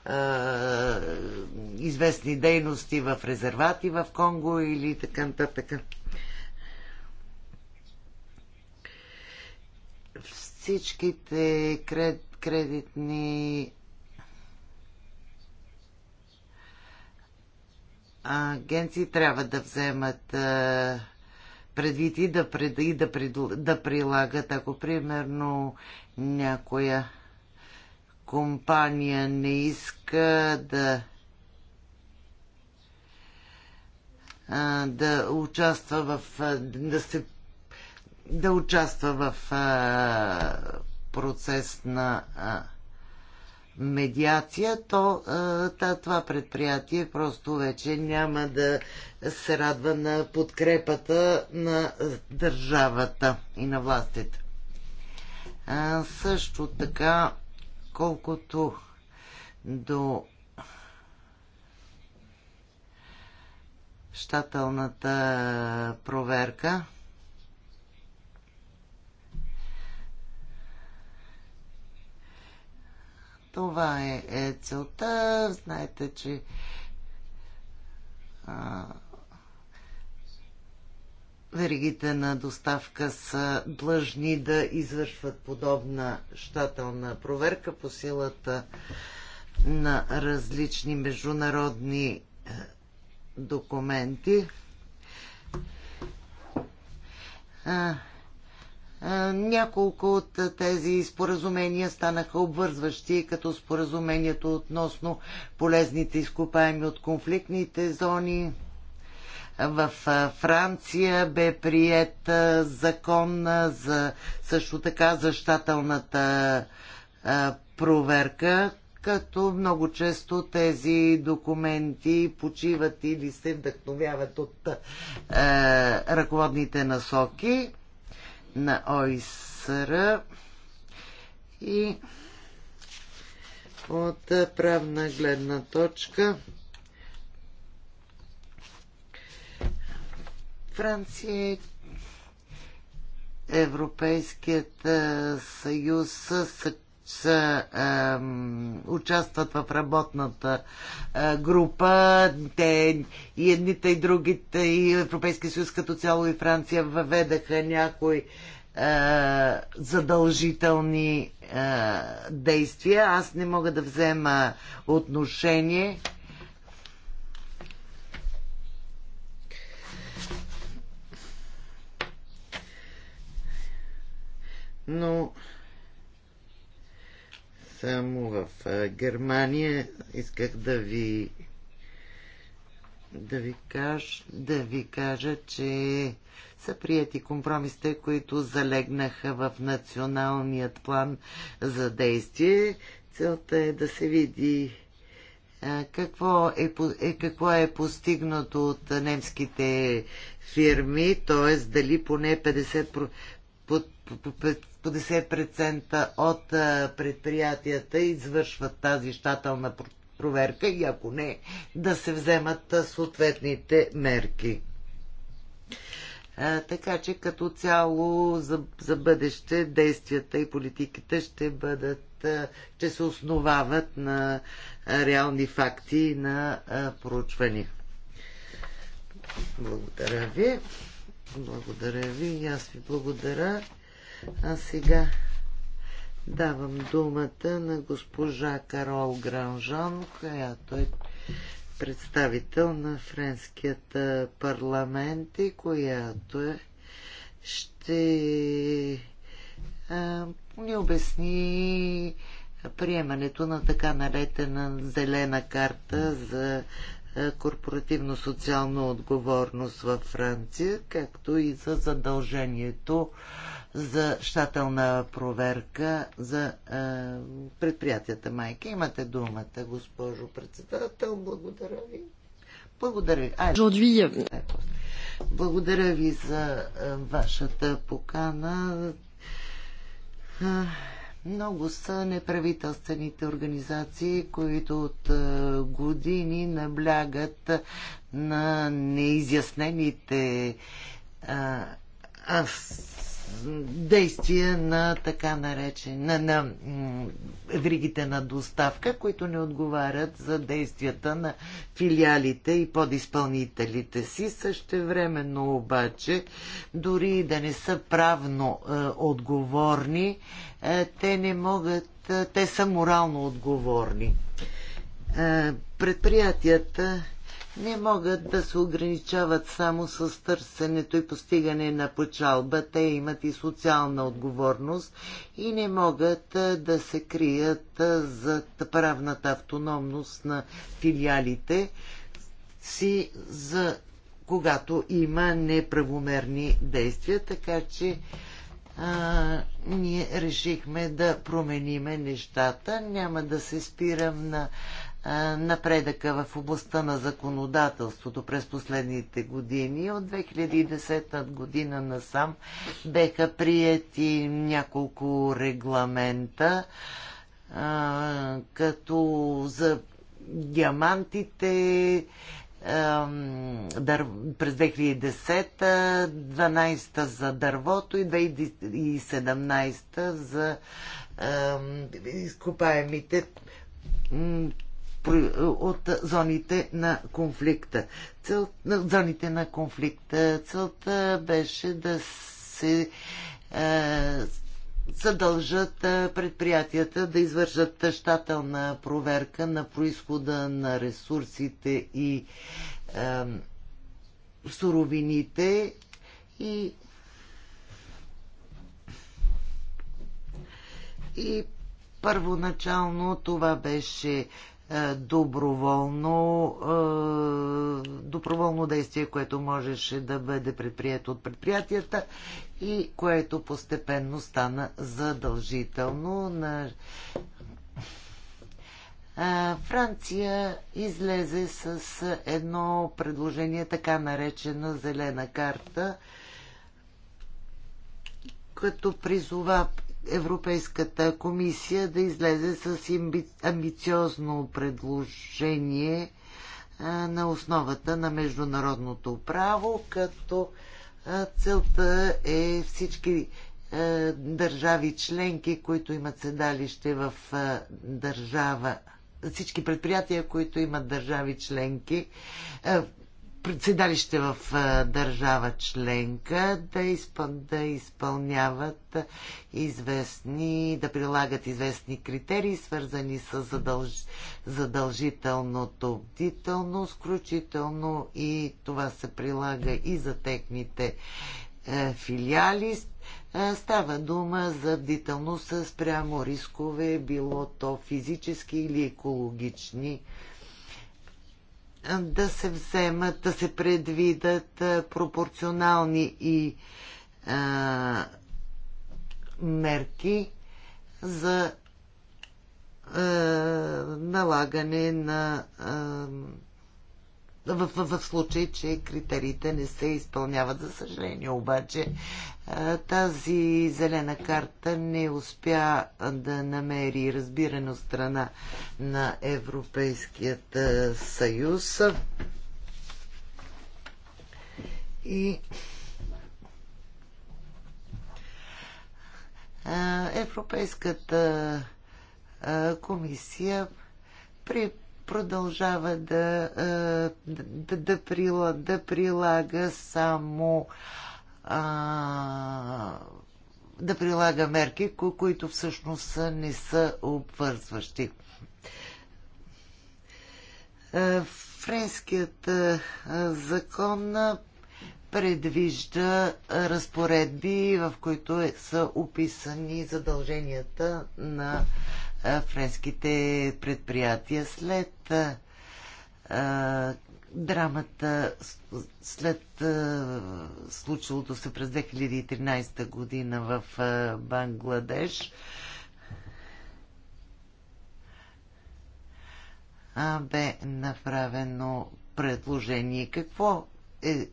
а, известни дейности в резервати в Конго или така нататък. Всичките кред, кредитни агенции трябва да вземат а, предвид и да, пред, и да, пред, да прилагат. Ако примерно някоя компания не иска да да участва в да се да участва в процес на медиация, то а, това предприятие просто вече няма да се радва на подкрепата на държавата и на властите. А, също така, колкото до щателната проверка, Това е, е целта. Знаете, че а, веригите на доставка са длъжни да извършват подобна щателна проверка по силата на различни международни е, документи. А, няколко от тези споразумения станаха обвързващи, като споразумението относно полезните изкопаеми от конфликтните зони. В Франция бе прият закон за също така защателната проверка, като много често тези документи почиват или се вдъхновяват от е, ръководните насоки на ОИСР и от правна гледна точка Франция е Европейският съюз са са, е, участват в работната е, група. Те и едните, и другите, и Европейския съюз като цяло, и Франция въведаха някои е, задължителни е, действия. Аз не мога да взема отношение. Но. No само в е, Германия. Исках да ви да ви, каж, да ви кажа, че са прияти компромисите, които залегнаха в националният план за действие. Целта е да се види е, какво е, е, какво е постигнато от немските фирми, т.е. дали поне 50%, по 50% от предприятията извършват тази щателна проверка и ако не, да се вземат съответните мерки. така че като цяло за, за бъдеще действията и политиките ще бъдат, ще се основават на реални факти и на проучвания. Благодаря ви. Благодаря ви и аз ви благодаря. А сега давам думата на госпожа Карол Гранжан, която е представител на Френският парламент и която е, ще а, ни обясни приемането на така наретена зелена карта за корпоративно социална отговорност във Франция, както и за задължението за щателна проверка за е, предприятията майки. Имате думата, госпожо председател. Благодаря ви. Благодаря ви. Ай, е, благодаря ви за е, вашата покана. Много са неправителствените организации, които от е, години наблягат на неизяснените а, е, а, действия на така наречени, на, на вригите на доставка, които не отговарят за действията на филиалите и подизпълнителите си. Същевременно обаче, дори да не са правно е, отговорни, е, те не могат, е, те са морално отговорни. Е, предприятията не могат да се ограничават само с търсенето и постигане на почалба. Те имат и социална отговорност и не могат да се крият за правната автономност на филиалите си за когато има неправомерни действия, така че а, ние решихме да промениме нещата. Няма да се спирам на напредъка в областта на законодателството през последните години. От 2010 година насам беха приети няколко регламента, като за диамантите, през 2010, 12-та за дървото и 2017 за изкопаемите от зоните на конфликта. Цел, зоните на конфликта. Целта беше да се е, задължат е, предприятията да извършат щателна проверка на происхода на ресурсите и е, суровините и и първоначално това беше е, доброволно, е, доброволно действие, което можеше да бъде предприето от предприятията и което постепенно стана задължително на е, Франция излезе с едно предложение, така наречена зелена карта, като призова Европейската комисия да излезе с амбициозно предложение на основата на международното право, като целта е всички държави членки, които имат седалище в държава, всички предприятия, които имат държави членки, председалище в държава членка да, изпъл... да изпълняват известни, да прилагат известни критерии, свързани с задълж... задължителното бдително, включително и това се прилага и за техните е, филиали. Е, става дума за бдителност спрямо рискове, било то физически или екологични да се вземат, да се предвидат пропорционални и а, мерки за а, налагане на а, в, в, в случай, че критериите не се изпълняват. За съжаление обаче тази зелена карта не успя да намери разбиране страна на Европейският съюз. И Европейската комисия при продължава да, да, да, прилага, да прилага само а, да прилага мерки, които всъщност не са обвързващи. Френският закон предвижда разпоредби, в които е, са описани задълженията на френските предприятия. След а, драмата, след а, случилото се през 2013 година в а, Бангладеш, а, бе направено предложение. Какво е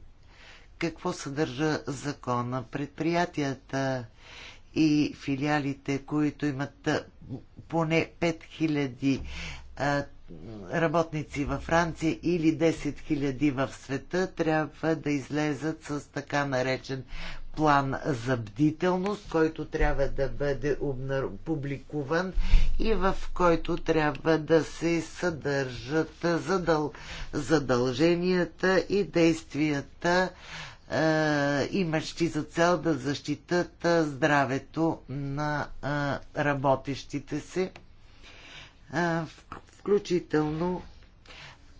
какво съдържа закона. Предприятията и филиалите, които имат поне 5000 работници във Франция или 10 000 в света трябва да излезат с така наречен план за бдителност, който трябва да бъде публикуван и в който трябва да се съдържат задъл... задълженията и действията е, имащи за цел да защитат е, здравето на е, работещите се, включително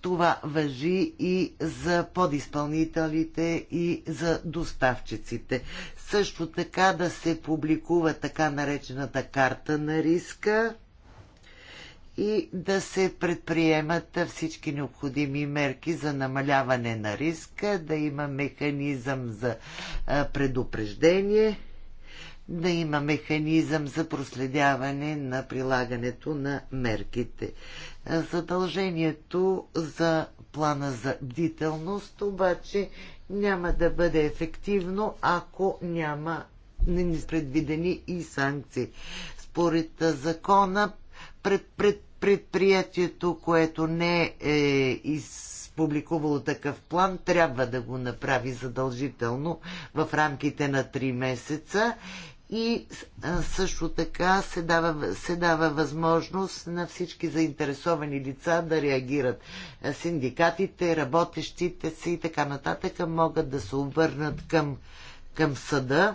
това въжи и за подизпълнителите и за доставчиците. Също така да се публикува така наречената карта на риска, и да се предприемат всички необходими мерки за намаляване на риска, да има механизъм за предупреждение, да има механизъм за проследяване на прилагането на мерките. Задължението за плана за бдителност обаче няма да бъде ефективно, ако няма предвидени и санкции. Според закона пред, пред, предприятието, което не е изпубликувало такъв план, трябва да го направи задължително в рамките на 3 месеца и също така се дава, се дава възможност на всички заинтересовани лица да реагират. Синдикатите, работещите си и така нататък могат да се обърнат към, към съда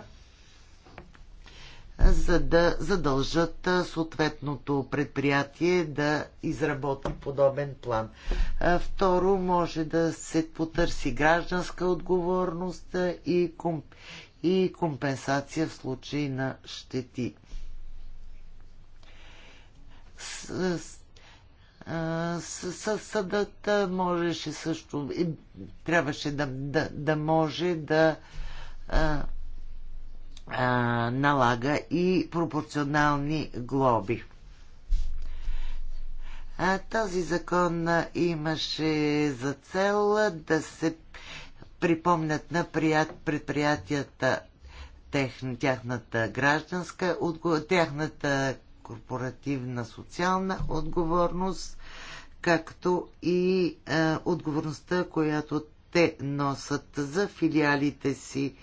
за да задължат съответното предприятие да изработи подобен план. Второ, може да се потърси гражданска отговорност и, компенсация в случай на щети. Съдът можеше също, трябваше да, да, да може да а, налага и пропорционални глоби. А, този закон имаше за цел да се припомнят на предприятията тяхната гражданска, тяхната корпоративна социална отговорност, както и отговорността, която те носят за филиалите си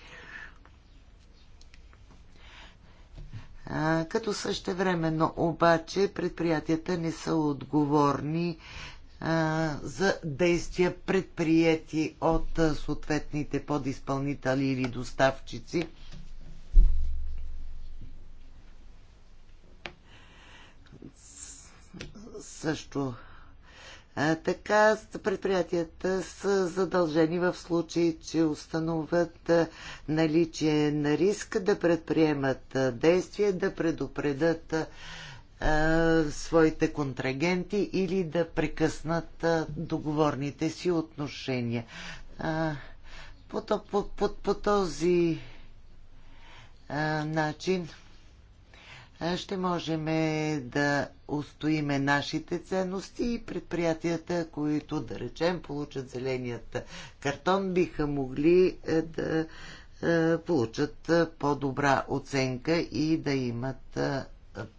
като същевременно обаче предприятията не са отговорни за действия предприяти от съответните подиспълнители или доставчици. Също така предприятията са задължени в случай, че установят наличие на риск да предприемат действия, да предупредат своите контрагенти или да прекъснат договорните си отношения. По, по, по, по този начин ще можем е, да устоиме нашите ценности и предприятията, които, да речем, получат зеленият картон, биха могли е, да е, получат по-добра оценка и да имат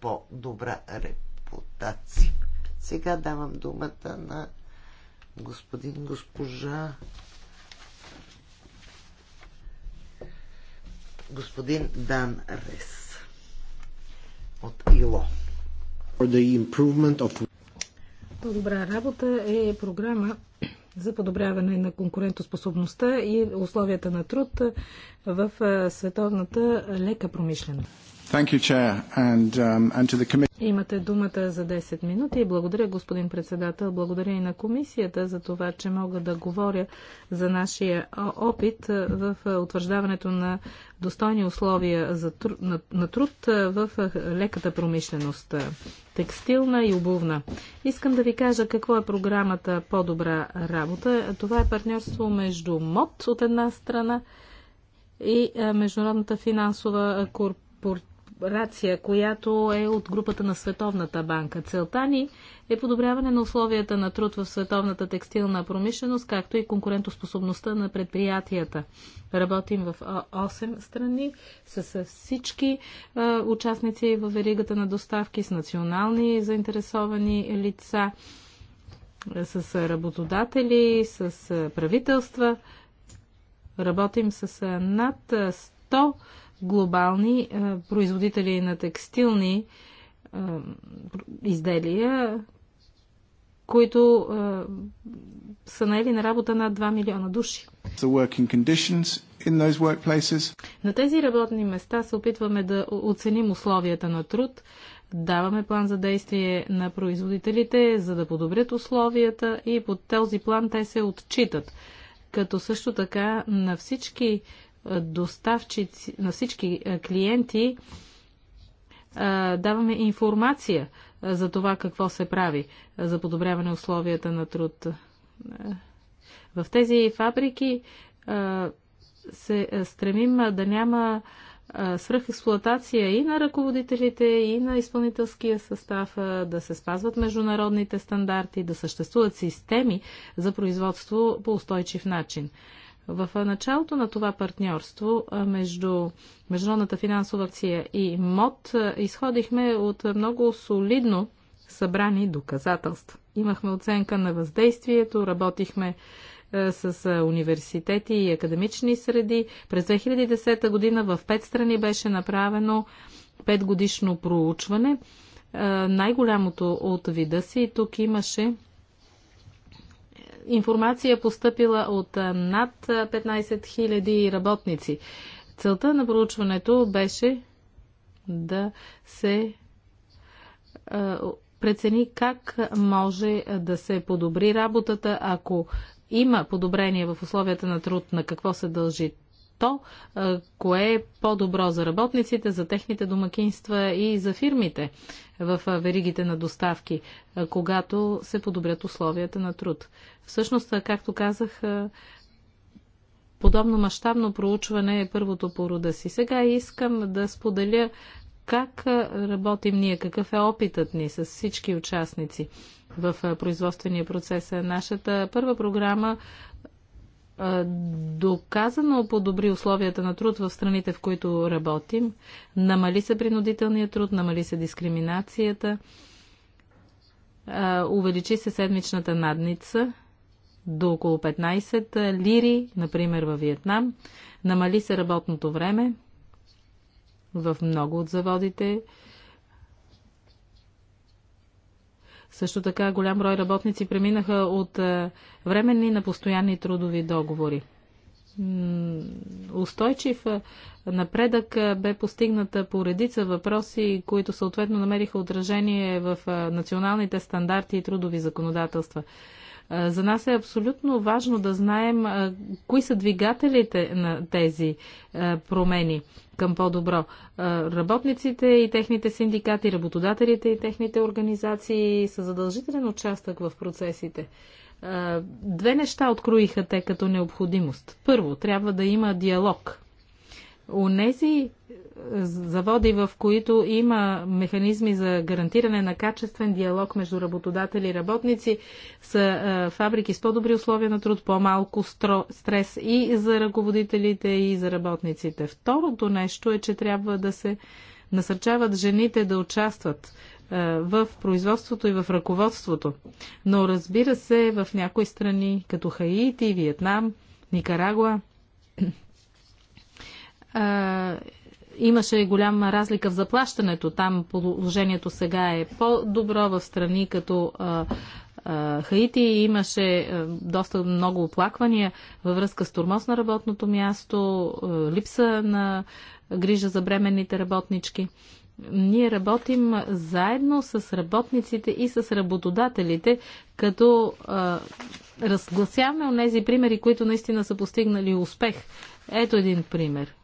по-добра репутация. Сега давам думата на господин, госпожа господин Дан Рес от ИЛО. По-добра работа е програма за подобряване на конкурентоспособността и условията на труд в световната лека промишленост. Um, Имате думата за 10 минути и благодаря, господин председател. Благодаря и на комисията за това, че мога да говоря за нашия опит в утвърждаването на достойни условия за, на, на труд в леката промишленост текстилна и обувна. Искам да ви кажа какво е програмата По-добра работа. Това е партньорство между МОД от една страна и Международната финансова корпорация рация, която е от групата на Световната банка. Целта ни е подобряване на условията на труд в световната текстилна промишленост, както и конкурентоспособността на предприятията. Работим в 8 страни с всички участници в веригата на доставки, с национални заинтересовани лица, с работодатели, с правителства. Работим с над 100 глобални е, производители на текстилни е, изделия, които е, са наели на работа над 2 милиона души. На тези работни места се опитваме да оценим условията на труд, даваме план за действие на производителите, за да подобрят условията и под този план те се отчитат. Като също така на всички доставчици, на всички е, клиенти е, даваме информация е, за това какво се прави за подобряване условията на труд. В тези фабрики се стремим да няма свръхексплуатация и на ръководителите, и на изпълнителския състав, да се спазват международните стандарти, да съществуват системи за производство по устойчив начин. В началото на това партньорство между Международната финансова акция и МОД изходихме от много солидно събрани доказателства. Имахме оценка на въздействието, работихме с университети и академични среди. През 2010 година в пет страни беше направено петгодишно проучване, най-голямото от вида си. тук имаше информация е постъпила от над 15 000 работници. Целта на проучването беше да се прецени как може да се подобри работата, ако има подобрение в условията на труд, на какво се дължи то, кое е по-добро за работниците, за техните домакинства и за фирмите в веригите на доставки, когато се подобрят условията на труд. Всъщност, както казах, подобно мащабно проучване е първото по рода си. Сега искам да споделя как работим ние, какъв е опитът ни с всички участници в производствения процес. Нашата първа програма доказано подобри условията на труд в страните, в които работим. Намали се принудителният труд, намали се дискриминацията, увеличи се седмичната надница до около 15 лири, например във Виетнам. Намали се работното време в много от заводите, Също така голям брой работници преминаха от е, временни на постоянни трудови договори. Устойчив е, напредък е, бе постигната по редица въпроси, които съответно намериха отражение в националните стандарти и трудови законодателства. За нас е абсолютно важно да знаем кои са двигателите на тези промени към по-добро. Работниците и техните синдикати, работодателите и техните организации са задължителен участък в процесите. Две неща откроиха те като необходимост. Първо, трябва да има диалог Унези е, заводи, в които има механизми за гарантиране на качествен диалог между работодатели и работници, са е, фабрики с по-добри условия на труд, по-малко стрес и за ръководителите, и за работниците. Второто нещо е, че трябва да се насърчават жените да участват е, в производството и в ръководството. Но разбира се, в някои страни, като Хаити, Виетнам, Никарагуа, имаше голяма разлика в заплащането. Там положението сега е по-добро в страни като Хаити имаше доста много оплаквания във връзка с тормоз на работното място, липса на грижа за бременните работнички. Ние работим заедно с работниците и с работодателите, като а, разгласяваме от тези примери, които наистина са постигнали успех. Ето един пример –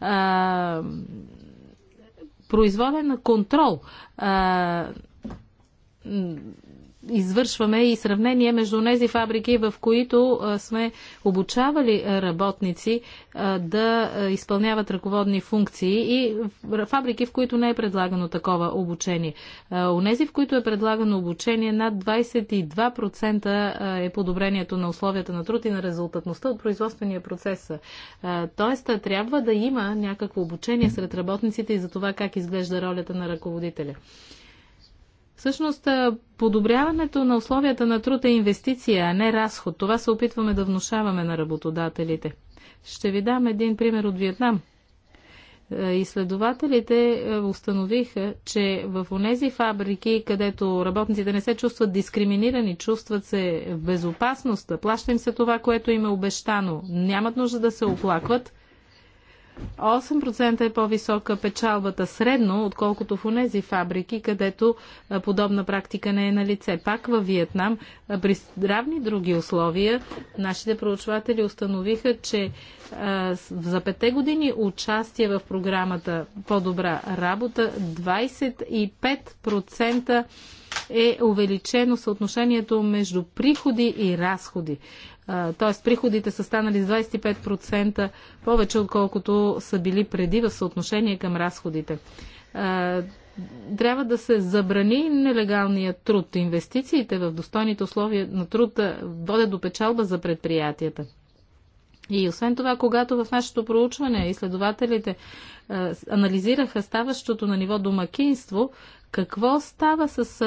а, произволен контрол. А, извършваме и сравнение между тези фабрики, в които сме обучавали работници да изпълняват ръководни функции и фабрики, в които не е предлагано такова обучение. У нези, в които е предлагано обучение, над 22% е подобрението на условията на труд и на резултатността от производствения процес. Тоест, трябва да има някакво обучение сред работниците и за това как изглежда ролята на ръководителя. Всъщност, подобряването на условията на труд е инвестиция, а не разход. Това се опитваме да внушаваме на работодателите. Ще ви дам един пример от Виетнам. Изследователите установиха, че в тези фабрики, където работниците не се чувстват дискриминирани, чувстват се в безопасност, плаща им се това, което им е обещано, нямат нужда да се оплакват, 8% е по-висока печалбата средно, отколкото в тези фабрики, където подобна практика не е на лице. Пак във Виетнам, при здравни други условия, нашите проучватели установиха, че за пете години участие в програмата По-добра работа 25% е увеличено съотношението между приходи и разходи. Т.е. приходите са станали с 25% повече, отколкото са били преди в съотношение към разходите. Трябва да се забрани нелегалният труд. Инвестициите в достойните условия на труд водят до печалба за предприятията. И освен това, когато в нашето проучване изследователите анализираха ставащото на ниво домакинство, какво става с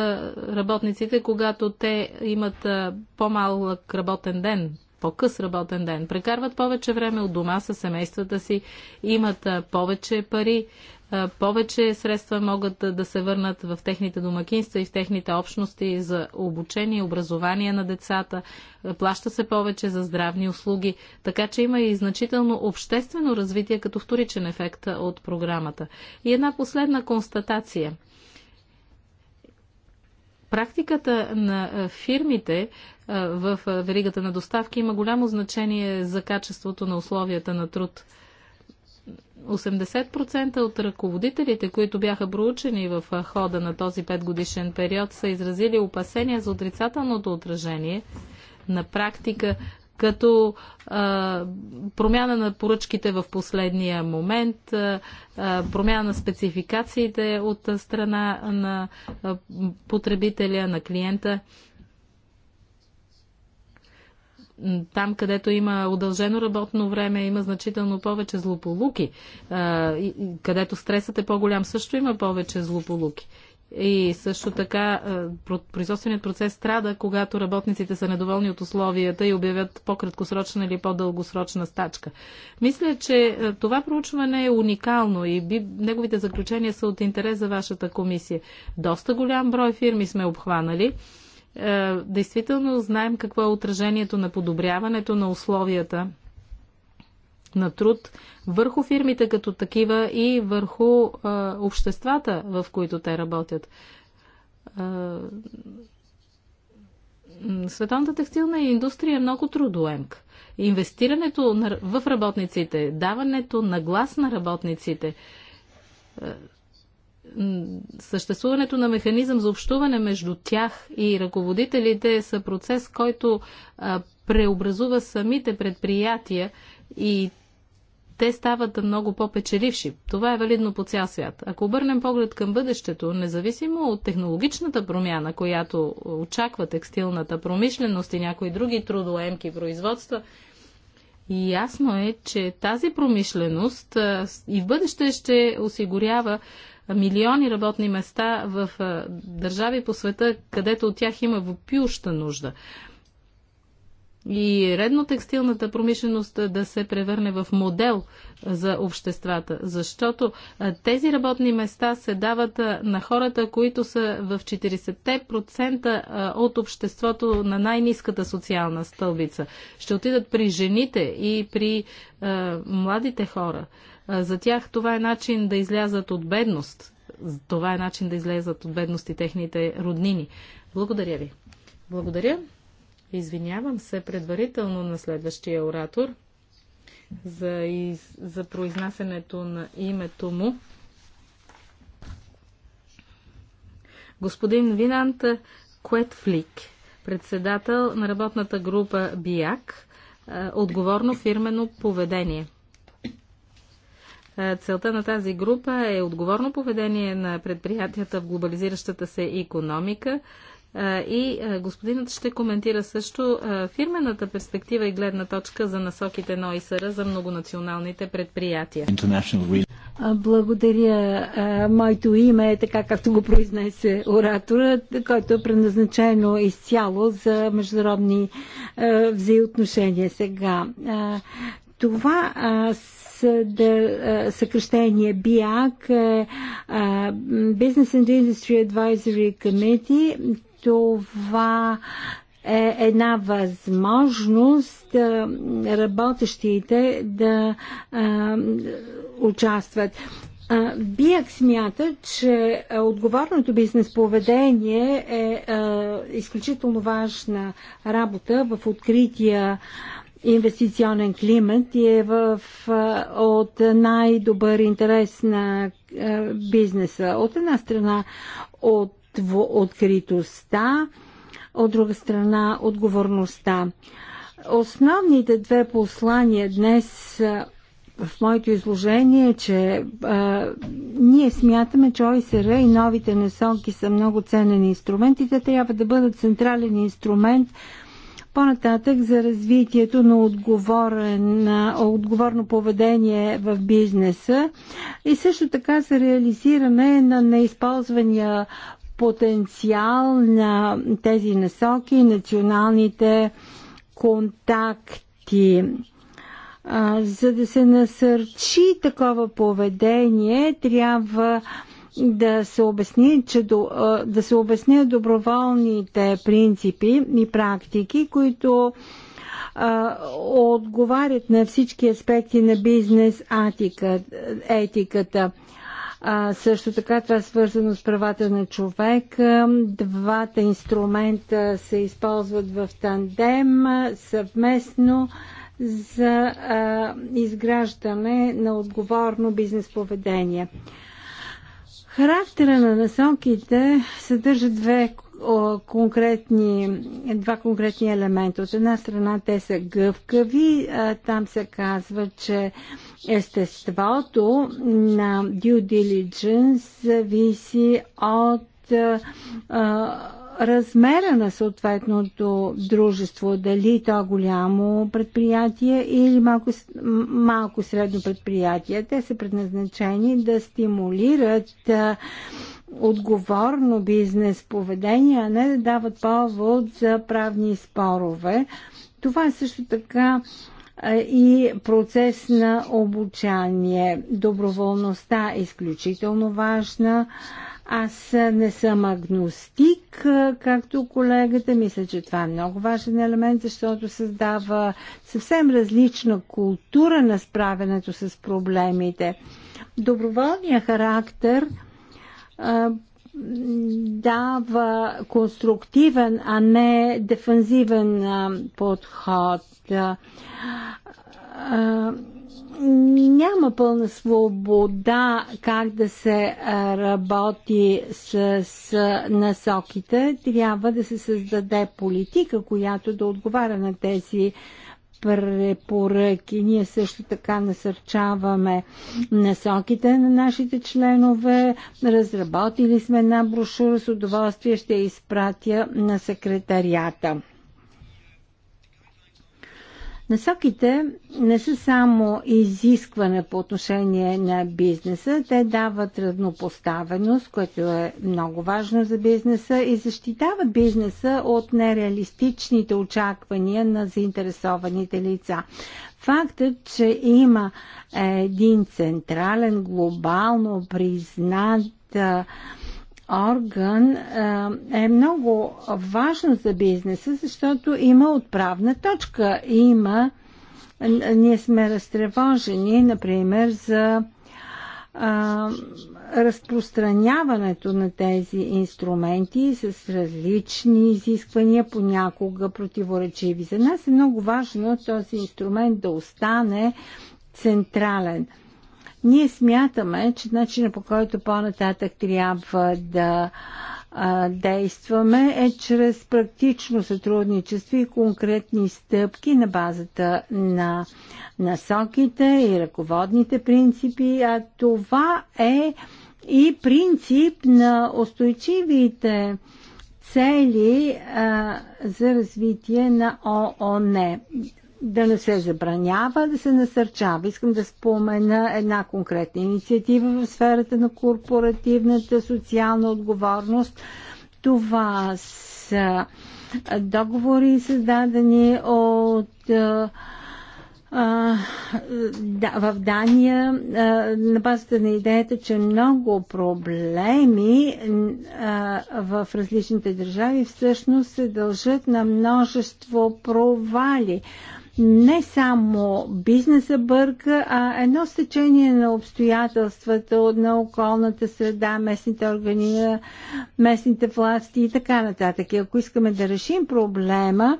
работниците, когато те имат по-малък работен ден, по-къс работен ден, прекарват повече време от дома с семействата си, имат повече пари, повече средства могат да се върнат в техните домакинства и в техните общности за обучение образование на децата, плаща се повече за здравни услуги, така че има и значително обществено развитие като вторичен ефект от програмата. И една последна констатация – Практиката на фирмите в веригата на доставки има голямо значение за качеството на условията на труд. 80% от ръководителите, които бяха проучени в хода на този 5 годишен период, са изразили опасения за отрицателното отражение на практика като а, промяна на поръчките в последния момент, а, промяна на спецификациите от страна на потребителя, на клиента. Там, където има удължено работно време, има значително повече злополуки. А, и, където стресът е по-голям, също има повече злополуки. И също така е, производственият процес страда, когато работниците са недоволни от условията и обявят по-краткосрочна или по-дългосрочна стачка. Мисля, че е, това проучване е уникално и би, неговите заключения са от интерес за вашата комисия. Доста голям брой фирми сме обхванали. Е, действително знаем какво е отражението на подобряването на условията на труд върху фирмите като такива и върху а, обществата, в които те работят. А, световната текстилна индустрия е много трудоемка. Инвестирането на, в работниците, даването на глас на работниците, съществуването на механизъм за общуване между тях и ръководителите са процес, който преобразува самите предприятия и те стават много по-печеливши. Това е валидно по цял свят. Ако обърнем поглед към бъдещето, независимо от технологичната промяна, която очаква текстилната промишленост и някои други трудоемки производства, ясно е, че тази промишленост и в бъдеще ще осигурява милиони работни места в държави по света, където от тях има въпиюща нужда и редно текстилната промишленост да се превърне в модел за обществата, защото тези работни места се дават на хората, които са в 40% от обществото на най-низката социална стълбица. Ще отидат при жените и при младите хора. За тях това е начин да излязат от бедност. Това е начин да излязат от бедност и техните роднини. Благодаря ви. Благодаря. Извинявам се предварително на следващия оратор за, из... за произнасянето на името му. Господин Винант Куетфлик, председател на работната група БИАК, е, отговорно фирмено поведение. Е, целта на тази група е отговорно поведение на предприятията в глобализиращата се економика, и господинът ще коментира също фирмената перспектива и гледна точка за насоките на ОИСР за многонационалните предприятия. Благодаря. Моето име е така, както го произнесе оратора, който е предназначено изцяло за международни взаимоотношения сега. Това да, съкръщение БИАК, е, Business and Industry Advisory Committee, това е една възможност работещите да а, участват. Биек смята, че отговорното бизнес поведение е изключително важна работа в открития инвестиционен климат и е в, от най-добър интерес на бизнеса. От една страна, от откритостта, от друга страна отговорността. Основните две послания днес в моето изложение е, че а, ние смятаме, че ОСР и новите насоки са много ценен инструмент и те трябва да бъдат централен инструмент по-нататък за развитието на отговорен, отговорно поведение в бизнеса и също така за реализиране на неизползвания потенциал на тези насоки и националните контакти. За да се насърчи такова поведение, трябва да се, обясни, че до, да се обяснят доброволните принципи и практики, които отговарят на всички аспекти на бизнес етиката. А, също така това е свързано с правата на човека. Двата инструмента се използват в тандем съвместно за а, изграждане на отговорно бизнес поведение. Характера на насоките съдържа две конкретни, два конкретни елемента. От една страна те са гъвкави, там се казва, че естеството на due diligence зависи от размера на съответното дружество, дали то е голямо предприятие или малко, малко средно предприятие. Те са предназначени да стимулират отговорно бизнес поведение, а не да дават повод за правни спорове. Това е също така и процес на обучание. Доброволността е изключително важна. Аз не съм агностик, както колегата. Мисля, че това е много важен елемент, защото създава съвсем различна култура на справянето с проблемите. Доброволният характер дава конструктивен, а не дефанзивен подход няма пълна свобода как да се работи с, с насоките. Трябва да се създаде политика, която да отговаря на тези препоръки. Ние също така насърчаваме насоките на нашите членове. Разработили сме една брошура. С удоволствие ще изпратя на секретарията. Насоките не са само изискване по отношение на бизнеса, те дават равнопоставеност, което е много важно за бизнеса и защитават бизнеса от нереалистичните очаквания на заинтересованите лица. Фактът, че има един централен, глобално признат орган е, е много важно за бизнеса, защото има отправна точка. Има, ние сме разтревожени, например, за а, разпространяването на тези инструменти с различни изисквания, понякога противоречиви. За нас е много важно този инструмент да остане централен – ние смятаме, че начина по който по-нататък трябва да а, действаме е чрез практично сътрудничество и конкретни стъпки на базата на насоките и ръководните принципи, а това е и принцип на устойчивите цели а, за развитие на ООН да не се забранява, да се насърчава. Искам да спомена една конкретна инициатива в сферата на корпоративната социална отговорност. Това са договори, създадени от а, в Дания а, на базата на идеята, че много проблеми а, в различните държави всъщност се дължат на множество провали. А, не само бизнеса бърка, а едно стечение на обстоятелствата, на околната среда, местните органи, местните власти и така нататък. И ако искаме да решим проблема,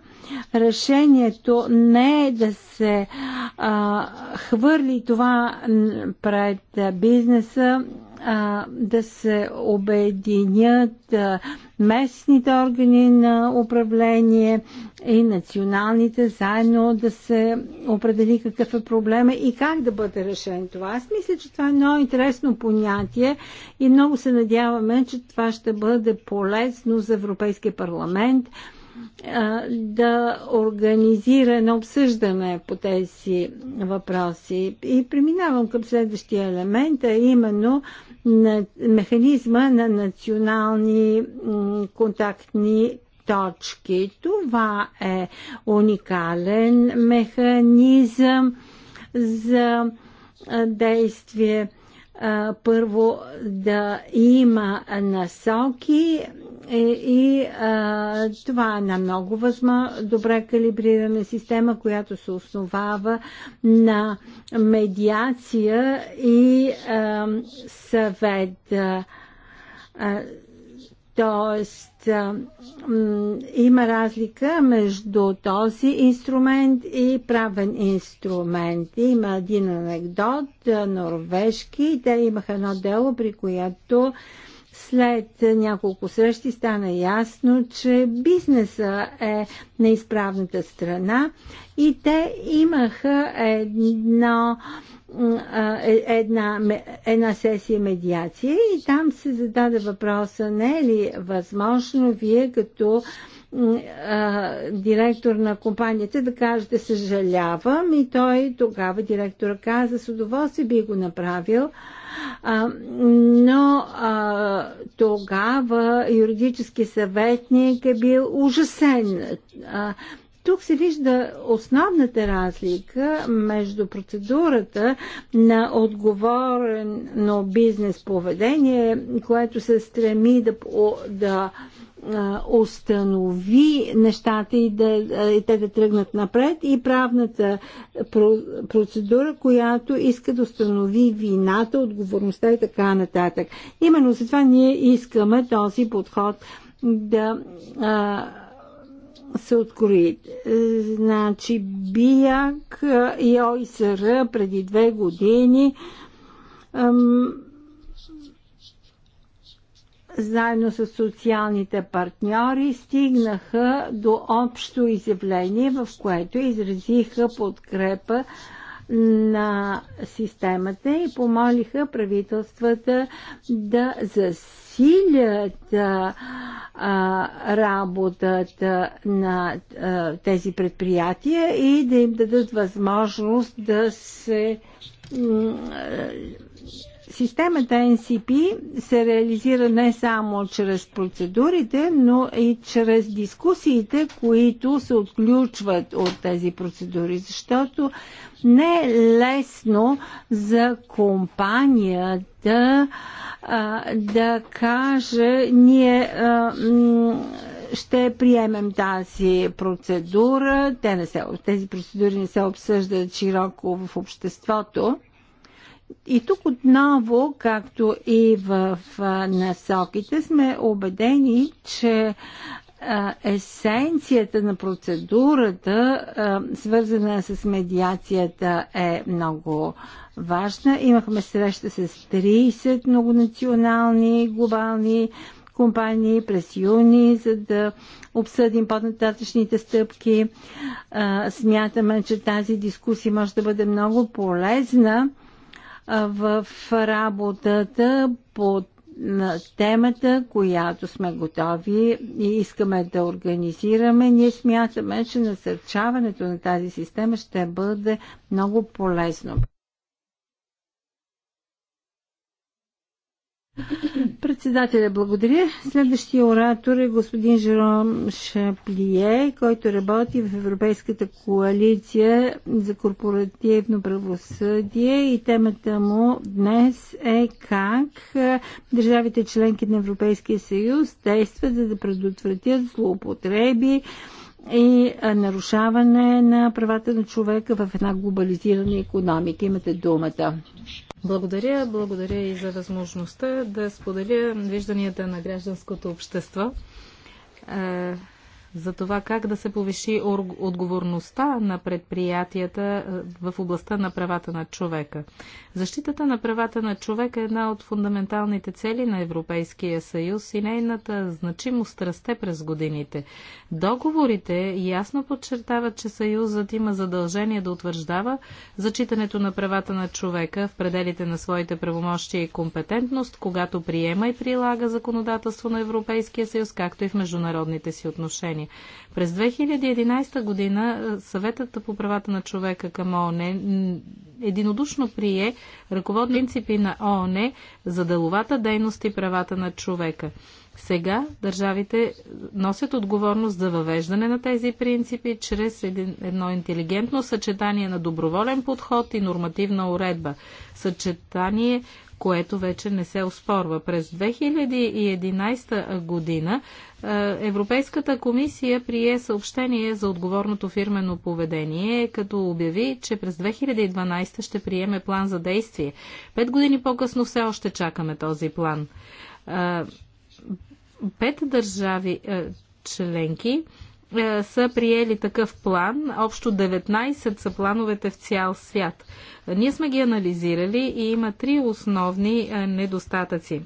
решението не е да се а, хвърли това пред бизнеса а, да се обединят а, местните органи на управление и националните заедно да се определи какъв е проблема и как да бъде решен това. Аз мисля, че това е много интересно понятие и много се надяваме, че това ще бъде полезно за Европейския парламент да организира едно обсъждане по тези въпроси. И преминавам към следващия елемент, а именно на механизма на национални контактни точки. Това е уникален механизъм за действие а, първо да има насоки и, е, и а, това е на много възма, добре калибрирана система, която се основава на медиация и а, съвет. А, Тоест, има разлика между този инструмент и правен инструмент. Има един анекдот, норвежки, те имаха едно дело, при което след няколко срещи стана ясно, че бизнеса е на изправната страна и те имаха едно е, една, една сесия медиация и там се зададе въпроса не е ли възможно вие като директор на компанията да кажете съжалявам и той тогава директора каза с удоволствие би го направил а, но а, тогава юридически съветник е бил ужасен а, тук се вижда основната разлика между процедурата на отговорено бизнес поведение, което се стреми да, да установи нещата и, да, и те да тръгнат напред и правната процедура, която иска да установи вината, отговорността и така нататък. Именно затова ние искаме този подход да а, се открои. Е, значи БИАК и ОИСР преди две години заедно с социалните партньори стигнаха до общо изявление, в което изразиха подкрепа на системата и помолиха правителствата да засилят засилят а, работата на а, тези предприятия и да им дадат възможност да се Системата NCP се реализира не само чрез процедурите, но и чрез дискусиите, които се отключват от тези процедури, защото не е лесно за компанията а, да каже ние а, ще приемем тази процедура. Те не се, тези процедури не се обсъждат широко в обществото. И тук отново, както и в насоките, сме убедени, че есенцията на процедурата, свързана с медиацията, е много важна. Имахме среща с 30 многонационални глобални компании през юни, за да обсъдим по-нататъчните стъпки. Смятаме, че тази дискусия може да бъде много полезна в работата по на темата, която сме готови и искаме да организираме. Ние смятаме, че насърчаването на тази система ще бъде много полезно. Председателя, благодаря. Следващия оратор е господин Жером Шаплие, който работи в Европейската коалиция за корпоративно правосъдие и темата му днес е как държавите членки на Европейския съюз действат за да предотвратят злоупотреби, и е, нарушаване на правата на човека в една глобализирана економика. Имате думата. Благодаря, благодаря и за възможността да споделя вижданията на гражданското общество е, за това как да се повиши отговорността на предприятията е, в областта на правата на човека. Защитата на правата на човека е една от фундаменталните цели на Европейския съюз и нейната значимост расте през годините. Договорите ясно подчертават, че съюзът има задължение да утвърждава зачитането на правата на човека в пределите на своите правомощия и компетентност, когато приема и прилага законодателство на Европейския съюз, както и в международните си отношения изследвания. През 2011 година е, съветът по правата на човека към ООН единодушно прие ръководни принципи на ООН за деловата дейност и правата на човека. Сега държавите е, носят отговорност за въвеждане на тези принципи чрез един, едно интелигентно съчетание на доброволен подход и нормативна уредба. Съчетание, което вече не се оспорва. През 2011 година Европейската комисия прие съобщение за отговорното фирмено поведение, като обяви, че през 2012 ще приеме план за действие. Пет години по-късно все още чакаме този план. Пет държави членки е, са приели такъв план. Общо 19 са плановете в цял свят. Ние сме ги анализирали и има три основни е, недостатъци.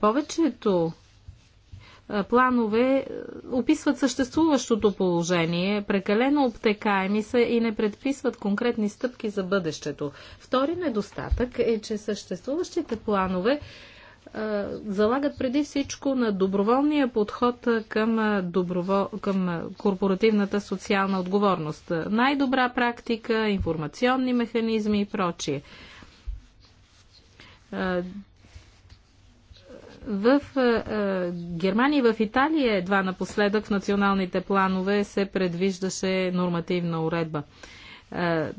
Повечето е, планове описват съществуващото положение, прекалено обтекаеми са и не предписват конкретни стъпки за бъдещето. Втори недостатък е, че съществуващите планове залагат преди всичко на доброволния подход към, доброво, към корпоративната социална отговорност. Най-добра практика, информационни механизми и прочие. В Германия и в Италия едва напоследък в националните планове се предвиждаше нормативна уредба.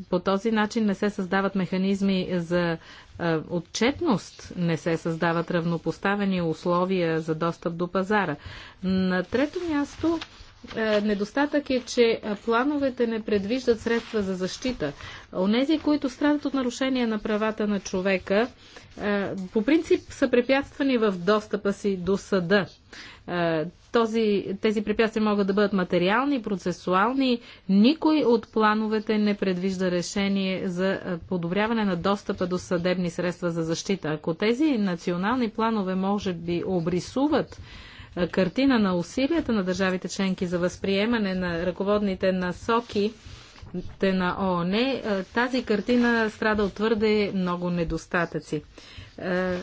По този начин не се създават механизми за отчетност, не се създават равнопоставени условия за достъп до пазара. На трето място е, недостатък е, че плановете не предвиждат средства за защита. Онези, които страдат от нарушение на правата на човека, е, по принцип са препятствани в достъпа си до съда. Е, този, тези препятствия могат да бъдат материални, процесуални. Никой от плановете не предвижда решение за подобряване на достъпа до съдебни средства за защита. Ако тези национални планове може би обрисуват картина на усилията на държавите членки за възприемане на ръководните насоки на ООН, е, тази картина страда от твърде много недостатъци. Е,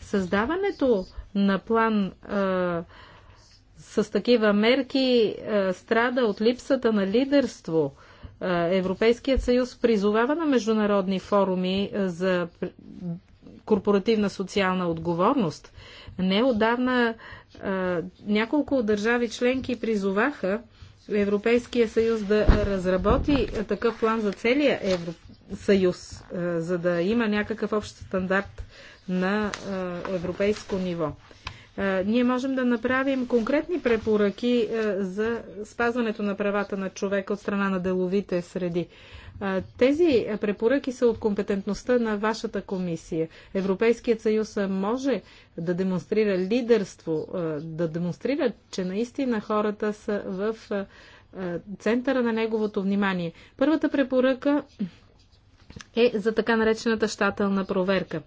създаването на план е, с такива мерки страда от липсата на лидерство. Европейският съюз призовава на международни форуми за корпоративна социална отговорност. Неодавна няколко държави членки призоваха Европейския съюз да разработи такъв план за целия Евросъюз, за да има някакъв общ стандарт на европейско ниво. Е, ние можем да направим конкретни препоръки е, за спазването на правата на човека от страна на деловите среди. Е, тези препоръки са от компетентността на вашата комисия. Европейският съюз може да демонстрира лидерство, да демонстрира, че наистина хората са в центъра на неговото внимание. Първата препоръка е за така наречената щателна проверка.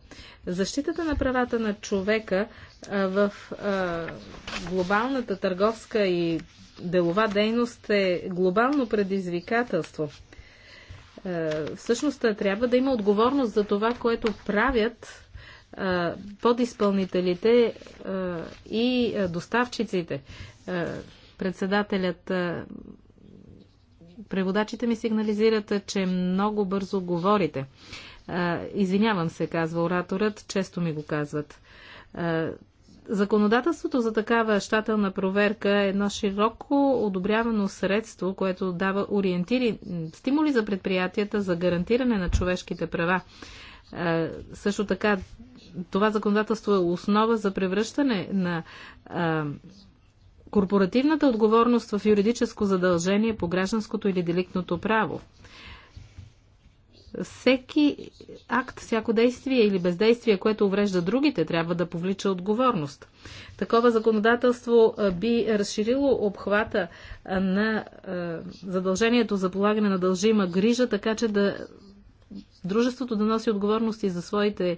Защитата на правата на човека в глобалната търговска и делова дейност е глобално предизвикателство. Всъщност трябва да има отговорност за това, което правят подизпълнителите и доставчиците. Председателят Преводачите ми сигнализират, че много бързо говорите. Извинявам се, казва ораторът, често ми го казват. Законодателството за такава щателна проверка е едно широко одобрявано средство, което дава ориентири, стимули за предприятията за гарантиране на човешките права. Също така, това законодателство е основа за превръщане на корпоративната отговорност в юридическо задължение по гражданското или деликтното право. Всеки акт, всяко действие или бездействие, което уврежда другите, трябва да повлича отговорност. Такова законодателство би разширило обхвата на задължението за полагане на дължима грижа, така че да дружеството да носи отговорности за своите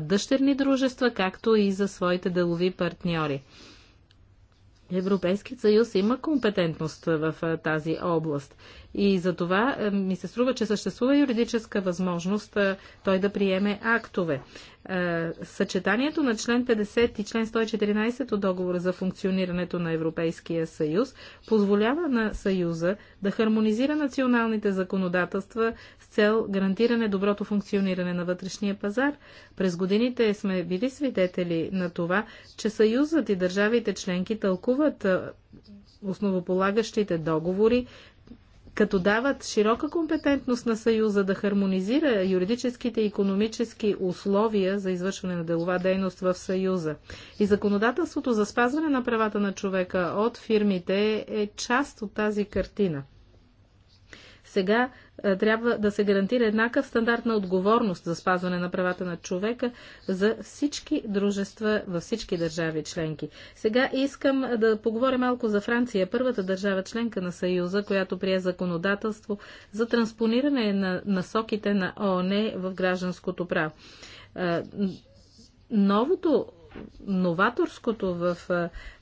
дъщерни дружества, както и за своите делови партньори. Европейският съюз има компетентност в тази област и за това е, ми се струва, че съществува юридическа възможност е, той да приеме актове. Е, съчетанието на член 50 и член 114 от договора за функционирането на Европейския съюз позволява на Съюза да хармонизира националните законодателства с цел гарантиране доброто функциониране на вътрешния пазар. През годините сме били свидетели на това, че Съюзът и държавите членки тълкуват основополагащите договори като дават широка компетентност на Съюза да хармонизира юридическите и економически условия за извършване на делова дейност в Съюза. И законодателството за спазване на правата на човека от фирмите е част от тази картина. Сега е, трябва да се гарантира еднакъв стандарт на отговорност за спазване на правата на човека за всички дружества във всички държави членки. Сега искам да поговоря малко за Франция, първата държава членка на Съюза, която прие законодателство за транспониране на насоките на ООН в гражданското право. Е, новото, новаторското в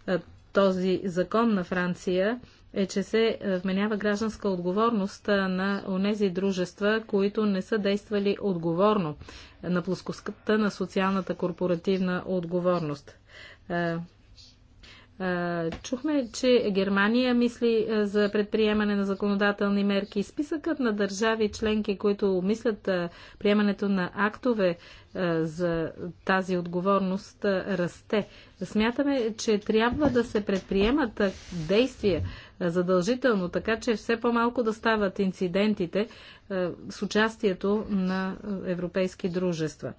е, този закон на Франция е, че се е, вменява гражданска отговорност е, на онези дружества, които не са действали отговорно е, на плоскостта на социалната корпоративна отговорност. Чухме, че Германия мисли за предприемане на законодателни мерки. Списъкът на държави членки, които мислят приемането на актове за тази отговорност, расте. Смятаме, че трябва да се предприемат действия задължително, така че все по-малко да стават инцидентите е, с участието на е, европейски дружества.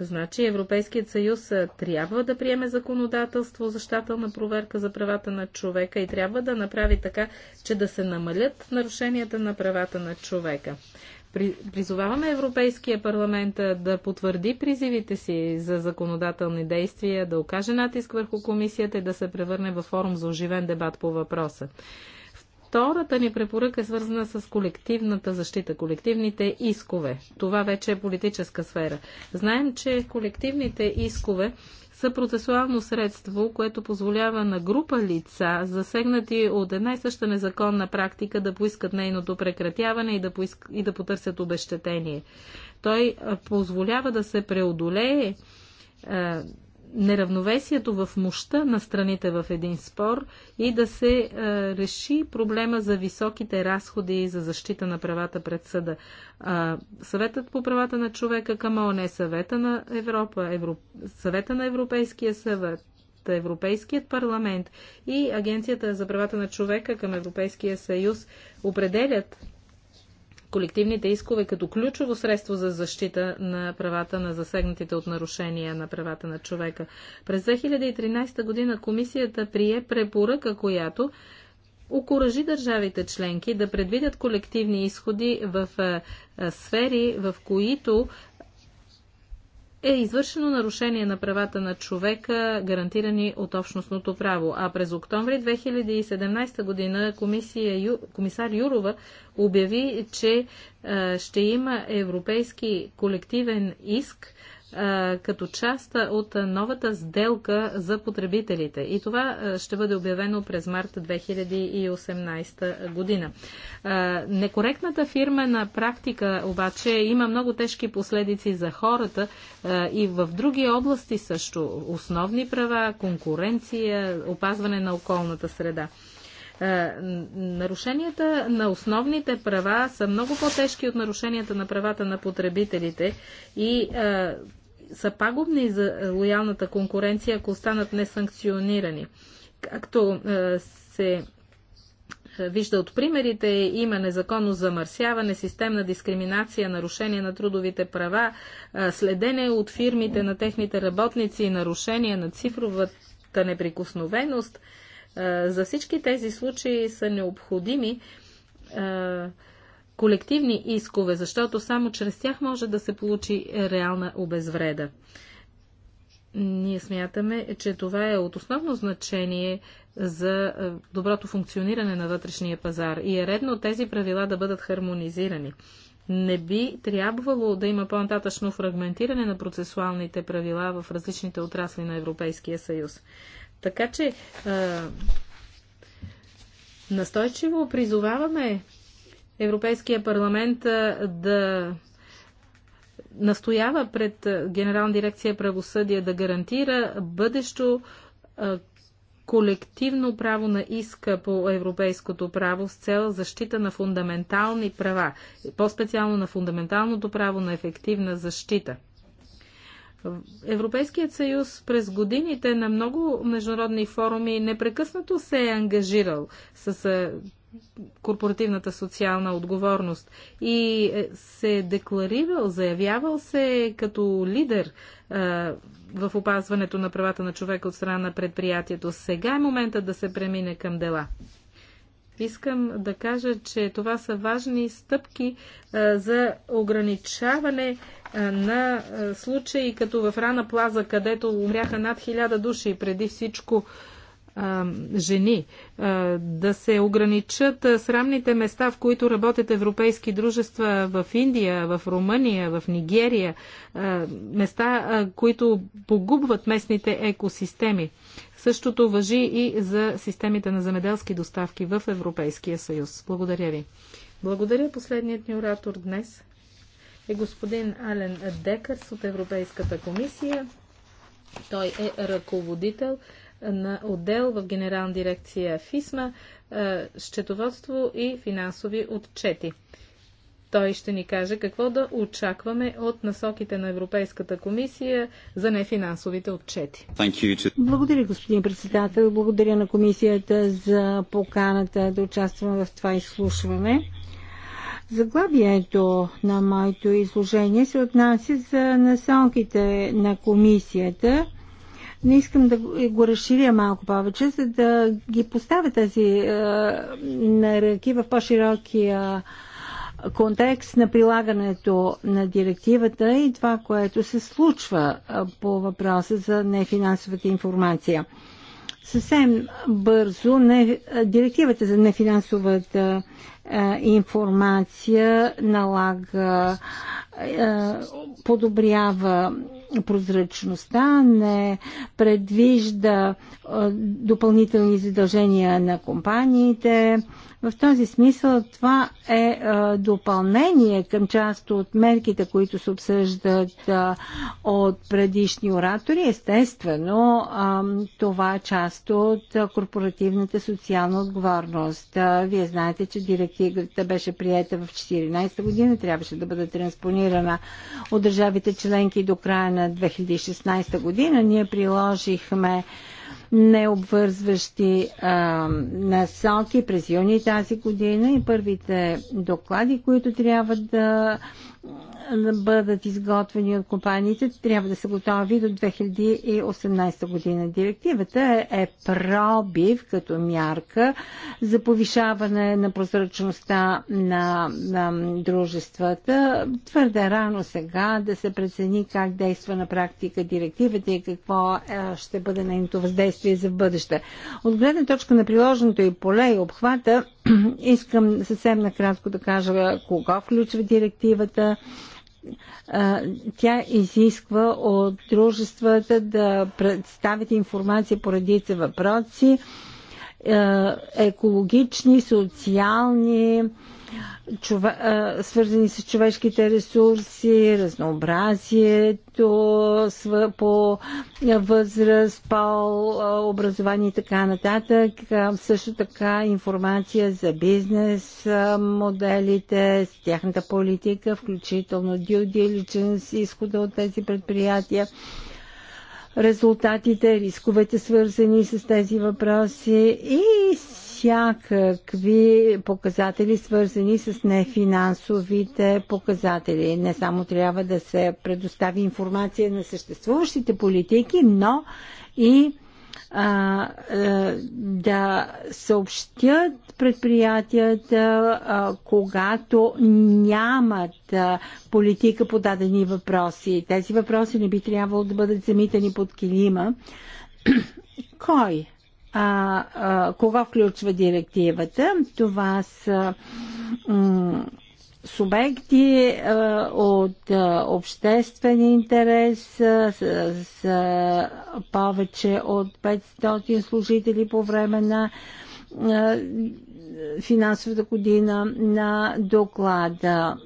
Значи Европейският съюз е, трябва да приеме законодателство за щателна проверка за правата на човека и трябва да направи така, че да се намалят нарушенията на правата на човека. Призоваваме Европейския парламент да потвърди призивите си за законодателни действия, да окаже натиск върху комисията и да се превърне във форум за оживен дебат по въпроса. Втората ни препоръка е свързана с колективната защита, колективните искове. Това вече е политическа сфера. Знаем, че колективните искове са процесуално средство, което позволява на група лица, засегнати от една и съща незаконна практика, да поискат нейното прекратяване и да, поиск... и да потърсят обещетение. Той позволява да се преодолее неравновесието в мощта на страните в един спор и да се а, е, реши проблема за високите разходи за защита на правата пред съда. А, съветът по правата на човека към ОНЕ, Съвета на Европа, Евро... Съвета на Европейския съвет, Европейският парламент и Агенцията за правата на човека към Европейския съюз определят колективните искове като ключово средство за защита на правата на засегнатите от нарушения на правата на човека. През 2013 година комисията прие препоръка, която окоръжи държавите членки да предвидят колективни изходи в сфери, в които е извършено нарушение на правата на човека, гарантирани от общностното право. А през октомври 2017 година комисия, комисар Юрова обяви, че ще има европейски колективен иск като част от новата сделка за потребителите. И това ще бъде обявено през март 2018 година. Некоректната фирмена практика обаче има много тежки последици за хората и в други области също. Основни права, конкуренция, опазване на околната среда. Е, нарушенията на основните права са много по-тежки от нарушенията на правата на потребителите и е, са пагубни за лоялната конкуренция, ако останат несанкционирани. Както е, се вижда от примерите, има незаконно замърсяване, системна дискриминация, нарушение на трудовите права, следене от фирмите на техните работници и нарушение на цифровата неприкосновеност – за всички тези случаи са необходими колективни искове, защото само чрез тях може да се получи реална обезвреда. Ние смятаме, че това е от основно значение за доброто функциониране на вътрешния пазар и е редно тези правила да бъдат хармонизирани. Не би трябвало да има по-нататъчно фрагментиране на процесуалните правила в различните отрасли на Европейския съюз. Така че а, настойчиво призоваваме Европейския парламент а, да настоява пред Генерална дирекция правосъдие да гарантира бъдещо а, колективно право на иска по европейското право с цел защита на фундаментални права, по-специално на фундаменталното право на ефективна защита – Европейският съюз през годините на много международни форуми непрекъснато се е ангажирал с корпоративната социална отговорност и е, се е декларирал, заявявал се като лидер в опазването на правата на човека от страна на предприятието. Сега е момента да се премине към дела. Искам да кажа, че това са важни стъпки за ограничаване е, на е, случаи като в Рана Плаза, където умряха над хиляда души и преди всичко е, жени, да се ограничат срамните места, в които работят европейски дружества в Индия, в Румъния, в Нигерия, места, които погубват местните екосистеми. Същото въжи и за системите на земеделски доставки в Европейския съюз. Благодаря ви. Благодаря последният ни оратор днес, е господин Ален Декърс от Европейската комисия. Той е ръководител на отдел в Генерална дирекция ФИСМА, е, счетоводство и финансови отчети. Той ще ни каже какво да очакваме от насоките на Европейската комисия за нефинансовите отчети. Благодаря, господин председател. Благодаря на комисията за поканата да участваме в това изслушване. Заглавието на моето изложение се отнася за насоките на комисията. Не искам да го разширя малко повече, за да ги поставя тази е, нараки в по-широкия контекст на прилагането на директивата и това, което се случва е, по въпроса за нефинансовата информация. Съвсем бързо не, директивата за нефинансовата е, информация налага, е, подобрява прозрачността, не предвижда е, допълнителни задължения на компаниите. В този смисъл това е допълнение към част от мерките, които се обсъждат от предишни оратори. Естествено, това е част от корпоративната социална отговорност. Вие знаете, че директивата директивата беше приета в 2014 година, трябваше да бъде транспонирана от държавите членки до края на 2016 година. Ние приложихме необвързващи а, насоки през юни тази година и първите доклади, които трябва да да бъдат изготвени от компаниите, трябва да са готови до 2018 година. Директивата е пробив като мярка за повишаване на прозрачността на, на дружествата. Твърде рано сега да се прецени как действа на практика директивата и какво е, ще бъде нейното въздействие за бъдеще. От гледна точка на приложеното и поле и обхвата, искам съвсем накратко да кажа кога включва директивата, тя изисква от дружествата да представят информация по редица въпроси, екологични, социални, чове, свързани с човешките ресурси, разнообразието по възраст, пол, образование и така нататък. Също така информация за бизнес моделите, с тяхната политика, включително due diligence, изхода от тези предприятия резултатите, рисковете свързани с тези въпроси и Какви показатели, свързани с нефинансовите показатели. Не само трябва да се предостави информация на съществуващите политики, но и а, а, да съобщят предприятията, а, когато нямат а, политика по дадени въпроси. Тези въпроси не би трябвало да бъдат замитани под килима. Кой а, а, кога включва директивата. Това са субекти а, от а, обществен интерес с, с а, повече от 500 служители по време на а, финансовата година на доклада.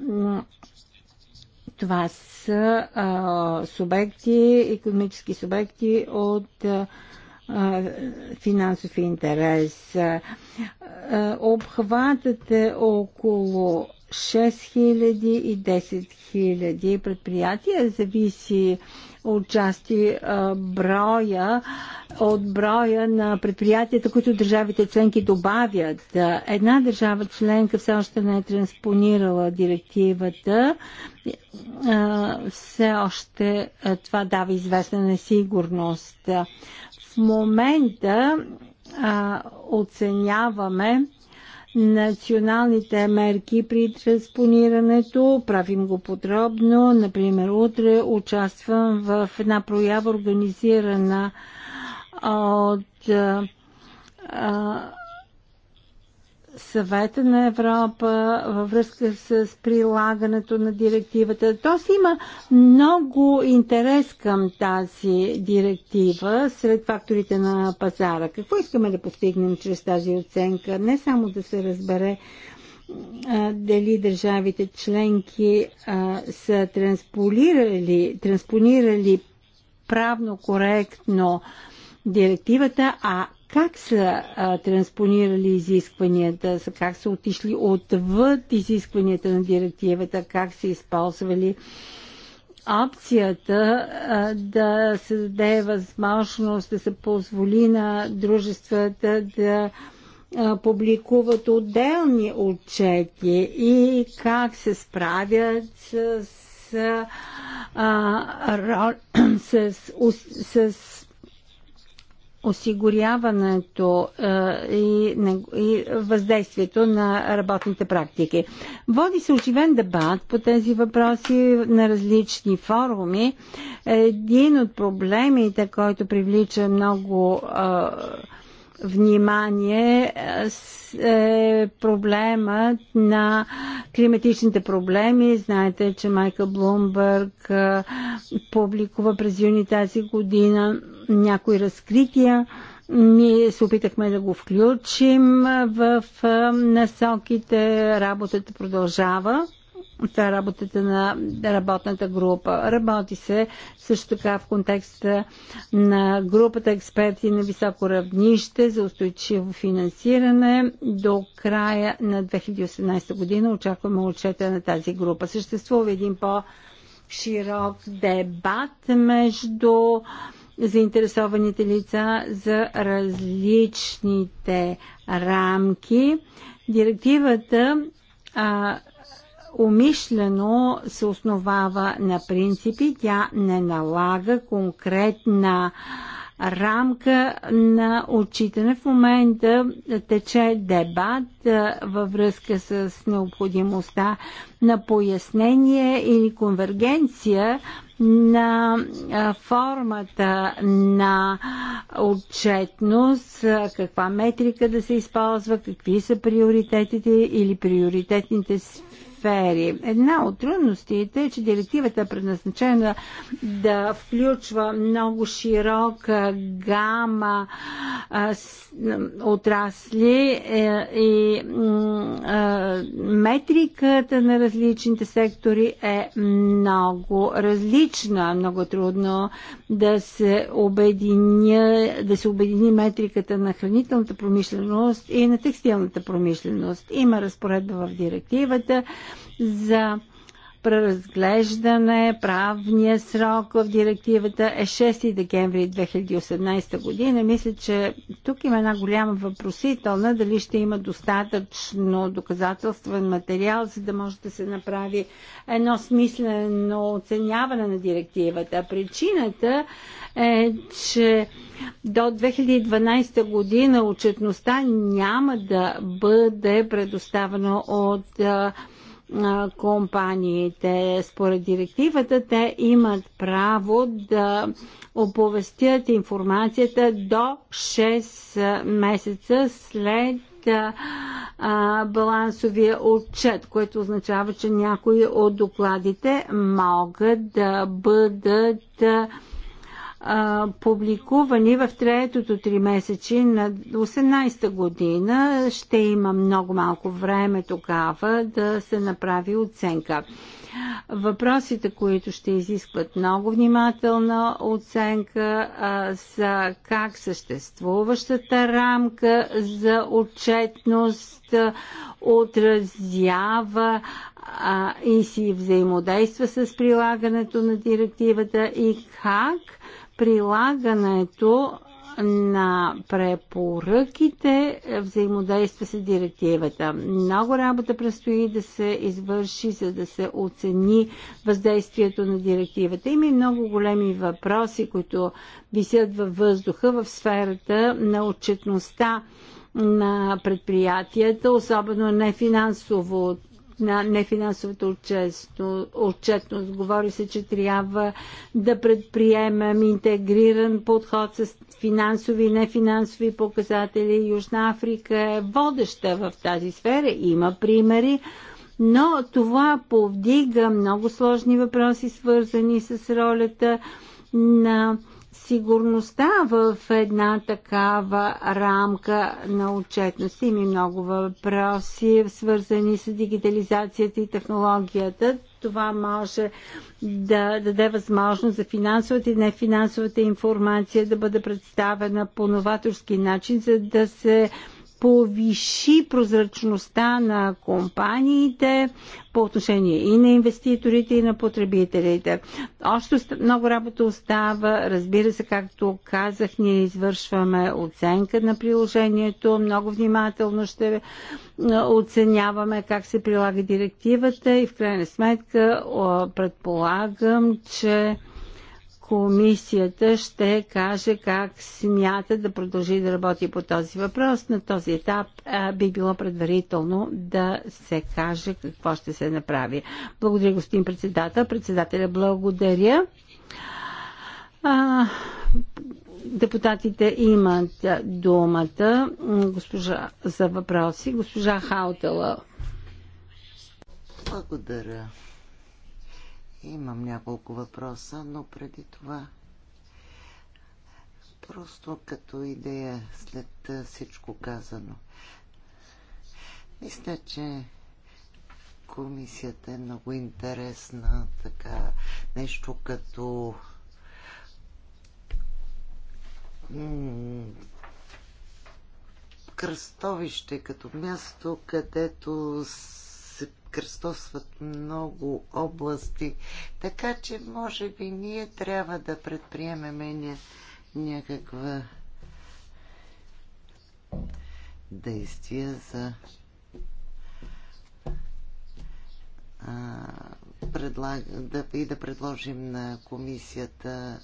Това са а, субекти, економически субекти от а, финансов интерес. Обхватът е около 6000 и 10 000 предприятия, зависи от части, броя, от броя на предприятията, които държавите членки добавят. Една държава членка все още не е транспонирала директивата. Все още това дава известна несигурност. В момента а, оценяваме националните мерки при транспонирането. Правим го подробно. Например, утре участвам в една проява, организирана от а, съвета на Европа във връзка с прилагането на директивата. Тоест има много интерес към тази директива сред факторите на пазара. Какво искаме да постигнем чрез тази оценка? Не само да се разбере дали държавите членки а, са транспонирали, транспонирали правно коректно директивата, а как са а, транспонирали изискванията, как са отишли отвъд изискванията на директивата, как са използвали опцията а, да се даде възможност да се позволи на дружествата да а, публикуват отделни отчети и как се справят с, с, а, ро, с, с, с осигуряването е, и, и въздействието на работните практики. Води се оживен дебат по тези въпроси на различни форуми. Един от проблемите, който привлича много е, внимание е, е проблемът на климатичните проблеми. Знаете, че Майкъл Блумбърг е, публикува през юни тази година някои разкрития. Ние се опитахме да го включим в е, насоките. Работата продължава това е работата на работната група. Работи се също така в контекста на групата експерти на високо равнище за устойчиво финансиране до края на 2018 година. Очакваме отчета на тази група. Съществува един по-широк дебат между заинтересованите лица за различните рамки. Директивата а, умишлено се основава на принципи, тя не налага конкретна рамка на отчитане. В момента тече дебат във връзка с необходимостта на пояснение или конвергенция на формата на отчетност, каква метрика да се използва, какви са приоритетите или приоритетните сфери сфери. Една от трудностите е, че директивата е предназначена да включва много широка гама отрасли е, и метриката на различните сектори е много различна. Много трудно да се обединя, да се обедини метриката на хранителната промишленост и на текстилната промишленост. Има разпоредба в директивата, за преразглеждане. Правния срок в директивата е 6 декември 2018 година. Мисля, че тук има една голяма въпросителна дали ще има достатъчно доказателствен материал, за да може да се направи едно смислено оценяване на директивата. Причината е, че до 2012 година отчетността няма да бъде предоставена от компаниите. Според директивата те имат право да оповестят информацията до 6 месеца след балансовия отчет, което означава, че някои от докладите могат да бъдат а, публикувани в третото три месечи на 18-та година. Ще има много малко време тогава да се направи оценка. Въпросите, които ще изискват много внимателна оценка а, са как съществуващата рамка за отчетност отразява а, и си взаимодейства с прилагането на директивата и как прилагането на препоръките взаимодейства с директивата. Много работа предстои да се извърши, за да се оцени въздействието на директивата. Има и много големи въпроси, които висят във въздуха в сферата на отчетността на предприятията, особено нефинансово на нефинансовата отчетност. Говори се, че трябва да предприемем интегриран подход с финансови и нефинансови показатели. Южна Африка е водеща в тази сфера. Има примери. Но това повдига много сложни въпроси, свързани с ролята на сигурността в една такава рамка на отчетност. Има много въпроси, свързани с дигитализацията и технологията. Това може да даде възможност за финансовата и нефинансовата информация да бъде представена по новаторски начин, за да се повиши прозрачността на компаниите по отношение и на инвеститорите, и на потребителите. Още много работа остава. Разбира се, както казах, ние извършваме оценка на приложението. Много внимателно ще е, оценяваме как се прилага директивата и в крайна сметка предполагам, че комисията ще каже как смята да продължи да работи по този въпрос. На този етап а, би било предварително да се каже какво ще се направи. Благодаря, господин председател. Председателя, благодаря. А, депутатите имат думата госпожа, за въпроси. Госпожа Хаутела. Благодаря. Имам няколко въпроса, но преди това просто като идея след всичко казано. Мисля, че комисията е много интересна, така нещо като кръстовище, като място, където кръстосват много области, така че може би ние трябва да предприемеме ня, някаква действия за а, предлаг, да, и да предложим на комисията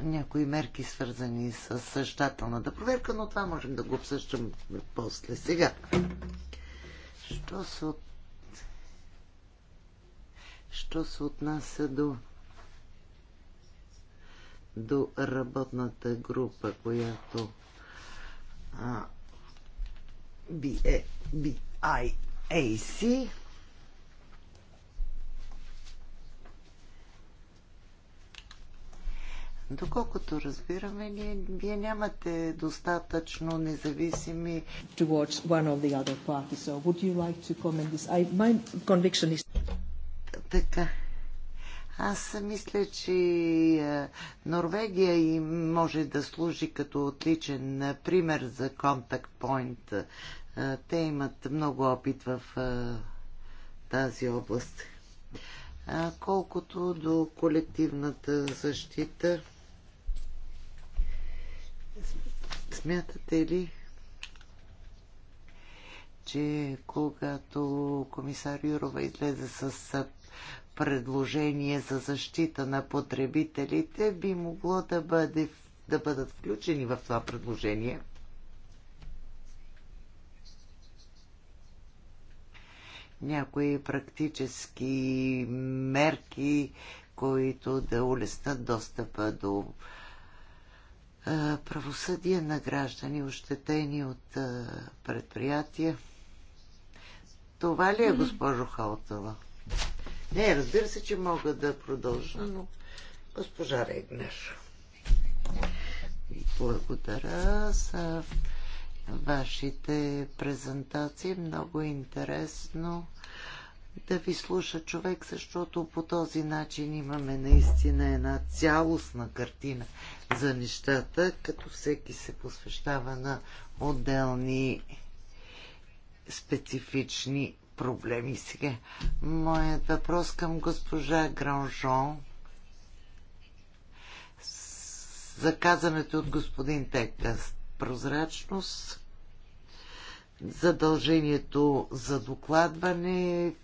някои мерки, свързани с същателната проверка, но това можем да го обсъщам после. Сега, що се, от... що се отнася до до работната група, която а, BA, BIAC, Доколкото разбираме, ние, вие нямате достатъчно независими... Така. Аз мисля, че е, Норвегия и може да служи като отличен е, пример за контакт Point. Е, те имат много опит в тази област. Колкото до колективната защита, Смятате ли, че когато комисар Юрова излезе с предложение за защита на потребителите, би могло да, бъде, да бъдат включени в това предложение? някои практически мерки, които да улеснат достъпа до правосъдие на граждани, ощетени от предприятия. Това ли е, госпожо Халтова? Не, разбира се, че мога да продължа, но госпожа Регнер. Благодаря за вашите презентации. Много интересно да ви слуша човек, защото по този начин имаме наистина една цялостна картина за нещата, като всеки се посвещава на отделни специфични проблеми. Сега, моят въпрос към госпожа Гранжон заказането от господин Тека. Прозрачност, задължението за докладване,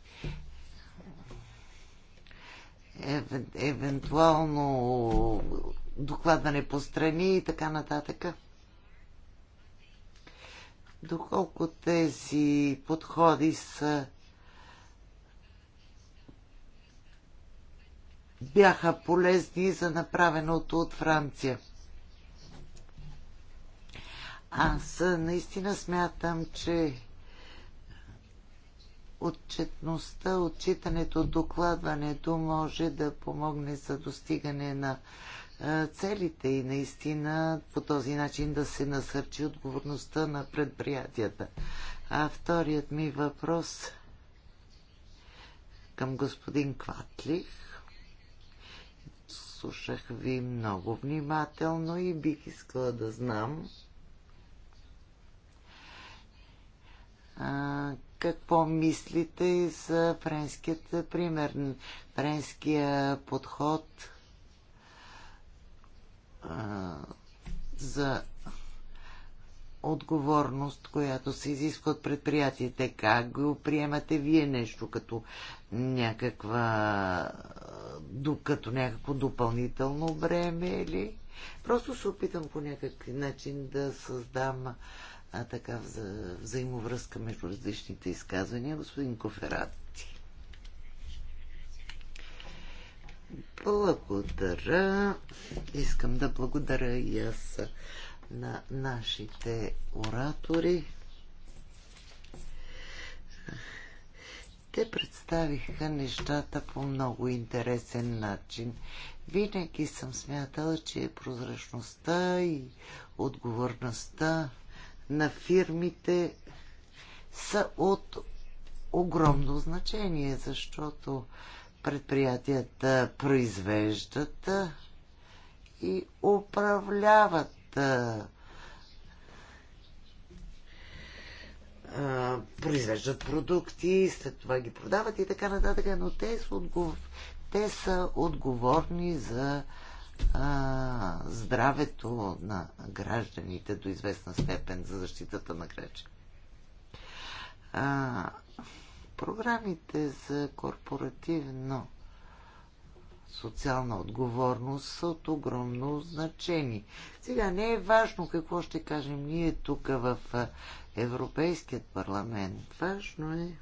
ев, евентуално докладване по страни и така нататък. Доколко тези подходи са бяха полезни за направеното от Франция. Аз наистина смятам, че отчетността, отчитането, докладването може да помогне за достигане на целите и наистина по този начин да се насърчи отговорността на предприятията. А вторият ми въпрос към господин Кватлих. Слушах ви много внимателно и бих искала да знам а, какво мислите за френският пример, френския подход – а, за отговорност, която се изисква от предприятията. Как го приемате вие нещо като някаква като някакво допълнително бреме или просто се опитам по някакъв начин да създам а, така вза, взаимовръзка между различните изказвания. Господин Коферати. Благодаря. Искам да благодаря и аз на нашите оратори. Те представиха нещата по много интересен начин. Винаги съм смятала, че прозрачността и отговорността на фирмите са от огромно значение, защото предприятията произвеждат и управляват произвеждат продукти, след това ги продават и така нататък, но те са, отговор... те са отговорни за а, здравето на гражданите до известна степен, за защитата на гражданите. Програмите за корпоративно социална отговорност са от огромно значение. Сега не е важно какво ще кажем ние тук в Европейският парламент. Важно е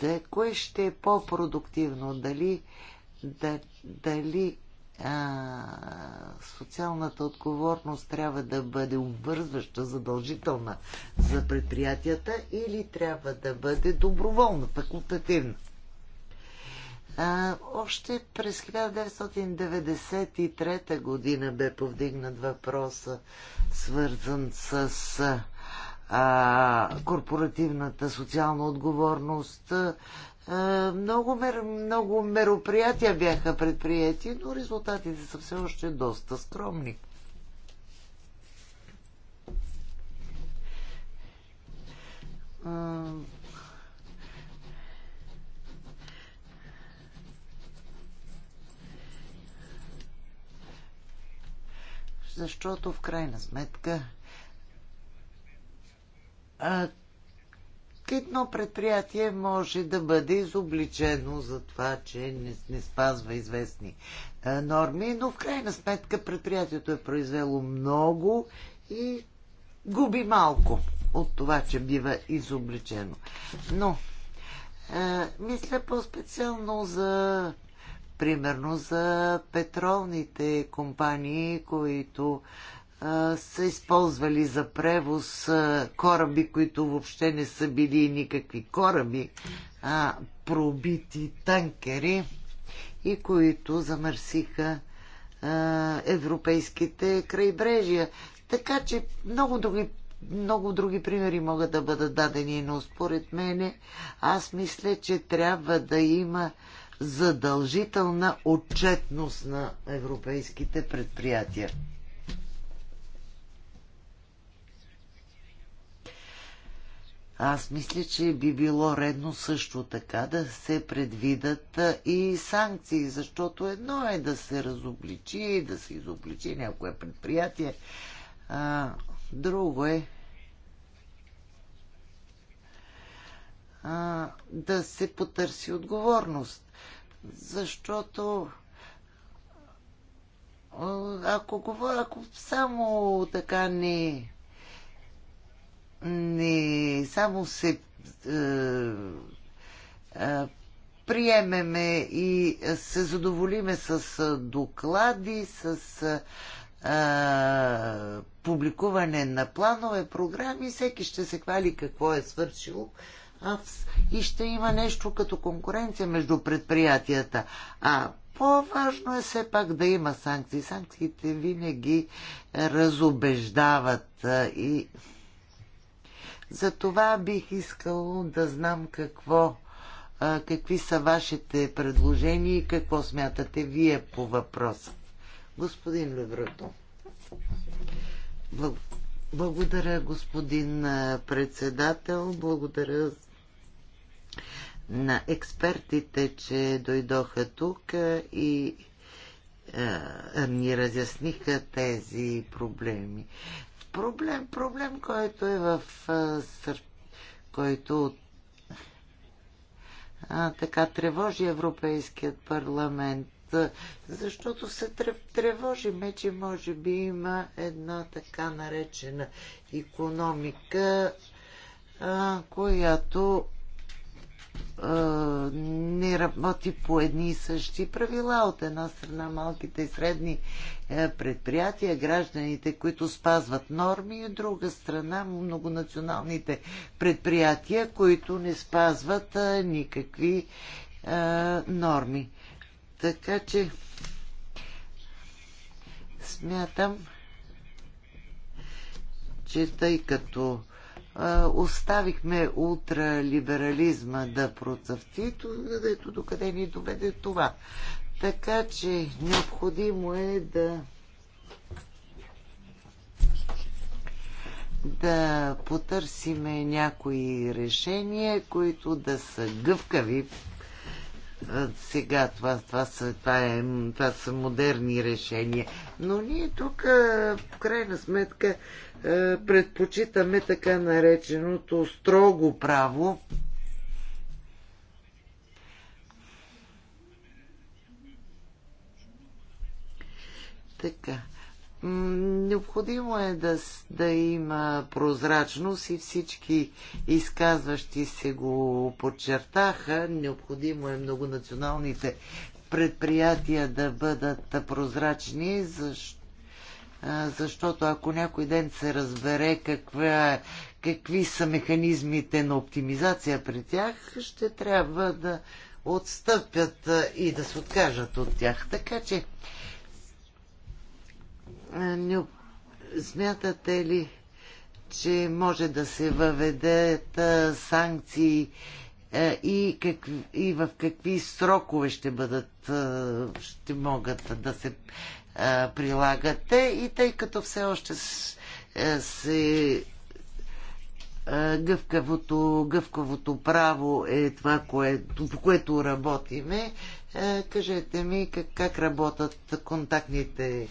да, кое ще е по-продуктивно? Дали, да, дали а, социалната отговорност трябва да бъде обвързваща, задължителна за предприятията или трябва да бъде доброволна, факултативна? А, още през 1993 година бе повдигнат въпроса, свързан с а, корпоративната социална отговорност. Много, мер, много мероприятия бяха предприяти, но резултатите са все още доста скромни. защото в крайна сметка а, едно предприятие може да бъде изобличено за това, че не, не спазва известни а, норми, но в крайна сметка предприятието е произвело много и губи малко от това, че бива изобличено. Но, а, мисля по-специално за, примерно, за петролните компании, които а, са използвали за превоз кораби, които въобще не са били никакви кораби, а пробити танкери и които замърсиха европейските крайбрежия. Така че много други, много други примери могат да бъдат дадени, но според мене аз мисля, че трябва да има задължителна отчетност на европейските предприятия. Аз мисля, че би било редно също така да се предвидат и санкции, защото едно е да се разобличи, да се изобличи някое предприятие, а, друго е а, да се потърси отговорност, защото ако, ако само така не не само се е, е, приемеме и се задоволиме с е, доклади, с е, е, публикуване на планове, програми, всеки ще се хвали какво е свършил и ще има нещо като конкуренция между предприятията. А по-важно е все пак да има санкции. Санкциите винаги разобеждават е, и за това бих искал да знам какво, какви са вашите предложения и какво смятате вие по въпроса. Господин Леврото. Благодаря, господин председател. Благодаря на експертите, че дойдоха тук и ни разясниха тези проблеми. Проблем, проблем, който е в сър... който а, така тревожи Европейският парламент защото се тревожиме, че може би има една така наречена економика, която не работи по едни и същи правила. От една страна малките и средни е, предприятия, гражданите, които спазват норми, и от друга страна многонационалните предприятия, които не спазват никакви норми. Така че смятам, че тъй като оставихме ултралиберализма да процъфти, ето докъде ни доведе това. Така че необходимо е да да потърсиме някои решения, които да са гъвкави. Сега това, това, са, това, е, това са модерни решения. Но ние тук, в крайна сметка, е, предпочитаме така нареченото строго право, Така. Необходимо е да, да има прозрачност и всички изказващи се го подчертаха. Необходимо е многонационалните предприятия да бъдат прозрачни, защото защото ако някой ден се разбере каква, какви са механизмите на оптимизация при тях, ще трябва да отстъпят и да се откажат от тях. Така че, смятате ли, че може да се въведат санкции и, как, и в какви срокове ще бъдат, ще могат да се прилагате и тъй като все още е, се е, гъвкавото, гъвкавото право е това, което, по което работиме, е, кажете ми как, как работят контактните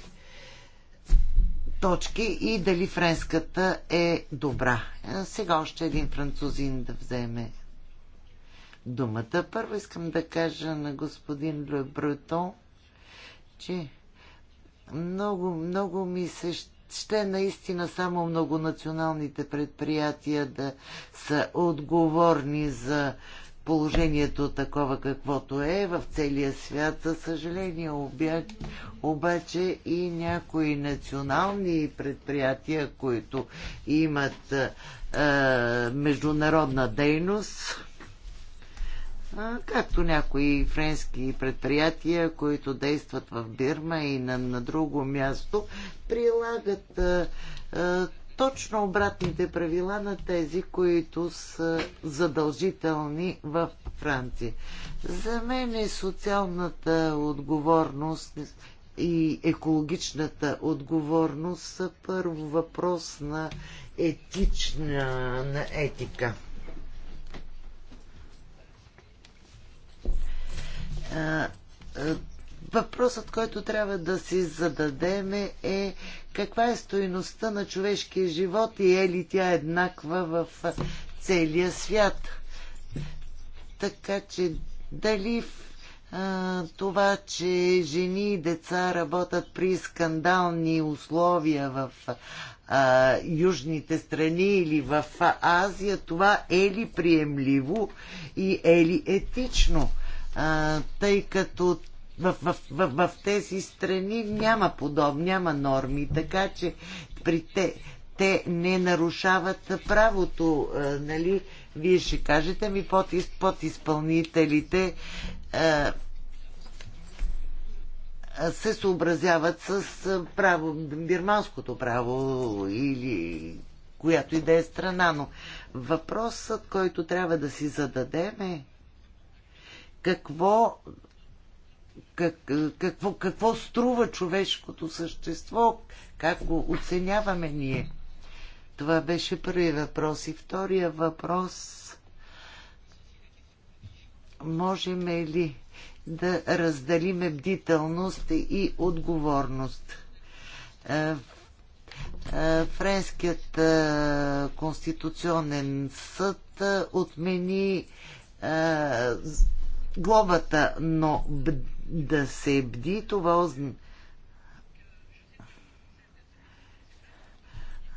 точки и дали френската е добра. Сега още един французин да вземе думата. Първо искам да кажа на господин Ле че много, много ми се ще наистина само многонационалните предприятия да са отговорни за положението такова каквото е в целия свят. За съжаление обаче и някои национални предприятия, които имат е, международна дейност, както някои френски предприятия, които действат в Бирма и на, на друго място, прилагат а, а, точно обратните правила на тези, които са задължителни в Франция. За мен е социалната отговорност и екологичната отговорност са първо въпрос на етична на етика. Въпросът, който трябва да си зададеме е каква е стоеността на човешкия живот и е ли тя еднаква в целия свят. Така че дали това, че жени и деца работят при скандални условия в а, южните страни или в Азия, това е ли приемливо и е ли етично? а, тъй като в, в, в, в тези страни няма подобни, няма норми, така че при те, те не нарушават правото, а, нали? Вие ще кажете ми под, под изпълнителите а, се съобразяват с право, бирманското право или която и да е страна, но въпросът, който трябва да си зададем е какво, как, какво, какво струва човешкото същество, как го оценяваме ние. Това беше първи въпрос. И втория въпрос можем е ли да разделиме бдителност и отговорност? Е, е, Френският конституционен съд отмени глобата, но да се бди това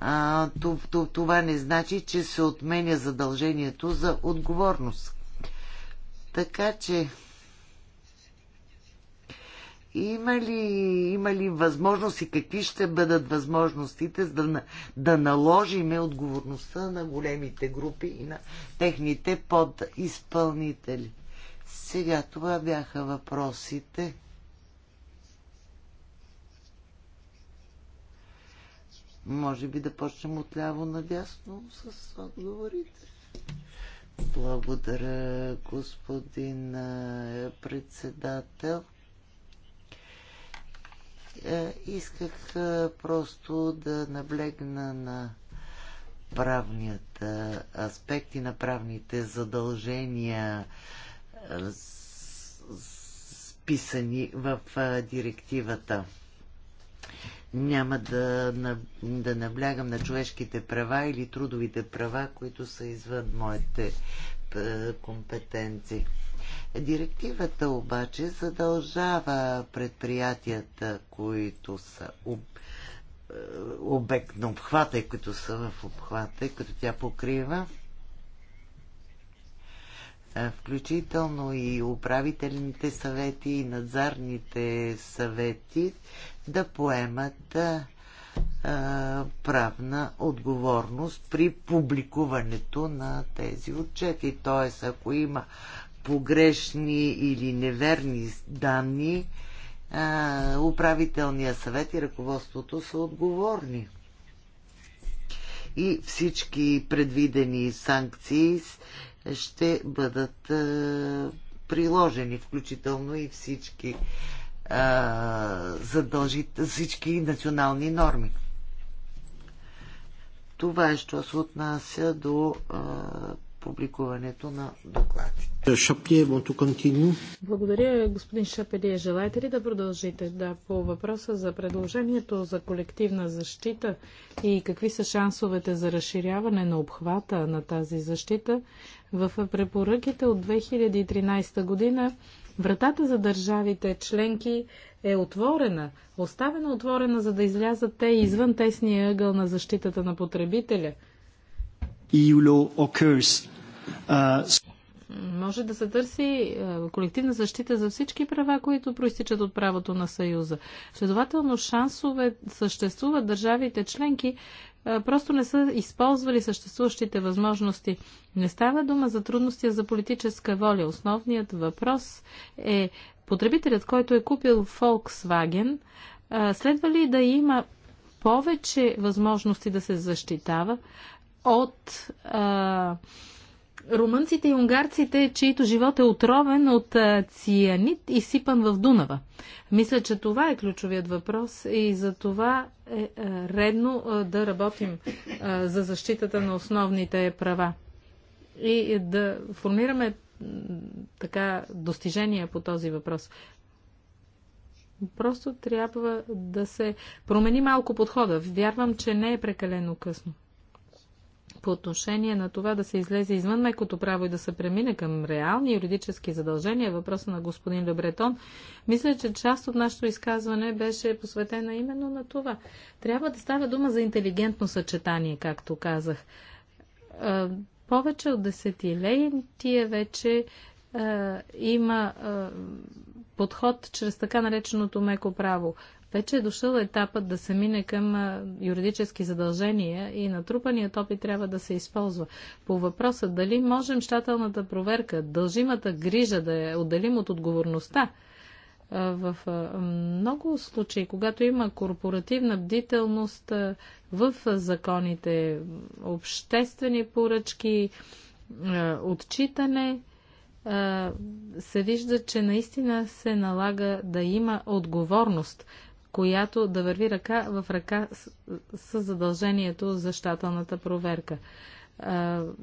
а, това не значи, че се отменя задължението за отговорност. Така че има ли, има ли възможност и какви ще бъдат възможностите да, да наложиме отговорността на големите групи и на техните подизпълнители? Сега това бяха въпросите. Може би да почнем отляво надясно с отговорите. Благодаря, господин председател. Е, исках просто да наблегна на правният аспект и на правните задължения списани в директивата. Няма да, да наблягам на човешките права или трудовите права, които са извън моите компетенции. Директивата обаче задължава предприятията, които са обект на обхвата и които са в обхвата, и като тя покрива, включително и управителните съвети и надзарните съвети да поемат правна отговорност при публикуването на тези отчети. Т.е. ако има погрешни или неверни данни, управителния съвет и ръководството са отговорни. И всички предвидени санкции ще бъдат е, приложени, включително и всички е, задължит, всички национални норми. Това е, що се отнася до а, е, публикуването на докладите. Благодаря, господин Шапелие. Желаете ли да продължите? Да, по въпроса за предложението за колективна защита и какви са шансовете за разширяване на обхвата на тази защита, в препоръките от 2013 година вратата за държавите членки е отворена, оставена отворена, за да излязат те извън тесния ъгъл на защитата на потребителя. E Може да се търси колективна защита за всички права, които проистичат от правото на Съюза. Следователно, шансове съществуват държавите членки е, просто не са използвали съществуващите възможности. Не става дума за трудности, за политическа воля. Основният въпрос е потребителят, който е купил Volkswagen, е, следва ли да има повече възможности да се защитава от а, е, румънците и унгарците, чието живот е отровен от цианит и сипан в Дунава. Мисля, че това е ключовият въпрос и за това е, е редно да работим за защитата на основните права и е, да формираме така достижения по този въпрос. Просто трябва да се промени малко подхода. Вярвам, че не е прекалено късно по отношение на това да се излезе извън мекото право и да се премине към реални юридически задължения, е въпроса на господин Лебретон, мисля, че част от нашето изказване беше посветена именно на това. Трябва да става дума за интелигентно съчетание, както казах. Повече от десетилетия вече има подход чрез така нареченото меко право. Вече е дошъл етапът да се мине към юридически задължения и натрупаният опит трябва да се използва. По въпроса дали можем щателната проверка, дължимата грижа да я отделим от отговорността, в много случаи, когато има корпоративна бдителност в законите, обществени поръчки, отчитане, се вижда, че наистина се налага да има отговорност която да върви ръка в ръка с, с задължението за щателната проверка.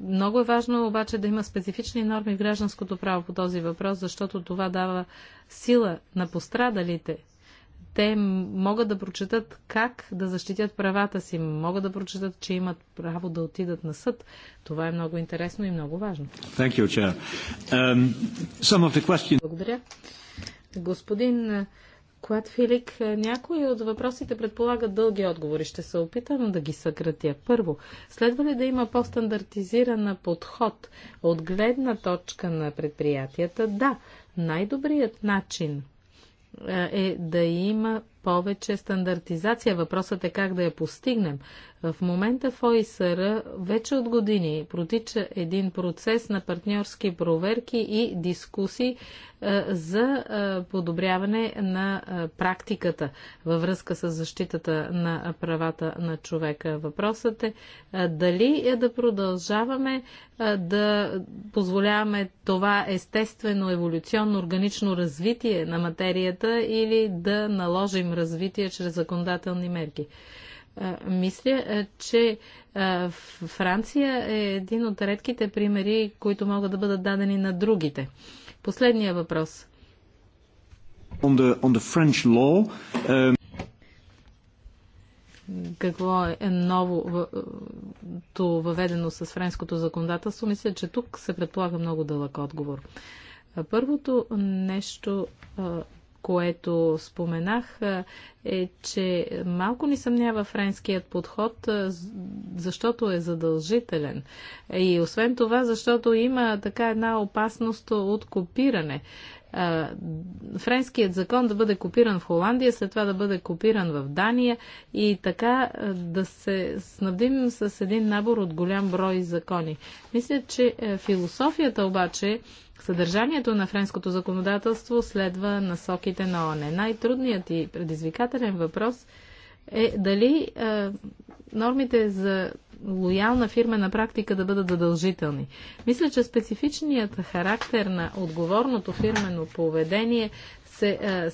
Много е важно обаче да има специфични норми в гражданското право по този въпрос, защото това дава сила на пострадалите. Те могат да прочитат как да защитят правата си, могат да прочитат, че имат право да отидат на съд. Това е много интересно и много важно. You, um, questions... Благодаря. Господин Клад Филик, е, някои от въпросите предполагат дълги отговори. Ще се опитам да ги съкратя. Първо, следва ли да има по-стандартизиран подход от гледна точка на предприятията? Да, най-добрият начин е, е да има повече стандартизация. Въпросът е как да я постигнем. В момента в ОИСР вече от години протича един процес на партньорски проверки и дискусии е, за е, подобряване на е, практиката във връзка с защитата на правата на човека. Въпросът е дали е да продължаваме да позволяваме това естествено еволюционно органично развитие на материята или да наложим им развитие чрез законодателни мерки. Мисля, че Франция е един от редките примери, които могат да бъдат дадени на другите. Последния въпрос. On the, on the law, um... Какво е ново то въведено с френското законодателство? Мисля, че тук се предполага много дълъг отговор. Първото нещо което споменах, е, че малко ни съмнява френският подход, защото е задължителен. И освен това, защото има така една опасност от копиране. Френският закон да бъде копиран в Холандия, след това да бъде копиран в Дания и така да се снабдим с един набор от голям брой закони. Мисля, че философията обаче Съдържанието на френското законодателство следва насоките на ОНЕ. Най-трудният и предизвикателен въпрос е дали е, нормите за лоялна фирмена практика да бъдат задължителни. Мисля, че специфичният характер на отговорното фирмено поведение се е,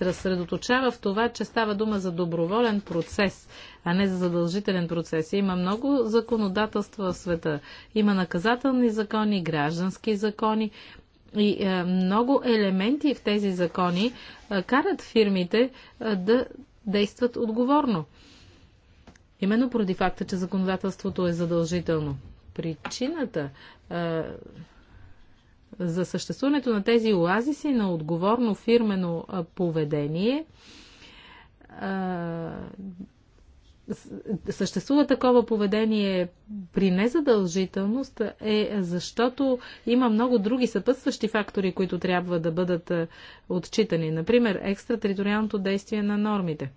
се разсредоточава в това, че става дума за доброволен процес, а не за задължителен процес. Има много законодателства в света. Има наказателни закони, граждански закони. И е, много елементи в тези закони е, карат фирмите е, да действат отговорно. Именно поради факта, че законодателството е задължително. Причината е, за съществуването на тези оазиси на отговорно фирмено поведение. Съществува такова поведение при незадължителност е защото има много други съпътстващи фактори, които трябва да бъдат отчитани. Например, екстратериториалното действие на нормите.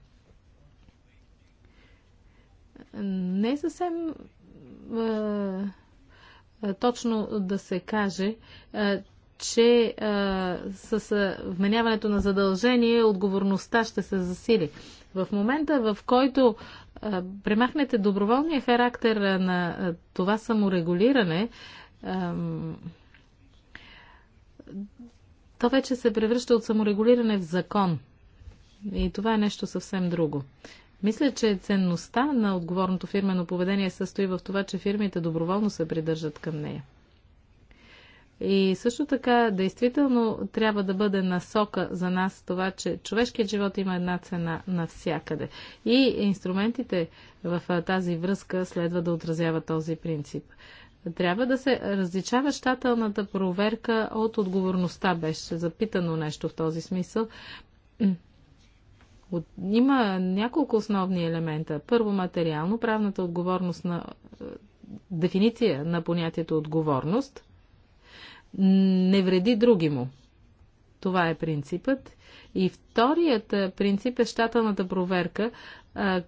Не съвсем точно да се каже, че с вменяването на задължение отговорността ще се засили. В момента, в който премахнете доброволния характер на това саморегулиране, то вече се превръща от саморегулиране в закон. И това е нещо съвсем друго. Мисля, че ценността на отговорното фирмено поведение състои в това, че фирмите доброволно се придържат към нея. И също така, действително трябва да бъде насока за нас това, че човешкият живот има една цена навсякъде. И инструментите в тази връзка следва да отразяват този принцип. Трябва да се различава щателната проверка от отговорността, беше запитано нещо в този смисъл. От, има няколко основни елемента. Първо, материално, правната отговорност на е, дефиниция на понятието отговорност не вреди другиму. Това е принципът. И вторият е, принцип е щателната проверка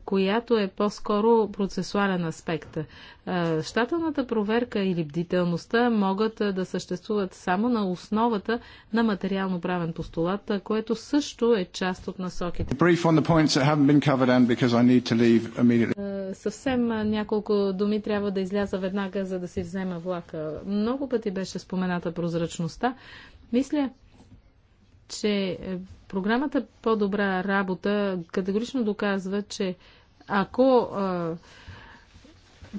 която е по-скоро процесуален аспект. Щателната проверка или бдителността могат да съществуват само на основата на материално-правен постулат, което също е част от насоките. Съвсем няколко думи трябва да изляза веднага, за да си взема влака. Много пъти беше спомената прозрачността. Мисля, че Програмата По-добра работа категорично доказва, че ако а,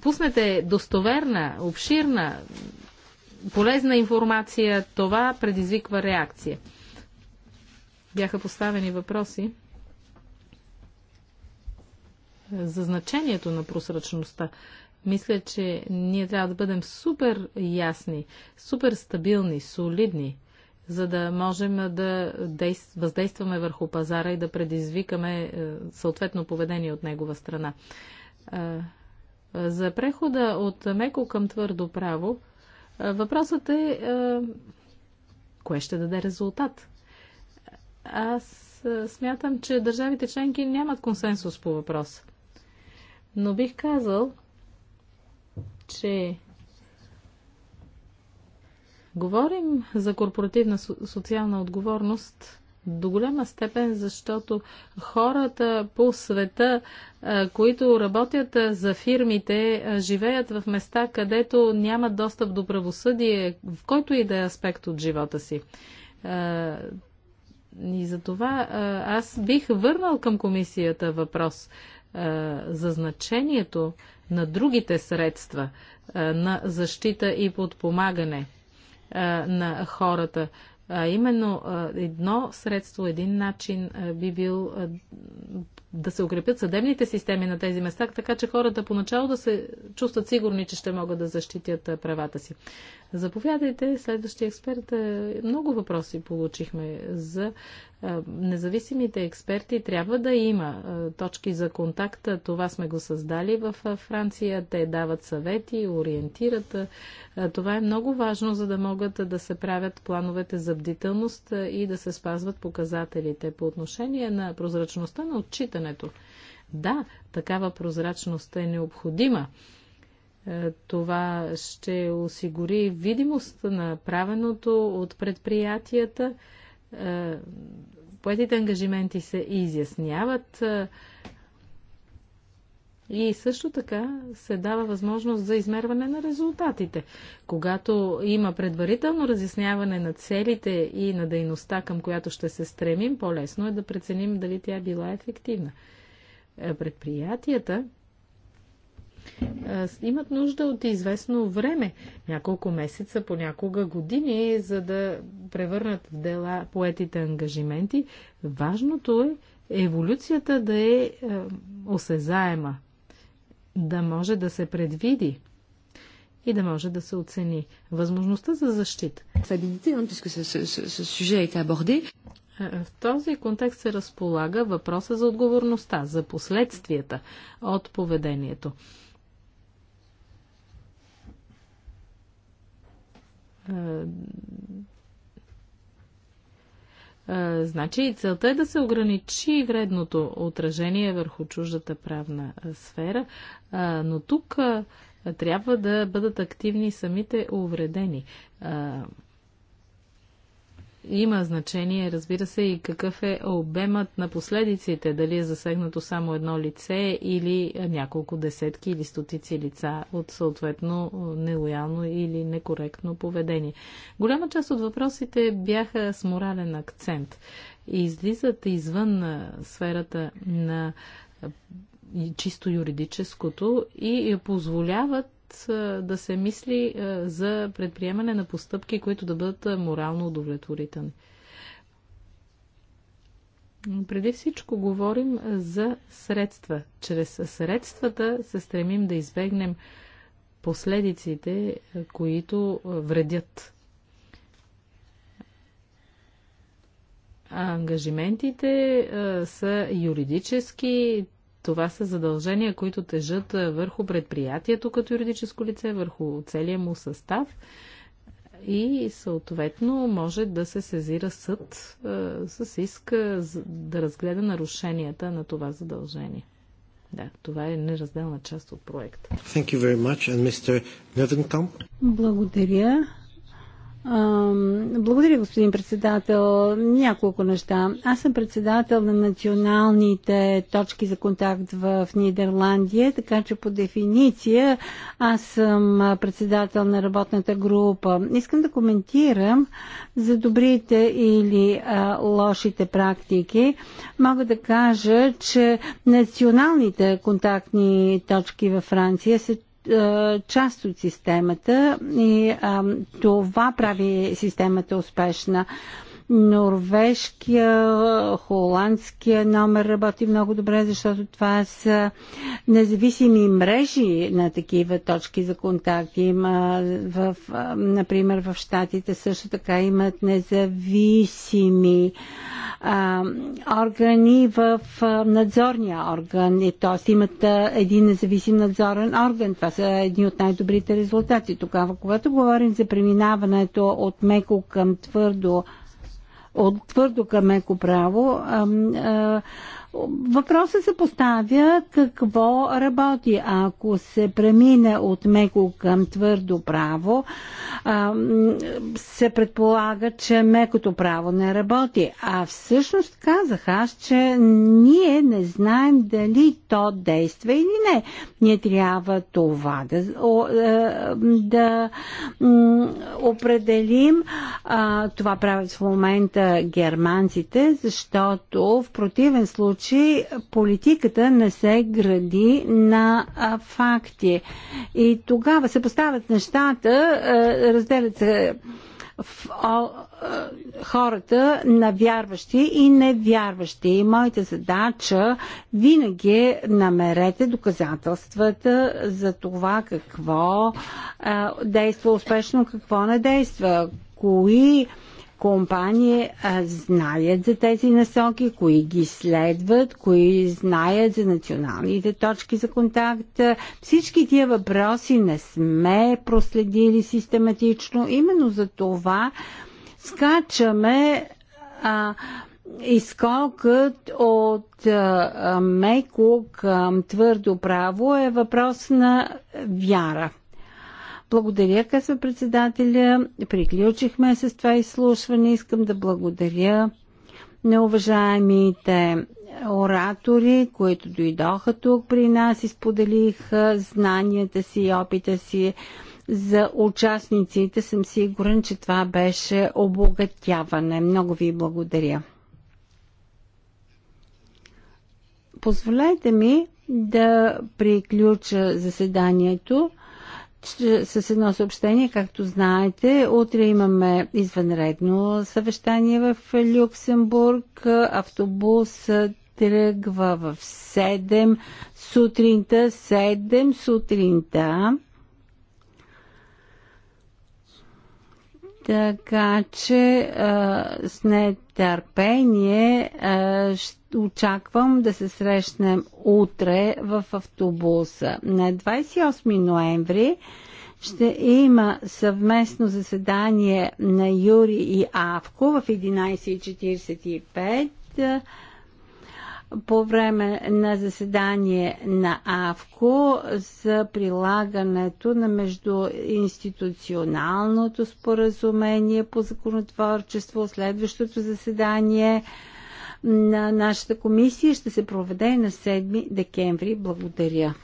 пуснете достоверна, обширна, полезна информация, това предизвиква реакция. Бяха поставени въпроси за значението на просрочността. Мисля, че ние трябва да бъдем супер ясни, супер стабилни, солидни за да можем да въздействаме върху пазара и да предизвикаме е, съответно поведение от негова страна. Е, за прехода от меко към твърдо право, е, въпросът е кое ще даде резултат. Аз смятам, че държавите членки нямат консенсус по въпроса. Но бих казал, че Говорим за корпоративна социална отговорност до голяма степен, защото хората по света, които работят за фирмите, живеят в места, където нямат достъп до правосъдие, в който и да е аспект от живота си. И за това аз бих върнал към комисията въпрос за значението на другите средства на защита и подпомагане на хората. А именно едно средство, един начин би бил да се укрепят съдебните системи на тези места, така че хората поначало да се чувстват сигурни, че ще могат да защитят правата си. Заповядайте, следващия експерт. Е, много въпроси получихме за независимите експерти. Трябва да има точки за контакт. Това сме го създали в Франция. Те дават съвети, ориентират. Това е много важно, за да могат да се правят плановете за бдителност и да се спазват показателите по отношение на прозрачността на отчитане обслужването. Да, такава прозрачност е необходима. Е, това ще осигури видимост на правеното от предприятията. Е, поетите ангажименти се изясняват е, и също така се дава възможност за измерване на резултатите. Когато има предварително разясняване на целите и на дейността, към която ще се стремим, по-лесно е да преценим дали тя е била ефективна. Е, предприятията е, имат нужда от известно време, няколко месеца, понякога години, за да превърнат в дела поетите ангажименти. Важното е еволюцията да е, е осезаема, да може да се предвиди и да може да се оцени възможността за защита. Е е, е, в този контекст се разполага въпроса за отговорността, за последствията от поведението. Значи целта е да се ограничи вредното отражение върху чуждата правна сфера, но тук трябва да бъдат активни самите увредени има значение, разбира се, и какъв е обемът на последиците, дали е засегнато само едно лице или няколко десетки или стотици лица от съответно нелоялно или некоректно поведение. Голяма част от въпросите бяха с морален акцент и излизат извън сферата на чисто юридическото и позволяват да се мисли за предприемане на постъпки, които да бъдат морално удовлетворителни. Преди всичко говорим за средства. Чрез средствата се стремим да избегнем последиците, които вредят. А ангажиментите а, са юридически, това са задължения, които тежат върху предприятието като юридическо лице, върху целия му състав и съответно може да се сезира съд с иск да разгледа нарушенията на това задължение. Да, това е неразделна част от проекта. Thank you very much. And Mr. Благодаря. Благодаря, господин председател. Няколко неща. Аз съм председател на националните точки за контакт в Нидерландия, така че по дефиниция аз съм председател на работната група. Искам да коментирам за добрите или а, лошите практики. Мога да кажа, че националните контактни точки във Франция 4. Е, част от системата и това прави системата успешна. Норвежкия, холандския номер работи много добре, защото това са независими мрежи на такива точки за контакт. Има, в, например, в Штатите също така имат независими а, органи в надзорния орган. Т.е. имат един независим надзорен орган. Това са едни от най-добрите резултати. Тогава, когато говорим за преминаването от меко към твърдо от твърдо към меко право, а, а, Въпросът се поставя какво работи. Ако се премине от меко към твърдо право, се предполага, че мекото право не работи. А всъщност казах аз, че ние не знаем дали то действа или не. Ние трябва това да, е, да определим. Това правят в момента германците, защото в противен случай че политиката не се гради на факти. И тогава се поставят нещата, разделят се в хората на вярващи и невярващи. И моята задача винаги е намерете доказателствата за това какво действа успешно, какво не действа, кои компании знаят за тези насоки, кои ги следват, кои знаят за националните точки за контакт. Всички тия въпроси не сме проследили систематично. Именно за това скачаме а, изкокът от а, меко към твърдо право е въпрос на вяра. Благодаря, казва председателя. Приключихме с това изслушване. Искам да благодаря на уважаемите оратори, които дойдоха тук при нас и споделиха знанията си и опита си за участниците. Съм сигурен, че това беше обогатяване. Много ви благодаря. Позволете ми да приключа заседанието с едно съобщение. Както знаете, утре имаме извънредно съвещание в Люксембург. Автобус тръгва в 7 сутринта. 7 сутринта. Така че а, с нетърпение а, очаквам да се срещнем утре в автобуса. На 28 ноември ще има съвместно заседание на Юри и Авко в 11.45 по време на заседание на АВКО за прилагането на междуинституционалното споразумение по законотворчество. Следващото заседание на нашата комисия ще се проведе на 7 декември. Благодаря.